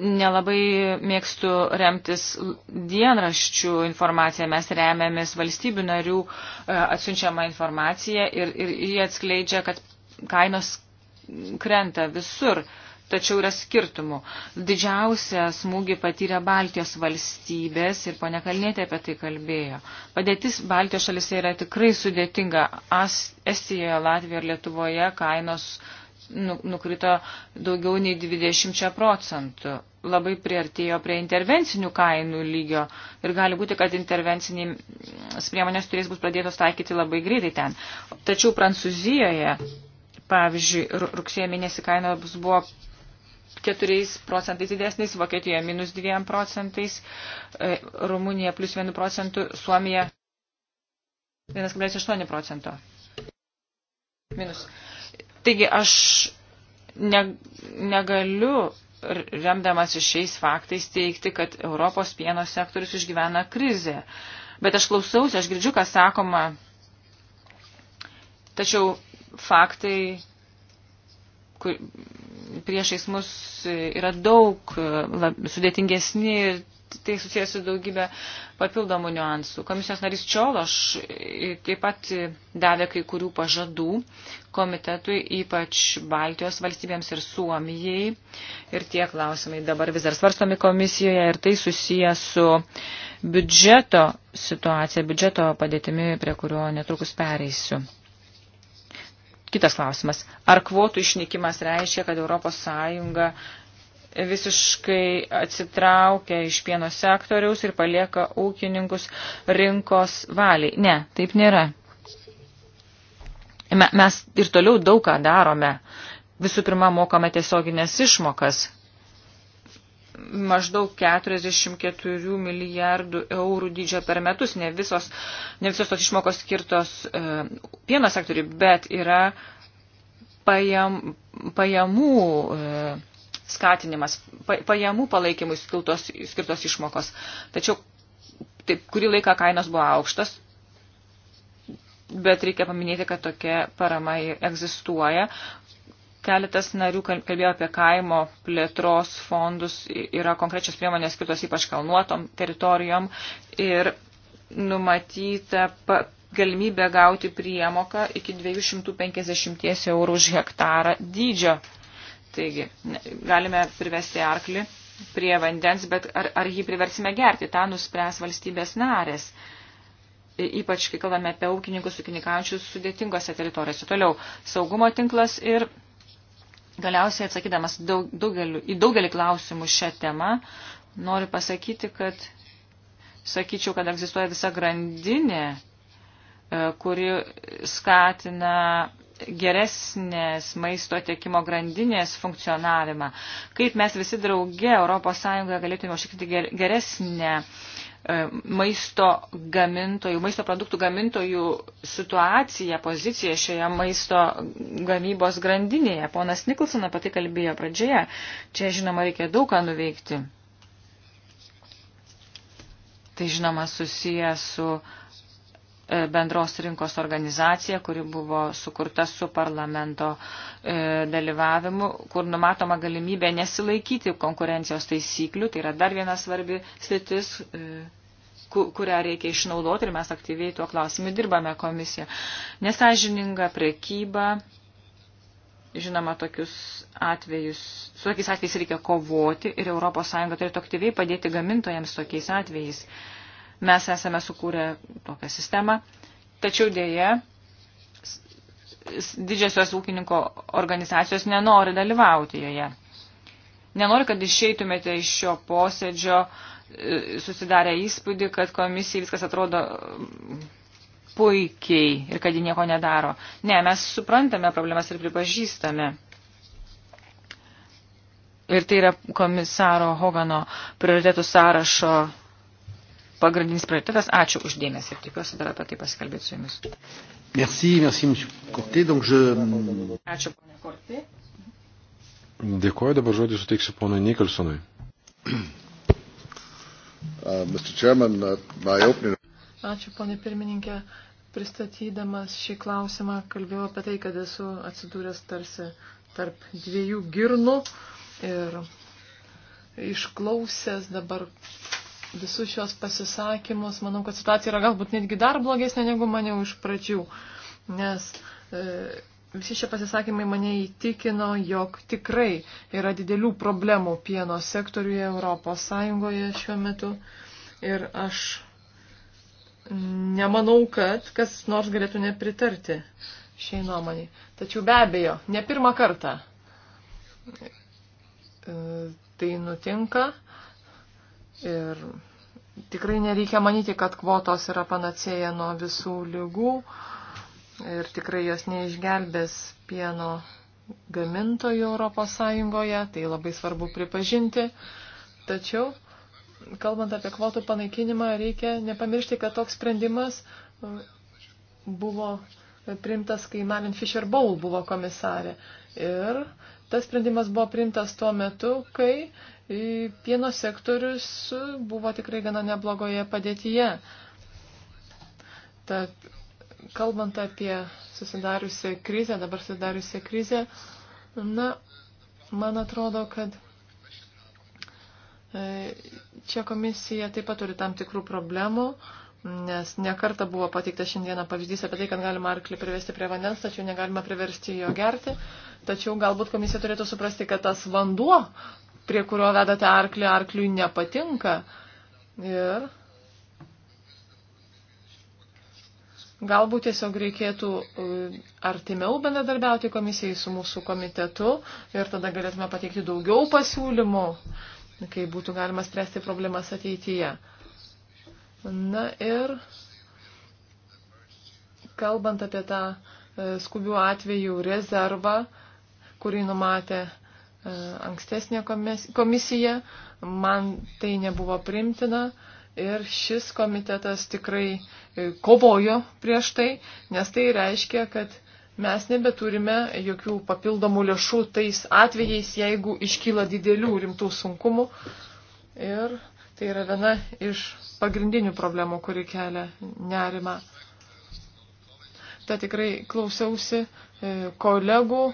Nelabai mėgstu remtis dienraščių informaciją, mes remiamės valstybių narių e, atsiunčiamą informaciją ir, ir jie atskleidžia, kad kainos krenta visur. Uh, tačiau yra skirtumų. Didžiausią smūgį patyrė Baltijos valstybės ir ponia Kalnėtė apie tai kalbėjo. Padėtis Baltijos šalise yra tikrai sudėtinga. As, Estijoje, Latvijoje ir Lietuvoje kainos nu, nukrito daugiau nei 20 procentų. Labai priartėjo prie intervencinių kainų lygio ir gali būti, kad intervenciniai priemonės turės bus pradėtos taikyti labai greitai ten. Tačiau Prancūzijoje, pavyzdžiui, rugsėjo mėnesį kainos buvo 4 procentais didesnis, Vokietijoje minus 2 procentais, e, Rumunija plus 1 procentų, Suomija 1,8 procento. Minus. Taigi aš ne, negaliu remdamas šiais faktais teikti, kad Europos pieno sektorius išgyvena krizę. Bet aš klausausi, aš girdžiu, kas sakoma. Tačiau faktai, kur, priešais mus yra daug e, lab, sudėtingesni ir tai susijęs su daugybė papildomų niuansų. Komisijos narys Čiološ e, taip pat e, davė kai kurių pažadų komitetui, ypač Baltijos valstybėms ir Suomijai. Ir tie klausimai dabar vis dar svarstomi komisijoje ir tai susijęs su biudžeto situacija, biudžeto padėtimi, prie kurio netrukus pereisiu. Kitas klausimas. Ar kvotų išnykimas reiškia, kad ES visiškai atsitraukia iš pieno sektoriaus ir palieka ūkininkus rinkos valiai? Ne, taip nėra. Mes ir toliau daug ką darome. Visų pirma, mokame tiesioginės išmokas maždaug 44 milijardų eurų dydžio per metus. Ne visos, ne visos tos išmokos skirtos e, pieno sektoriui, bet yra pajam, pajamų e, skatinimas, pa, pajamų palaikymui skirtos, skirtos išmokos. Tačiau taip, kurį laiką kainos buvo aukštas, bet reikia paminėti, kad tokia parama egzistuoja. Keletas narių kalbėjo apie kaimo plėtros fondus, yra konkrečios priemonės skirtos ypač kalnuotom teritorijom ir numatyta galimybė gauti priemoką iki 250 eurų už hektarą dydžio. Taigi, galime privesti arklį prie vandens, bet ar, ar jį priversime gerti, tą nuspręs valstybės narės. Ypač, kai kalbame apie ūkininkus, ūkininkaujančius sudėtingose teritorijose. Toliau, saugumo tinklas ir Galiausiai atsakydamas daug, daugeliu, į daugelį klausimų šią temą, noriu pasakyti, kad sakyčiau, kad egzistuoja visa grandinė, e, kuri skatina geresnės maisto tiekimo grandinės funkcionavimą. Kaip mes visi drauge ES galėtume užtikrinti geresnę E, maisto gamintojų, maisto produktų gamintojų situaciją, poziciją šioje maisto gamybos grandinėje. Ponas Nikolson apie tai kalbėjo pradžioje. Čia, žinoma, reikia daug ką nuveikti. Tai, žinoma, susiję su uh, E, bendros rinkos organizacija, kuri buvo sukurta su parlamento e, dalyvavimu, kur numatoma galimybė nesilaikyti konkurencijos taisyklių. Tai yra dar viena svarbi sritis e, kurią reikia išnaudoti ir mes aktyviai tuo klausimu dirbame komisiją. Nesažininga prekyba, žinoma, tokius atvejus, su tokiais atvejais reikia kovoti ir ES turėtų aktyviai padėti gamintojams tokiais atvejais. Mes esame sukūrę tokią sistemą, tačiau dėje didžiosios ūkininko organizacijos nenori dalyvauti joje. Nenori, kad išeitumėte iš šio posėdžio e, susidarę įspūdį, kad komisijai viskas atrodo puikiai ir kad ji nieko nedaro. Ne, mes suprantame problemas ir pripažįstame. Ir tai yra komisaro Hogano prioritetų sąrašo pagrindinis prioritetas. Ačiū uždėmės ir tikiuosi dar apie tai pasikalbėti su jumis. Merci, merci, Kortė, donc je... Ačiū, ponė Kortė. Dėkuoju, dabar žodį suteiksiu ponui Nikolsonui. Uh, uh, Ačiū, ponė pirmininkė. Pristatydamas šį klausimą kalbėjau apie tai, kad esu atsidūręs tarsi tarp dviejų girnų ir išklausęs dabar visus šios pasisakymus. Manau, kad situacija yra galbūt netgi dar blogesnė, negu maniau iš pradžių. Nes e, visi šie pasisakymai mane įtikino, jog tikrai yra didelių problemų pieno sektoriuje Europos Sąjungoje šiuo metu. Ir aš nemanau, kad kas nors galėtų nepritarti šiai nuomonį. Tačiau be abejo, ne pirmą kartą e, tai nutinka. Ir tikrai nereikia manyti, kad kvotos yra panacėja nuo visų lygų ir tikrai jos neišgelbės pieno gamintojų ES, tai labai svarbu pripažinti. Tačiau, kalbant apie kvotų panaikinimą, reikia nepamiršti, kad toks sprendimas buvo priimtas, kai Malin Fisher Bowl buvo komisarė. Ir tas sprendimas buvo priimtas tuo metu, kai pieno sektorius buvo tikrai gana neblogoje padėtyje. Tad, kalbant apie susidariusią krizę, dabar susidariusią krizę, na, man atrodo, kad e, čia komisija taip pat turi tam tikrų problemų, nes nekarta buvo pateikta šiandieną pavyzdys apie tai, kad galima arklį privesti prie vandens, tačiau negalima priversti jo gerti. Tačiau galbūt komisija turėtų suprasti, kad tas vanduo, prie kurio vedate arklį, arkliui nepatinka. Ir Galbūt tiesiog reikėtų e, artimiau bendradarbiauti komisijai su mūsų komitetu ir tada galėtume pateikti daugiau pasiūlymų, kai būtų galima spręsti problemas ateityje. Na ir kalbant apie tą e, skubių atvejų rezervą, kurį numatė E, ankstesnė komisija, man tai nebuvo primtina ir šis komitetas tikrai e, kovojo prieš tai, nes tai reiškia, kad mes nebeturime jokių papildomų lėšų tais atvejais, jeigu iškyla didelių rimtų sunkumų. Ir tai yra viena iš pagrindinių problemų, kuri kelia nerimą. Tai tikrai klausiausi e, kolegų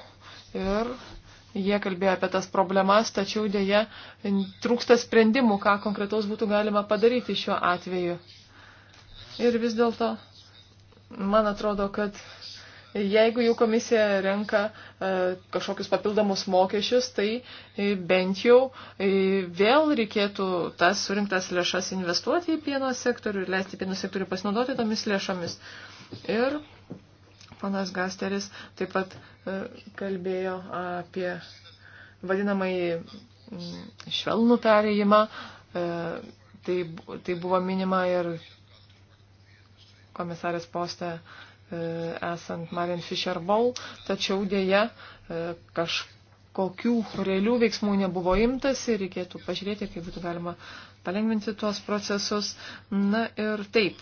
ir Jie kalbėjo apie tas problemas, tačiau dėja trūksta sprendimų, ką konkretaus būtų galima padaryti šiuo atveju. Ir vis dėlto, man atrodo, kad jeigu jau komisija renka e, kažkokius papildomus mokesčius, tai e, bent jau e, vėl reikėtų tas surinktas lėšas investuoti į pieno sektorių ir leisti pieno sektorių pasinaudoti tomis lėšomis. Ir Panas Gasteris taip pat e, kalbėjo apie vadinamąjį mm, švelnų perėjimą. E, tai, tai buvo minima ir komisarės postė e, esant Marin Fisher Bowl, tačiau dėja kažkokių realių veiksmų nebuvo imtasi, reikėtų pažiūrėti, kaip būtų galima palengvinti tuos procesus. Na ir taip,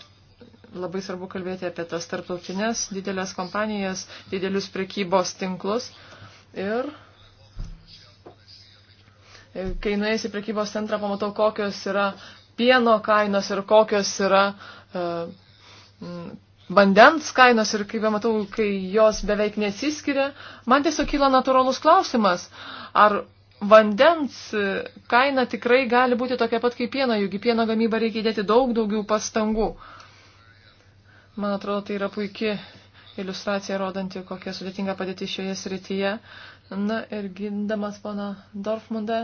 labai svarbu kalbėti apie tas tarptautinės didelės kompanijas, didelius prekybos tinklus. Ir kai nuėjęs į prekybos centrą, pamatau, kokios yra pieno kainos ir kokios yra uh, vandens kainos ir kaip matau, kai jos beveik nesiskiria, man tiesiog kyla natūralus klausimas, ar vandens e, kaina tikrai gali būti tokia pat kaip pieno, juk į pieno gamybą reikia įdėti daug daugiau pastangų. Uh, Man atrodo, tai yra puikia iliustracija rodanti, kokia sudėtinga padėti šioje srityje. Na ir gindamas pana Dorfmundą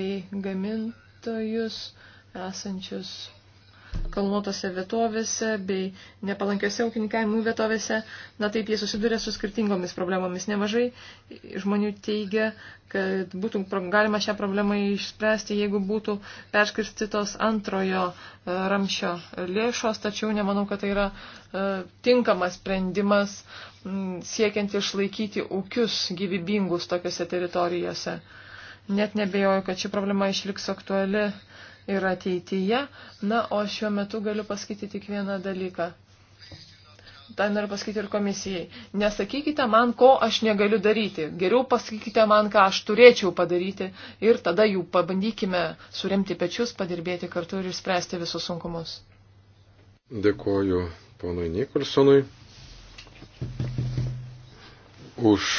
bei gamintojus esančius kalnuotose vietovėse bei nepalankiose ūkininkavimų vietovėse, na taip jie susiduria su skirtingomis problemomis. Nemažai žmonių teigia, kad būtų galima šią problemą išspręsti, jeigu būtų perskirstytos antrojo e, ramšio lėšos, tačiau nemanau, kad tai yra e, tinkamas sprendimas siekiant išlaikyti ūkius gyvybingus tokiuose teritorijose. Net nebejoju, kad ši problema išliks aktuali ir ateityje. Na, o šiuo metu galiu pasakyti tik vieną dalyką. Tai noriu pasakyti ir komisijai. Nesakykite man, ko aš negaliu daryti. Geriau pasakykite man, ką aš turėčiau padaryti ir tada jų pabandykime suremti pečius, padirbėti kartu ir išspręsti visus sunkumus. Dėkuoju ponui Nikolsonui už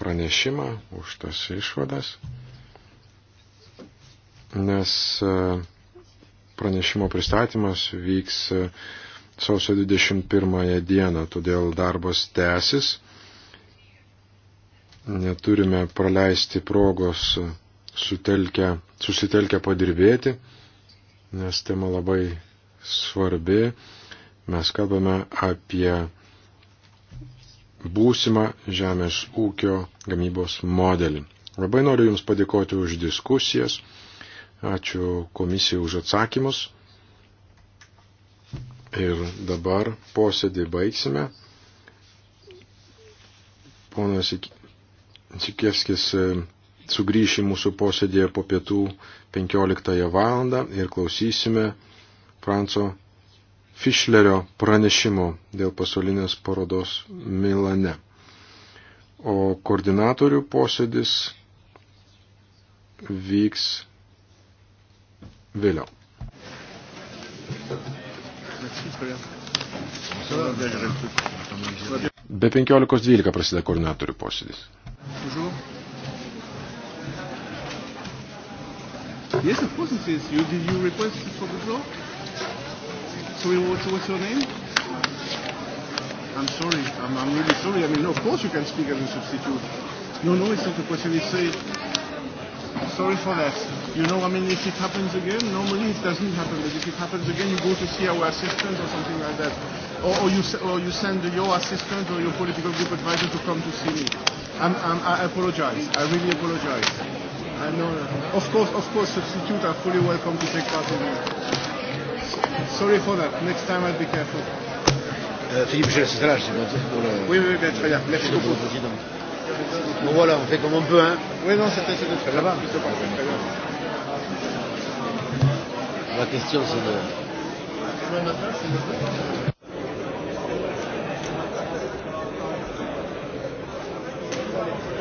pranešimą, už tas išvadas nes e, pranešimo pristatymas vyks e, sausio 21 dieną, todėl darbas tęsis. Neturime praleisti progos sutelkę, susitelkę padirbėti, nes tema labai svarbi. Mes kalbame apie būsimą žemės ūkio gamybos modelį. Labai noriu Jums padėkoti už diskusijas. Ačiū komisijai už atsakymus. Ir dabar posėdį baigsime. Ponas Sikievskis e, sugrįši mūsų posėdėje po pietų 15 val. ir klausysime Franco Fischlerio pranešimo dėl pasaulinės parodos Milane. O koordinatorių posėdis vyks vėliau. Be 15.12 prasideda koordinatorių posėdis. Yes, of course it is. You, did you request it for the floor? So what, what's your name? I'm sorry. I'm, I'm really sorry. I mean, of course you can speak as a substitute. No, no, it's not a question. It's a... Sorry for that. You know, I mean, if it happens again, normally it doesn't happen, but if it happens again, you go to see our assistant or something like that. Or, or, you, or you send your assistant or your political group advisor to come to see me. I'm, I'm, I apologize. I really apologize. I know. Of course, of course, substitute are fully welcome to take part in it. Sorry for that. Next time I'll be careful. Euh, Philippe, je laisse là, je suis monté pour le. Oui, oui, bien, très bien. Merci beaucoup. Bon voilà, on fait comme on peut, hein. Oui, non, c'était très bien. Là-bas. Très bien. Ma question, c'est de... Demain matin, c'est le vote